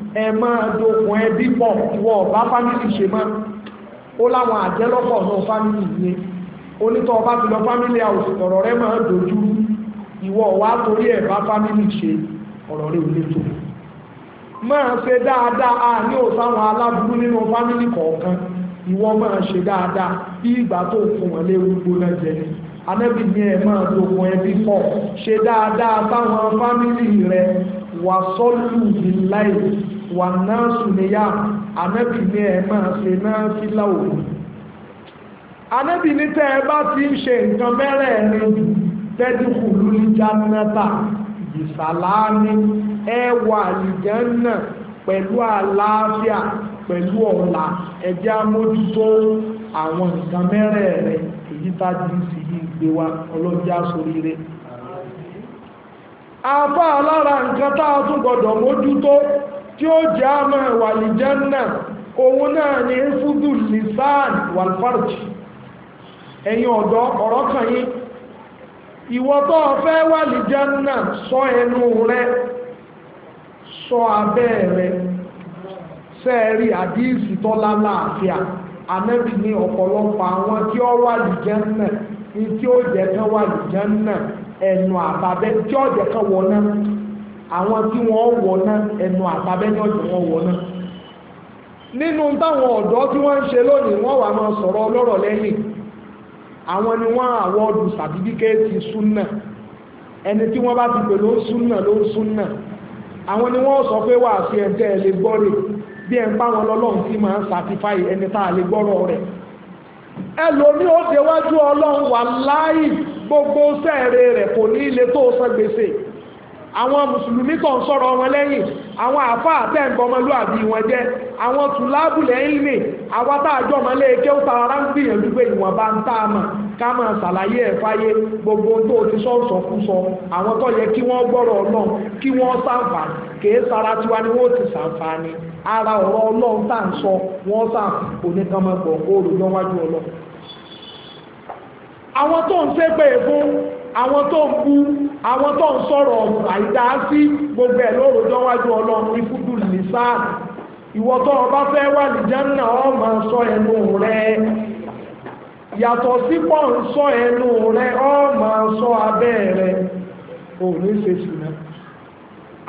A: ẹ máa dokùn ẹbí pọ̀ wọ ọba fámìlì ṣe mọ́ ó láwọn àjẹlọ́pọ̀ náà fámìlì yẹn onítọ̀ ọba ti lọ fámìlì àwòsàn ọ̀rọ̀ rẹ máa dojú ìwọ wá torí ẹ̀ bá fámìlì ṣe ọ̀rọ̀ rẹ ò lè tó máa ṣe dáadáa a ní òsáwọn aláburú nínú fámìlì kọ̀ọ̀kan ìwọ máa ṣe dáadáa bí ìgbà tó fún wọn léwu gbóná jẹ ni anẹ́bì ní ẹ máa dogun ẹbí pọ̀ ṣe dáadáa táwọn fámìlì rẹ wà sọ́lù ìláì wà náà sùnìyà anábì ní ẹ máa ṣe náà sí láwùjọ anábì ní tẹ́ ẹ bá ti ń ṣe nǹkan mẹ́rẹ̀ẹ̀rin jù tẹ́díkù lórí jánátà ìsàlámì ẹ wà àlìjánà pẹ̀lú àlàáfíà pẹ̀lú ọ̀la ẹ̀jẹ̀ amójútó àwọn nǹkan mẹ́rẹ̀ẹ̀rin èyí tájú sí yìí gbé wa ọlọ́jà sóríire afá alára nǹkan tá a tún gbọdọ̀ mójútó tí ó jẹ́ àmà wàlìjánà òun náà ni fúdù lisan walfarj ẹ̀yin ọ̀dọ́ ọ̀rọ̀ kan yín ìwọ tó fẹ́ wàlìjánà sọ ẹnu rẹ sọ abẹ́ rẹ sẹ́ẹ̀rí àdíìsì tó lálàáfíà anẹ́bì ní ọ̀pọ̀lọpọ̀ àwọn tí ó wàlìjánà ní tí ó jẹ́ kan wàlìjánà ẹnu àbábẹ́ tí ó jẹ́ kan wọná àwọn tí wọ́n wọ̀ náà ẹnu àtàbẹ́jọ́ tí wọ́n wọ̀ náà nínú táwọn ọ̀dọ́ tí wọ́n ń ṣe lónìí wọ́n wà máa sọ̀rọ̀ ọlọ́rọ̀ lẹ́yìn àwọn ni wọ́n àwọ́dù sàtífíkẹ́ẹ̀tì súnà ẹni tí wọ́n bá ti pè ló ń súnà ló ń súnà àwọn ni wọ́n sọ pé wà sí ẹ̀jẹ̀ ẹ̀ lè gbọ́rẹ̀ bí ẹ̀ ń bá wọn lọ́lọ́run tí máa ń sàtífáì ẹni tá a lè gbọ́rọ̀ rẹ̀ àwọn mùsùlùmí kan sọ̀rọ̀ wọn lẹ́yìn àwọn àfá àtẹ́ǹgbọmọlúàbí wọn jẹ́ àwọn tùlábùlẹ̀ ìlmì àwọn tààjọ́ mọ́lé kéúta ara ń gbìyànjú pé ìwọ̀n bá ń táàmà káàmà ṣàlàyé ẹ̀ fáyé gbogbo tó ti sọ́ọ̀sọ̀ kú sọ àwọn tó yẹ kí wọ́n gbọ́rọ̀ Ọlọ́run kí wọ́n ṣàǹfààní kèé sara tiwa ni wọ́n ti ṣàǹfààní ara ọ̀rọ̀ Ọlọ́run tá à ń sọ wọ́n sà oníkanmọ́gbọ̀n olùdánwájú Ọlọ́run àwọn tó ń ṣépè fún àwọn tó ń bú àwọn tó ń sọ̀rọ̀ àìdá sí gbogbo ẹ̀ lórojọ́ wájú ọlọ́run ikúdù nìsá ìwọ tó o bá fẹ́ wà ní jẹ́nà o máa sọ ẹnu rẹ yàtọ̀ sí pọ̀ ń sọ ẹnu rẹ o máa sọ abẹ́ rẹ ò ní ṣe sùnà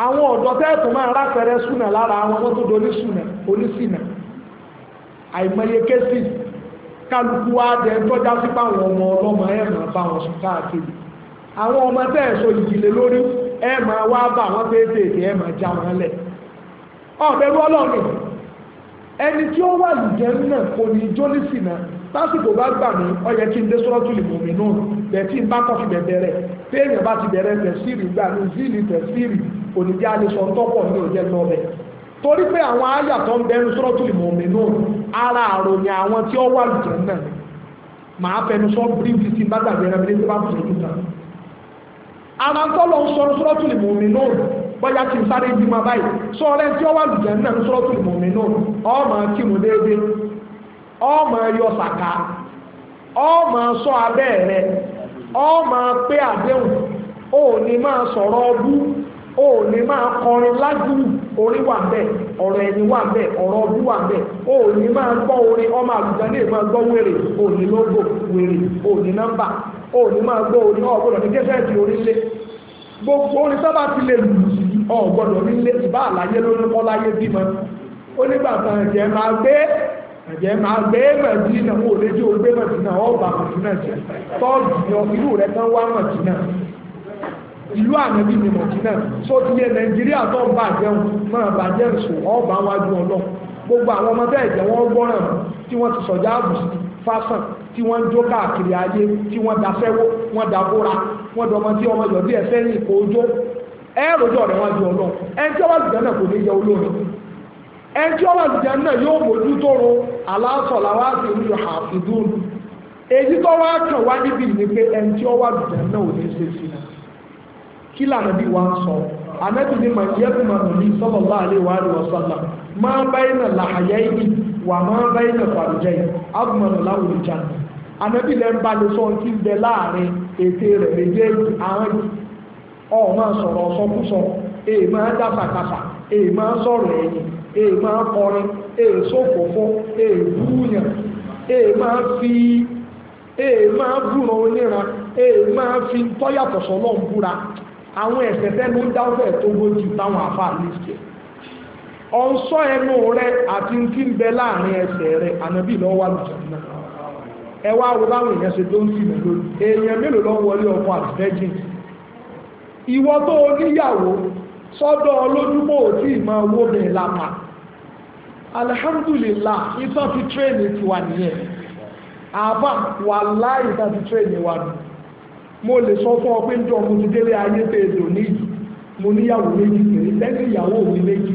A: àwọn ọ̀dọ́ tẹ́ẹ̀tù máa rápẹrẹ sùnà lára àwọn tó tó dorí sùnà onísìnà àìmọye kéṣì kálukú wá dẹ tọ́já sí pàwọn ọmọ ọlọ́mọ ẹ̀ràn bá wọn sùn káàkiri àwọn ọmọ tẹ́ ẹ̀sọ ìjìnlẹ̀ lórí ẹ máa wá bá wọn péétéèké ẹ máa já wọn lẹ̀ ọ̀bẹ̀rù ọlọ́run ẹni tí ó wà lùjẹ́ náà kò ní jólísì náà lásìkò bá gbà mí ọyẹ kí n dé sọ́rọ́ tó lè mọ̀ mí náà bẹ̀tí n bá kọ́ fi bẹ̀bẹ̀ rẹ̀ téèyàn bá ti bẹ̀rẹ̀ tẹ̀síìrì gbà mí zíìlì tẹ̀síìrì kò ní jẹ́ alẹ́ sọ tọ́pọ̀ ní òjẹ́ lọ́bẹ̀ torí pé àwọn àyà tó ń bẹnu sọ́rọ́ lè mọ̀ náà ara àròyìn àwọn tí ó wà lùjẹ́ náà màá fẹnu sọ bíríbì sí bá gbàgbé ẹran mi ní ara tọ́lọ̀ ń sọ suratul mu'minun bọ́yá tí sáré ma báyìí sọ tí ó wà lùjẹ́ náà suratul mu'minun ọmọ kírun ọ ọmọ yọ sàká ọmọ sọ abẹ́ rẹ ọmọ pé àdéhùn ò ní máa sọ̀rọ̀ ọdún kọrin orí wà ọ̀rọ̀ wà ọ̀rọ̀ ọdún wà ní máa gbọ́ orin ọmọ náà máa gbọ́ wèrè ní wèrè ní ó ní máa gbọ́ orin ọ̀gbọ́dọ̀ ní kẹsẹ̀tì orílẹ̀ gbogbo orin sábà ti lè lù sí ọ̀gbọ́dọ̀ nílé ìbá àlàyé lórí kọ́ láyé bímọ ó nígbà kan ẹ̀jẹ̀ máa gbé ẹ̀jẹ̀ máa gbé mẹ̀tínà ó lè jẹ́ ògbé mẹ̀tínà ọ̀bà mẹ̀tínà jẹ́ tọ́ọ̀dù ni irú rẹ̀ kan wá mẹ̀tínà ìlú àmẹ́bí ni mọ̀tínà tó ti yẹ nàìjíríà tó ń bà jẹun máa bà jẹun sùn ọ̀bà wájú ọlọ́ gbogbo àwọn ọmọdé ẹ̀jẹ̀ wọn gbọ́ràn tí wọ́n ti sọ̀já àbùsùn fásán tí wọ́n ń jó káàkiri ayé tí wọ́n da fẹ́wọ́ wọ́n da bóra wọ́n dọmọ tí ọmọ yọ̀ bí ẹ̀fẹ́ ní ipò ojó ẹ̀rọjọ́ rẹ̀ wọ́n ju ọlọ́run ẹni tí ọwọ́ àlùjá náà kò ní yẹ olórin ẹni tí ọwọ́ àlùjá náà yóò mójú tóro aláṣọlá wá sí ìlú àfidún èyí tó wá kàn wá níbi ní pé ẹni tí ọwọ́ àlùjá náà ò ní ṣe sí kí lànà bí wọ́n sọ ànábì ní màjíẹ́kùn màmí sọ́lọ́lá àlè wàhálì wọ́sọ́lá máa báyìí náà làhàyà ìbí wà máa bá ilẹ̀ fàrùjẹ́ agbọ̀nà láwùjọ ìjànà anábì lẹ́ ń bá lè sọ kí ń bẹ láàrin ète rẹ̀ méjèèjì àwọn ọ̀ máa sọ̀rọ̀ sọkúsọ èè máa dásàkásà èè máa sọ̀rọ̀ ẹ̀yìn èè máa kọrin èè sófòfó èè búyàn èè máa fi èè máa búra oníran èè máa fi tọ́yàtọ̀ sọ́lọ́ ń búra àwọn ẹ̀sẹ̀ tẹ́nu ń dáwọ́ ẹ̀ tó gbójú táwọn àfáà lè ṣe ọ̀nsọ́ ẹnu rẹ àti nkí ń bẹ láàrin ẹsẹ̀ rẹ ànábì lọ wà lùjọ́nà ẹ wá wo báwọn èèyàn ṣe tó ń sì mẹ́lò èèyàn mélòó lọ wọlé ọkọ àti virgin ìwọ tó oníyàwó sọ́dọ̀ olójúmọ́ òtí ìmọ̀ owó ìtàn fi tírẹ́ẹ̀nì tiwa nìyẹn àbá wà láì ìtàn fi tírẹ́ẹ̀nì wa nù mo lè sọ fún ọ pé ń jọ mo ti délé ayé tèèdò níyì mo níyàwó méjì péré lẹ́yìn ìyàwó mi méjì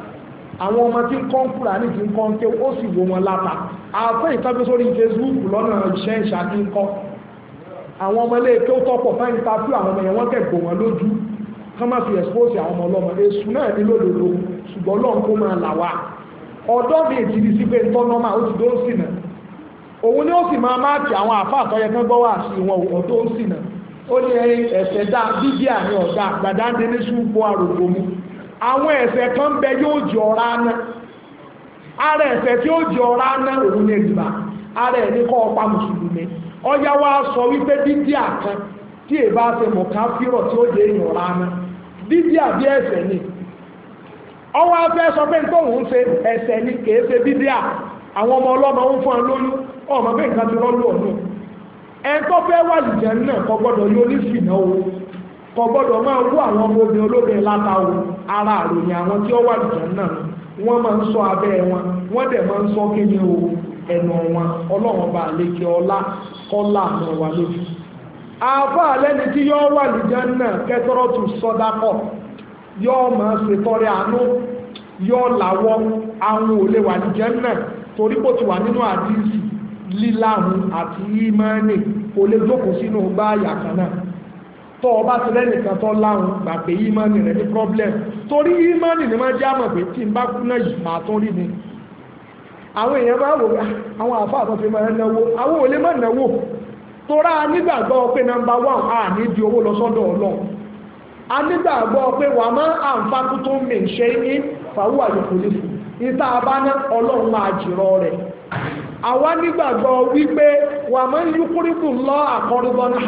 A: àwọn ọmọ tí ń kọ́ ń kúrà ní ti ń kọ́ ń ké ó sì wo wọn láta àfẹ́ ìtọ́jú sórí Facebook lọ́nà iṣẹ́ ìṣàkí ń kọ́ àwọn ọmọ ilé tó tọ́pọ̀ fẹ́ ìtafú àwọn ọmọ yẹn wọ́n kẹ̀kọ́ wọn lójú kán má fi expose àwọn ọmọ ọlọ́mọ èṣù náà ní lódodo ṣùgbọ́n lọ́n kó máa là wá ọ̀dọ́ mi ti di sí pé ń tọ́ nọ́mà ó ti dó ń òun ni ó sì máa máàkì àwọn àfa àtọ́yẹ kán gbọ́ wà sí wọn ò tó ń ó ní ẹsẹ̀ dá bíbí àmì ọ̀dà gbàdáńdé ní ṣùgbọ́n àrògbòmù àwọn ẹ̀ṣẹ̀ kan bẹ yóò jẹ ọ̀rá ara tí ó jẹ ọ̀rá òun ní ara ẹ̀ ní kọ́ ọpa mùsùlùmí ọya wa sọ wípé dídí àkan tí èbá ṣe mọ̀ká fírọ̀ tí ó jẹ èèyàn ọ̀rá aná dídí àbí ni ọwọ́ afẹ́ sọ pé nǹkan òun ṣe ni kìí ṣe dídí ọ lóyún ọmọ pé nǹkan ti ọ̀nà fẹ́ wà lìjẹ́ náà kò gbọ́dọ̀ máa wú àwọn ọmọ obìnrin olóbìn látàwọn ara àròyìn àwọn tí ó wà lùjọ náà wọ́n máa ń sọ abẹ́ wọn wọ́n dẹ̀ máa ń sọ kí ni o ẹ̀nà wọn ọlọ́run bá lékè ọlá kọ́lá àwọn wà lójú àáfà lẹ́ni tí yọ́ wà lùjọ náà kẹ́tọ́rọ́tù sọ́dákọ̀ yọ́ máa ṣètọrẹ àánú yọ́ làwọ́ àwọn ò lè wà lùjọ náà torí kò ti wà nínú àdìsí líláhùn àti ìmánì kò jókòó sínú báyà kan náà tó ọba bá ti lẹ́nìkan tó láhùn gbà pé ìmánì rẹ̀ ní problem torí ìmánì ni máa jẹ́ àmọ̀ pé tí bá náà yìí máa tún rí ni àwọn èèyàn bá wò ah, àwọn àfáà tó fi máa náwó àwọn nọmba one a ní di owó lọ a nígbàgbọ́ pé wà tó ṣe ní fàwọ́ àwa nígbàgbọ́ wípé wà máa ń yúkúrìkù lọ ní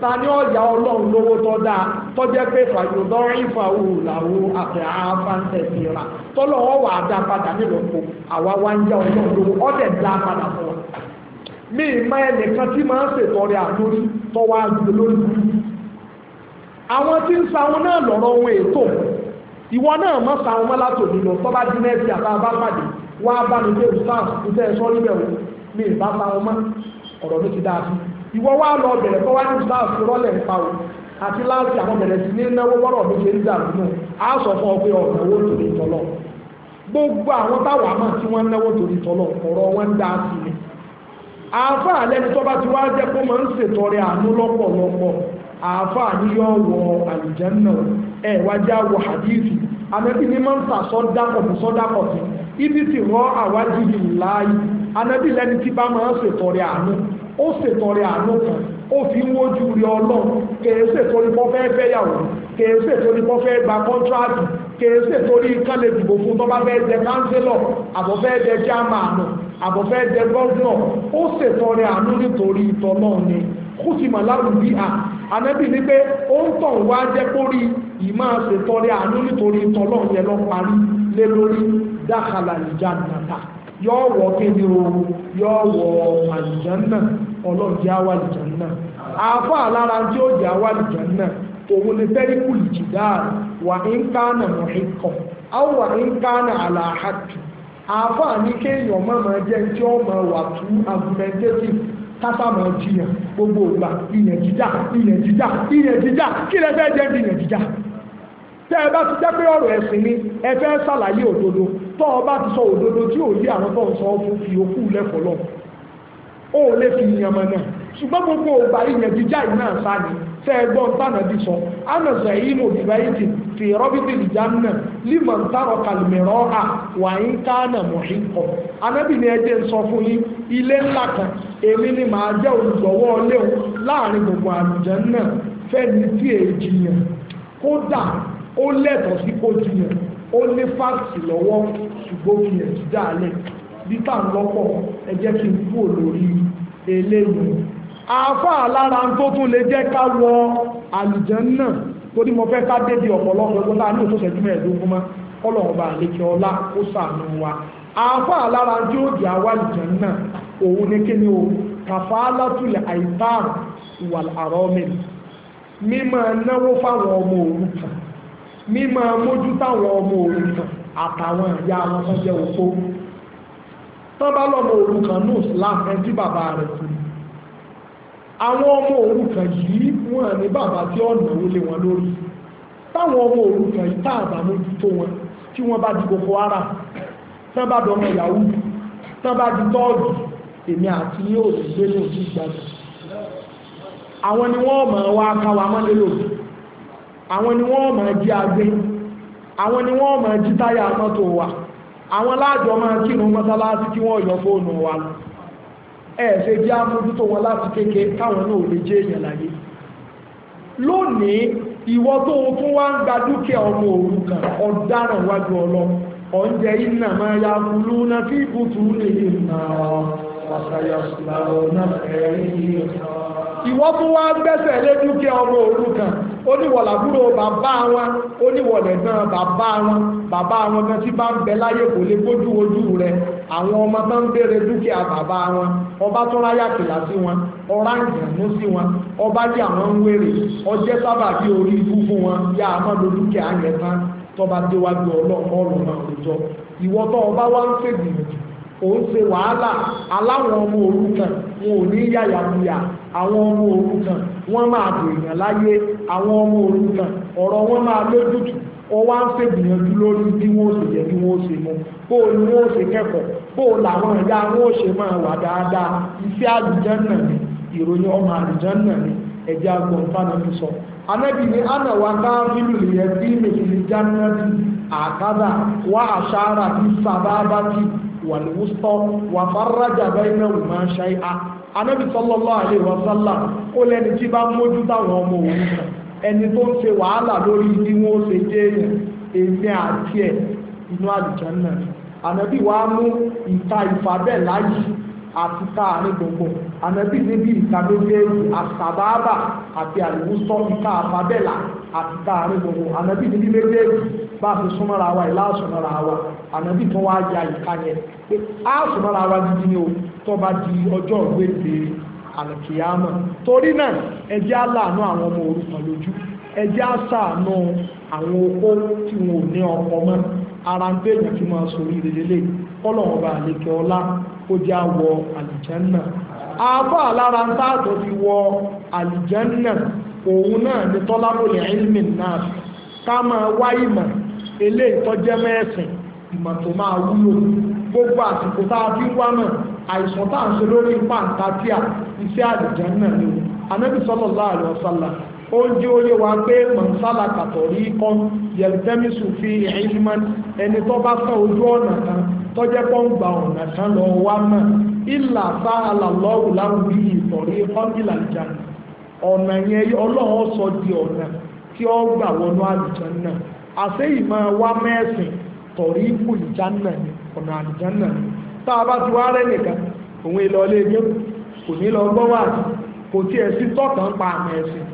A: ta ni ọjà ọlọ́run lówó tó dáa tó jẹ́ pé fàyọ̀dọ́ ìfàwù làwù àti àfáǹtẹ̀sì rà wọn wà á dá padà nílòpọ̀ àwa wá ń yá ọlọ́run lówó dá padà fún mi ìmọ̀ ẹnìkan tí máa ń lórí àwọn tí ń sa wọn náà lọ́rọ̀ ètò ìwọ náà mọ̀ sa wá bá mi dé ìsáàf iṣẹ́ ẹ̀ṣọ́ níbẹ̀ wò mi ìbá bá wọn mọ́ ọ̀rọ̀ mi ti dáa sí ìwọ wá lọ bẹ̀rẹ̀ kọ́ wá ní ìsáàf rọ́lẹ̀ nípa o àti láti àwọn bẹ̀rẹ̀ sí ní náwó bọ́rọ̀ mi ṣe ń dà nínú á fún ọ pé ọ̀nà owó torí tọ́lọ̀ gbogbo àwọn táwọn àmọ́ tí wọ́n náwó torí tọ́lọ̀ ọ̀rọ̀ wọn dáa sí ni àáfàá lẹ́ni tó bá ti wá jẹ́ kó máa ń ṣètọrẹ àánú lọ́pọ̀lọpọ̀ àáfàá ní yọ wọ àlùjànnà ẹ̀ wájá wọ hadithi àmẹ́bí ní máa ń sàsọ́dápọ̀ sí sọ́dápọ̀ ibi tí wọ́n àwájú yìí láàyè anábì lẹ́ni tí bá máa ń ṣètọrẹ àánú ó ṣètọrẹ àánú kan ó fi ń wójú rí ọlọ́run kèé ṣètòrí bọ́ fẹ́ fẹ́yàwó kèé ṣètòrí bọ́ fẹ́ gba kọ́ńtíráàtì kèé ṣètòrí kán lè dìbò fún tó bá fẹ́ jẹ kánsílọ̀ àbọ̀fẹ́ jẹ jámàánù àbọ̀fẹ́ jẹ gọ́ọ̀nà ó ṣètọrẹ àánú nítorí ìtọ́lọ́run ni kùsìmọ̀ láwùjí à ànábì ní pé ó ń tàn wá jẹ́ kórí ìmáa ṣètọrẹ àánú nítorí ìtọ́lọ́run yẹn lọ parí lé lórí dákàlà àlìjánàta yọọ wọ kíni o yọọ wọ àlìjánà ọlọ́ọ̀dì àwọ àlìjánà àfọ àlára tí ó jẹ àwọ àlìjánà òun ni tẹ́ríkù ìjìdáà wà ń kánà mọ̀híkọ̀ àwọn wà ń kánà àlàáhàkì àfọ àní kéèyàn mọ̀mọ́ jẹ́ tí ó mọ̀ wà tú kásámọ̀ gbogbo ìgbà ìyẹn jíjà ìyẹn jíjà tẹ́ ẹ bá ti jẹ́ pé ọ̀rọ̀ ẹ̀sìn ni ẹ fẹ́ ṣàlàyé òdodo tọ́ ọ bá ti sọ òdodo tí ò yí àwọn sọ fi lẹ́fọ̀ọ́ lọ ó fi náà ṣùgbọ́n gbogbo ògbà ìyẹn jíjà ìná sáni tẹ́ ẹ gbọ́n tánà bí sọ anàṣà yìí ló fi rọ́bìtì ìjánà nna tààrọ̀ kàlùmẹ̀rọ̀ à wà ń kánà mọ̀hí kọ̀ anábì ni ẹjẹ́ ń sọ fún yín ilé kan èmi ni màá jẹ́ olùgbọ̀wọ́ láàrin gbogbo àlùjẹ́ náà fẹ́ni tí ó lẹ́tọ̀ọ́ sí kó jiyàn ó lé fáàkì lọ́wọ́ ṣùgbọ́n fi ẹ̀jú dáálẹ̀ bíta lọ́pọ̀ ẹ kí n kú olórí àáfàá lára tó tún lè jẹ́ ká wọ àlùjánnà torí mo fẹ́ ká débi ọ̀pọ̀lọpọ̀ ẹgbẹ́ ní wa lára jẹ́ náà òun ní o àìbáàrùn ìwà mímọ mójú táwọn ọmọ òrukàn àtàwọn ìyá wọn tó jẹ́ òpó tán bá lọ́mọ òrukàn ní islam ẹbí bàbá rẹ̀ kú àwọn ọmọ òrukàn yìí wọn ní bàbá tí ó náwó lé wọn lórí táwọn ọmọ òrukàn yìí tààbà mójú tó wọn tí wọ́n bá di boko haram tán bá dọmọ ìyàwó tán bá di tọ́ọ̀dù èmi àti yóò sì gbé ní òjì àwọn ni wọ́n mọ̀ wá káwa mọ́lélòdì àwọn ni wọ́n ma jí agbé àwọn ni wọ́n máa jí táyà mọ́tò wa àwọn láàjọ máa kírun mọ́sálásí kí wọ́n yọ fóònù wa ṣe jẹ́ wọn láti kéke káwọn náà lè jẹ́ èèyàn láyé lónìí ìwọ tó fún wa ń gba dúkìá ọmọ wájú ya kúlú ìbùtù lè nà oníwọ̀làbúrò bàbá wọn oníwọ̀lẹ̀gbọ́n bàbá wọn bàbá wọn gan tí bá ń bẹ láyé kò lè gbójú ojú rẹ àwọn ọmọ bá ń béèrè dúkìá bàbá wọn ọba tó ráyà kìlá sí wọn ọ̀rá ìjànú sí wọn ọba jẹ́ àwọn ń wèrè ọjẹ́ sábà bí orí ikú fún wọn yá a máa lo dúkìá yẹn tán tọba déwájú ọlọ́pọ̀ ọlọ́mọ àwùjọ ìwọ́tọ̀ ọba wá ń fègbìyànjú òun ṣe wàhálà aláwọn ọmọ òrukàn wọn ò ní yàyàmùyà àwọn ọmọ òrukàn wọ́n máa bò èèyàn láyé àwọn ọmọ òrukàn ọ̀rọ̀ wọn máa lójútù ọwá ń ṣègbìyànjú lórí bí wọ́n ṣe jẹ́ bí wọ́n ṣe mú bó ni wọ́n ṣe kẹ́kọ̀ọ́ bó làwọn ìyá wọn ṣe máa wà dáadáa iṣẹ́ àlùjànnà ni ìròyìn ọmọ àlùjànnà ni ẹ̀jẹ̀ agbọ̀n fánàmì sọ anábì ni ana wa káfílù yẹ bí mèjìlì jannati àkádà wa àṣàrà bí sàbábàtì wàlúwùsọ wà fárájà bẹ́ẹ̀ náà wù máa ṣe é anábì sallallahu alaihi wasallam ó lẹ́ni tí bá mójú táwọn ọmọ òrukàn ẹni tó ń ṣe wàhálà lórí bí wọ́n ṣe jẹ́ èmi àti ẹ̀ inú àlùjánnà anábì wá mú ìta ìfàbẹ́ láyì àti káàrin gbogbo anábì níbi ìta méjèèjì àsàbáàbà àti àlùwúsọ ìta àfàbẹ́là àti káàrin gbogbo anábì níbi méjèèjì bá fi súnmọ́ra wa ìlà àsùnmọ́ra wa anábì tó wá ya ìka yẹn pé àsùnmọ́ra wa dídí ni o tó bá di ọjọ́ ìgbéde àlùkìyàmọ̀ torí náà ẹjẹ́ aláàánú àwọn ọmọ òrukàn lójú ẹjẹ́ àṣàánú àwọn okó tí wọn ò ní ọkọ mọ́ ara ń gbèyàn tí máa sórí lélẹ̀ kọ́lọ̀wọ́n bá àlejò ọlá ó já wọ àlùjànnà àbọ̀ alára ń tààtò fi wọ àlùjànnà òun náà ni tọ́lábòlì ilmi náà ká máa wá ìmọ̀ eléyìí tó jẹ́ ìmọ̀ tó máa wúlò gbogbo àsìkò tá a fi wá náà àìsàn tá à ń ṣe lórí pàǹtà tí à iṣẹ́ àdìjẹ́ náà ni anábì sallallahu alaihi wasallam ó jẹ́ ó yé wa pé mọ̀nsálà kàtọ̀rí kan yẹ̀lùtẹ́mísù fi ìhìnmọ́n ẹni tó bá fẹ́ ojú ọ̀nà kan tó jẹ́ pọ́ ń gba ọ̀nà kan lọ wá mọ̀ ìlà sá alàlọ́wù láwùrí ìtọ̀rí ọ́nbìlà àlùjánnà ọ̀nà yẹn ọlọ́run tá a bá ti wá rẹ̀ nìkan òun èlò ọlé ẹgbẹ́ kò ní lọ gbọ́ wà kò tí ẹ sí tọ́kàn pa àmì ẹ̀sìn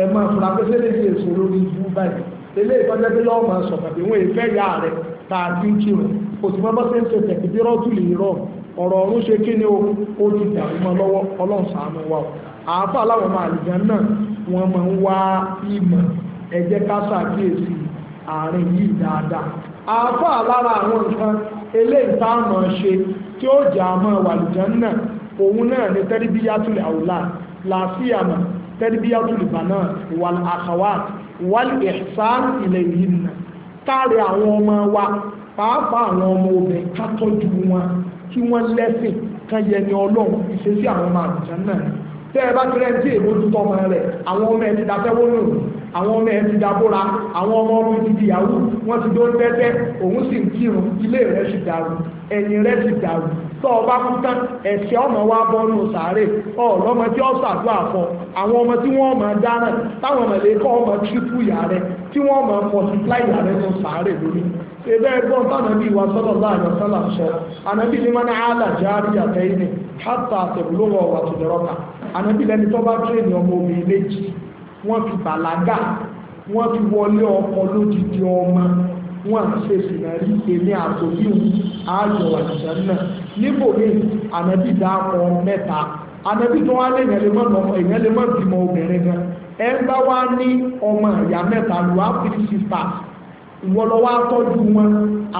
A: ẹ máa fura pé sẹ́lẹ̀ sí èso lórí ibú báyìí eléyìí tó jẹ́ pé lọ́wọ́ máa sọ̀rọ̀ pé wọ́n èfẹ́ ya rẹ̀ tá a ti ń kí wọn kò sì mọ́ bá ṣe ń ṣe tẹ̀kí bí rọ́ọ̀tù lè rọ̀ ọ̀rọ̀ ọ̀run ṣe kí ni o ó ti dàrú mọ́ lọ́wọ́ ọlọ́run ṣàánú wa o àáfà láwọn ọmọ àlùján náà wọ́n máa ń wá ìmọ̀ ẹ ká ṣàkíyèsí àárín yìí dáadáa àáfà lára àwọn nǹkan eléyìí tá a máa ṣe tí ó jà á máa wà lùjánà òun náà ni tẹ́rìbíyàtù àwùlá làásìyàmà tẹ́rìbíyàtù ìbànà wal akhawat wal ihsan ilayhinna káàrí àwọn ọmọ wa pàápàá tẹ́ ẹ bá ti rẹ́ntì èmójútọ́ ọmọ rẹ̀ àwọn ọmọ ẹ̀ ti da fẹ́ wónú àwọn ọmọ ẹ̀ ti da bóra àwọn ọmọ ọmọ ti di yahoo wọ́n ti dó tẹ́tẹ́ òun sì ń kírun ilé rẹ̀ sì dàrú ẹ̀yìn rẹ̀ sì dàrú tọ́ ọba kú tán ẹ̀ṣẹ̀ ọmọ wa bọ́nu sàárè ọ̀lọ́mọ tí ó ṣàdúrà fún àwọn ọmọ tí wọ́n mọ̀ dáràn táwọn ọmọ lè kọ́ ọmọ tírípù yà rẹ̀ tí wọ́n mọ̀ mọ̀sípláì yà rẹ̀ sàárè lórí ẹgbẹ́ ẹgbọ́n bá nàbí wa sọ́dọ̀ láàrin ọ̀sán sọ ànàbí ní mọ́nà àdàjá àrí àtẹ́yìn hátà àtẹ̀lówọ̀ wà tó dẹ̀rọ́kà ànàbí lẹni tó bá tún ènìyàn ọmọ omi méjì wọ́n fi bàlágà wọ́n fi wọlé ọkọ lójijì ọmọ wọ́n ṣe sìnà rí èmi àtòbíù àjọ àjọ náà níbo mi ànàbí dákọ mẹ́ta ànàbí tó wá lé ìyẹn lè mọ́ bímọ obìnrin gan ẹ bá wá ní ọmọ ìyá mẹ́ta lu áfírí sisters ìwọ lọ wá tọ́jú wọn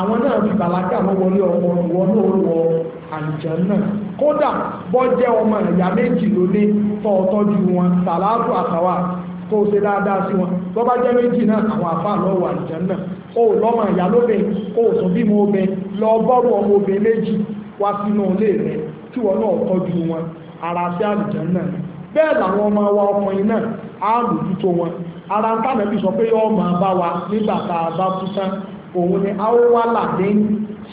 A: àwọn náà fi bàlágà wọn wọlé ọmọ ìwọ náà wọ àlùjọ náà kódà bọ́ jẹ́ ọmọ ìyá méjì ló ní tọ́ tọ́jú wọn sàlátù àtàwà kó o ṣe dáadáa sí wọn tó bá jẹ́ méjì náà àwọn àfáà lọ́wọ́ àlùjọ náà o lọ́mọ ìyá lóbe kó o tún bímọ obe lọ bọ́rù ọmọ obe méjì wá sínú ilé rẹ tí wọn náà tọ́jú wọn ara sí náà bẹ́ẹ̀ làwọn ọmọ wa ọkùnrin náà á lòjútó wọn ara ń tàbí bí sọ pé yóò máa bá wa nígbà tá a bá kú òun ni a ó wá làdé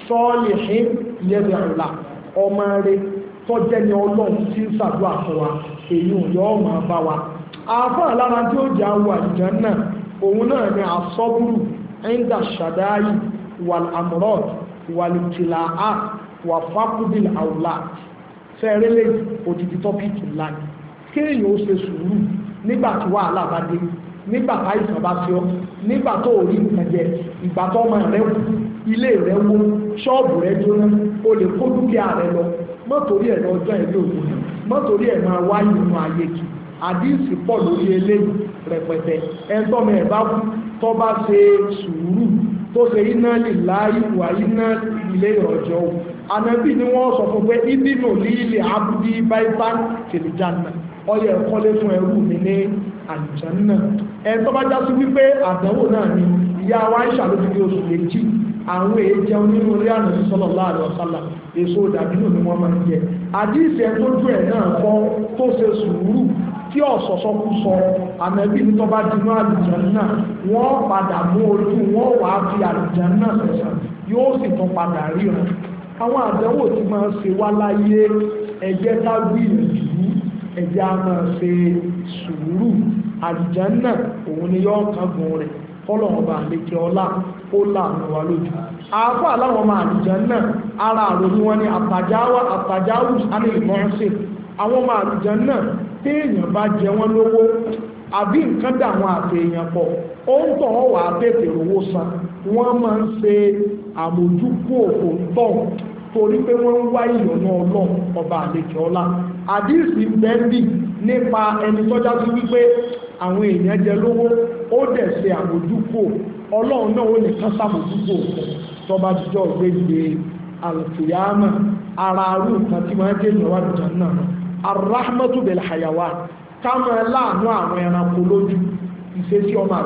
A: sọ́ọ̀lì ṣe yẹ̀dẹ̀ ọmọ rẹ tọ́jẹ́ ni ọlọ́run tí ń ṣàdúrà fún wa èyí ò yọ ọmọ bá wa àáfàá lára tí ó jẹ́ àwọn àjẹ́ náà òun náà ni àsọ́bùrù ẹ̀ńdà ṣàdáyì wàlámùrọ̀d wàlùtìláà wàfákùdìl láti kéèyàn ó ṣe sùúrù nígbà tí wàhálà bá dé nígbà táìsàn bá ṣe ọ nígbà tó ò rí nǹkan jẹ ìgbà tó ọmọ rẹ wù ilé rẹ wó ṣọ́ọ̀bù rẹ jóná o lè kó dúkìá rẹ lọ mọ́tòrí ẹ̀ lọ ọjọ́ ìlú òkú mọ́tòrí ẹ̀ máa wá ìrùn ààyè kì àdíìsì pọ̀ lórí eléyìí rẹpẹtẹ ẹ̀ńtọ́mọ ẹ̀ bá kú tó bá ṣe sùúrù tó ṣe iná líláyì wà iná ilé ìrọ̀jọ́ ànábì ni wọ́n sọ fún pé ìdínà líle abúdí báyìí bá tèlè jáde náà ọyẹ ẹ̀kọ́lé fún ẹrú mi ní àlùjànnà ẹni tó bá já wípé àdánwò náà ni ìyá wa ń ṣàlójúgbé oṣù méjì àwọn èyí jẹun nínú orí àná sallallahu alaihi wasallam èso dàbínú ni wọ́n máa ń jẹ àdíìsì ẹ̀ tó jù ẹ̀ náà kọ́ tó ṣe sùúrù tí ọ̀sọ̀sọ́ kú sọ àmẹ́bí ní tó bá dínú àlùjànnà wọ́n padà mú ojú wọ́n wà á fi àlùjànnà sẹ̀sàn yóò sì tún padà ríran àwọn àdánwò ti máa ń ṣe wá láyé ẹ̀jẹ̀ dágbìyànjú ẹ̀jẹ̀ a máa ṣe sùúrù àlùjànnà òun ni yóò kángun rẹ̀ fọ́lọ̀wọ̀n bá àlejò ọlá ó láàánú wa lójú àáfà láwọn ọmọ àlùjànnà ara àròyìn wọn ni àtàjáwà àtàjáwù anìlmọ́ọ́sẹ̀ àwọn ọmọ àlùjànnà téèyàn bá jẹ wọ́n lówó àbí nǹkan dà torí pé wọ́n ń wá ìyọ̀nà ọlọ́run ọba àlejò ọlá àdíìsì bẹ́ẹ̀bì nípa ẹni tọ́já sí wípé àwọn èèyàn jẹ lówó ó dẹ̀ ṣe náà ó sàmójúkò tọba gbégbé ara arú nǹkan tí wọ́n jẹ́ náà arahmatu àwọn ẹranko lójú ìṣesí ọmọ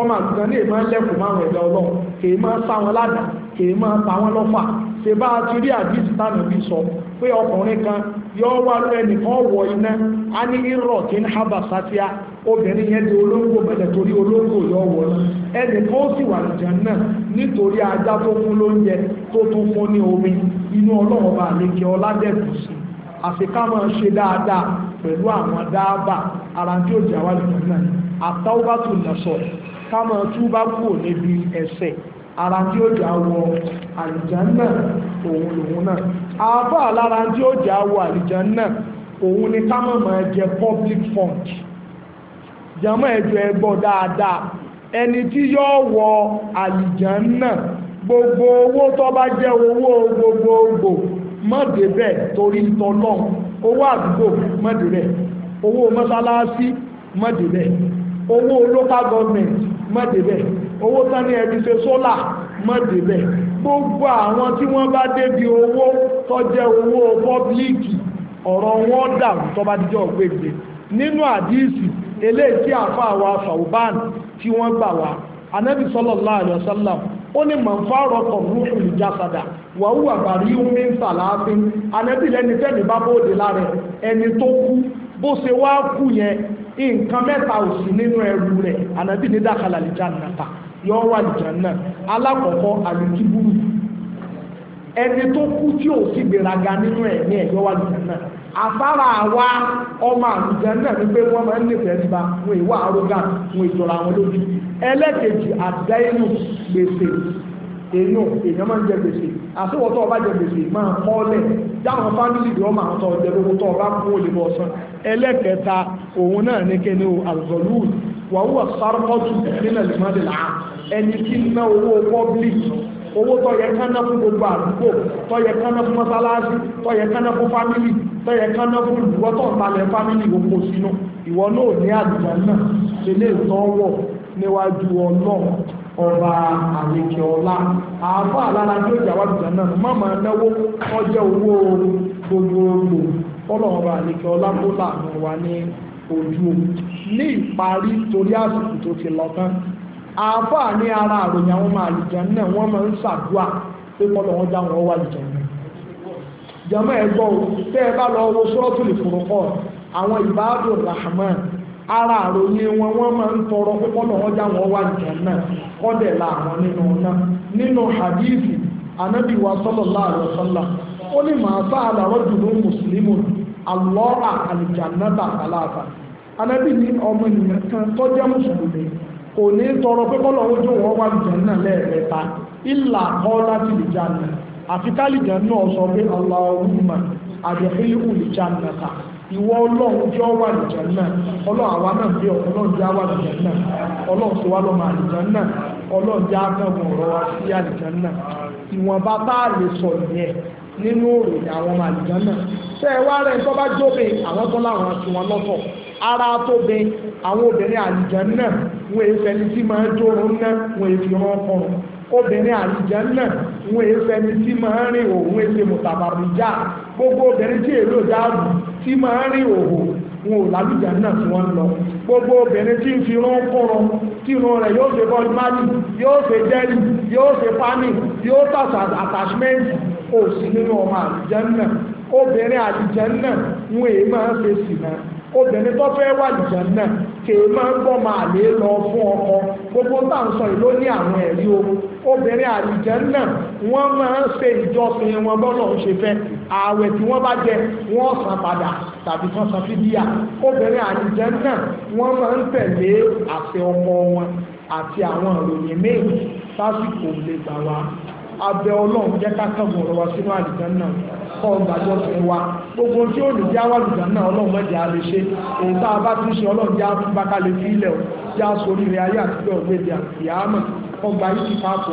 A: ọmọ àgùntàn lè máa ń lẹ́kùn máwọn ẹ̀dá ọlọ́run kì í máa sá wọn ládàá kì í máa pa wọn lọ́fà ṣe bá a ti rí àdìsí tánà bí sọ pé ọkùnrin kan yọ wá ẹnìkan wọ iná a ní irọ́ tí ń hábà sátíá obìnrin yẹn di olóńgbò mẹ́lẹ̀ torí olóńgbò yọ wọ náà ẹnìkan ó sì wà nìjà náà nítorí ajá tó fún lóúnjẹ tó tún fún ní omi inú ọlọ́run bá lè jẹ ọládẹ́kùn sí àfikà máa ṣe dáadáa pẹ̀lú àwọn dáábà ara tí ó jà wá lùmọ̀ náà àtàwọn bá kámọ̀ tú bá kúrò níbi ẹ̀ṣẹ̀ ara tí ó jà wọ àlìján náà òun lòun náà àbá lára tí ó jà wọ àlìján náà òun ni kámọ̀ máa jẹ public fund jàmọ́ ẹ̀jọ̀ ẹgbọ́ dáadáa ẹni tí yóò wọ àlìján náà gbogbo owó tó bá jẹ́ owó gbogbogbò mọ́dé bẹ́ẹ̀ torí tọ́lọ́n owó àdúgbò mọ́dé bẹ́ẹ̀ owó mọ́sálásí mọ́dé bẹ́ẹ̀ owó local government má débẹ̀ owó tán ní ẹbí ṣe sólà má débẹ̀ gbogbo àwọn tí wọ́n bá débi owó tó jẹ́ owó pọ́blíkì ọ̀rọ̀ wọn dàrú tó bá díjọ́ gbèdè nínú àdíìsì eléyìí tí àfa àwa Sàwùbán tí wọ́n gbà wá anábì sallallahu alaihi wasallam ó ní mọ̀ ń fárọ̀ kọ̀ rúfin ìjásàdà wàhù àbàrí omi ń sàlàáfin anábì lẹ́ni tẹ́ni bá bóde lára ẹni tó kú bó ṣe wá kú yẹn nǹkan mẹ́ta ò sí nínú ẹrù rẹ̀ ànábì ní dákàlà àlìjánata yọ wà àlìjánà alákọ̀ọ́kọ́ àlùkíbúrú ẹni tó kú tí ò sì gbéraga nínú ẹ̀mí ẹ̀ yọ wà àlìjánà àsára àwa ọmọ àlùjánà ní pé wọ́n máa ń nífẹ̀ẹ́ síba wọn ìwà àrògà wọn ìjọra wọn lójú ẹlẹ́kejì àdáyénù gbèsè èyí èèyàn máa ń jẹ gbèsè àsìwọ̀ tó ọba jẹ gbèsè máa mọ́ọ́lẹ̀ dáhùn fámílì bí wọ́n máa tọ́ ọjẹ́ lówó tó ọba kú ó lè bọ́ ọ̀sán ẹlẹ́kẹta òun náà ní kí ni o àzọ̀lù wàhùwà sárkọ́tù nílẹ̀ lùmọ́dé là ẹni tí ń ná owó public owó tó yẹ kánná fún gbogbo àdúgbò tó yẹ kánná fún mọ́sálásí tó yẹ kánná fún fámílì tó yẹ kánná fún ìwọ́ tó ń ọba àlejò ọlá àbá àlára tí ó jà wá jùlọ náà má máa náwó ọjọ́ owó gbogbogbò ọlọ́run ọba àlejò ọlá kó láàánú wa ní ojú o ní ìparí torí àsìkò tó ti lọ tán àbá ní ara àròyìn àwọn ọmọ àlejò náà wọ́n máa ń ṣàdúà pé kọ́lọ̀ wọn já wọn wá àlejò náà jàmọ́ ẹ̀ tẹ́ ẹ bá lọ wo sọ́ọ́tù lè fòrò àwọn ìbáàdùn rahman ara àròyìn wọn wọ́n máa ń tọrọ púpọ̀ náà wọ́n já wọn wà jẹ́nà kọ́dẹ̀ láàwọn nínú náà nínú hadithi anabi wa sallallahu alaihi ó ní màá sá àlàrọ́ jùlọ mùsùlùmù àlọ́ra àlìjànàbà àlàáfà anabi ní ọmọ ènìyàn kan tó jẹ́ mùsùlùmí kò ní tọrọ púpọ̀ náà wọ́n wọn ìlà lè náà sọ pé lè ìwọ ọlọ́run jẹ́ ọwà àlùjànnà ọlọ́run àwa náà jẹ́ ọlọ́run jẹ́ àwà àlùjànnà ọlọ́run tó wá lọ́mọ àlùjànnà ọlọ́run jẹ́ akẹ́wọ̀n ọ̀rọ̀ wa sí àlùjànnà ìwọ̀nba bá a lè sọ ìyẹn nínú òròyìn àwọn ọmọ àlùjànnà tẹ́ ẹ wá rẹ̀ tó bá jóbe àwọn tó láwọn ti wọn lọ́tọ̀ ara tó àwọn obìnrin àlùjànnà wọn èyí fẹni tí máa ń jórun ná wọn èyí fi rán ọkùnrin obìnrin àlùjànnà wọn èyí fẹni tí máa ń rìn òun èyí ṣe mùtàbàrìjà gbogbo obìnrin tí èlò dáàbò tí máa ń rìn òhò wọn ò lálùjá náà tí wọ́n ń lọ gbogbo obìnrin tí ń fi rán kúrọ tí inú rẹ̀ yóò ṣe bọ́ọ̀lù máàlì yóò ṣe jẹ́rì yóò ṣe pánì yóò tàṣà àtàṣmẹ́ǹtì ò sí nínú ọmọ àlùjá náà obìnrin àlùjá náà wọn èé máa ń ṣe sì náà obìnrin tó fẹ́ wà lìjàn náà kèé máa ń gbọ́ máa lè lọ fún ọkọ gbogbo tá à ń sọ yìí ló ní àwọn ẹ̀rí o obìnrin àlìjàn náà wọ́n máa ń ṣe ìjọsìn wọn bọ́lọ̀ ń ṣe fẹ́ ààwẹ̀ tí wọ́n bá jẹ wọ́n san padà tàbí kan san fídíà obìnrin àlìjàn náà wọ́n máa ń tẹ̀lé àṣẹ ọkọ wọn àti àwọn ìròyìn méjì sásìkò lè gbà wá abẹ ọlọ́run jẹ́ kákàmù ọ̀rọ̀ wa sínú àlùjánnà kọ́ ọgbàjọ́ fún wa gbogbo tí ó lè jẹ́ àwọn àlùjánnà ọlọ́run mẹ́jẹ̀ a lè ṣe èyí tá a bá tún ṣe ọlọ́run jẹ́ àtúbá ká lè fi ilẹ̀ já sórí rẹ̀ ayé àtijọ́ ọ̀gbẹ́dẹ̀ àti àmọ̀ ọgbà yìí ti fà á fò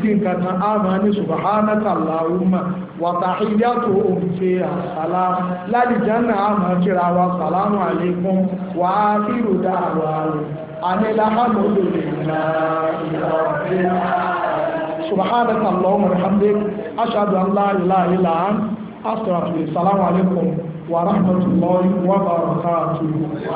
A: ti nǹkan kan á máa ní subhanaka Allahumma wa tahiyyatuhum fiha salam lálìjánà á máa kíra wa salamu alaykum wa akhiru da'wana anil hamdulillahi rabbil an la ilaha illa salamu alaykum wa rahmatullahi wa barakatuh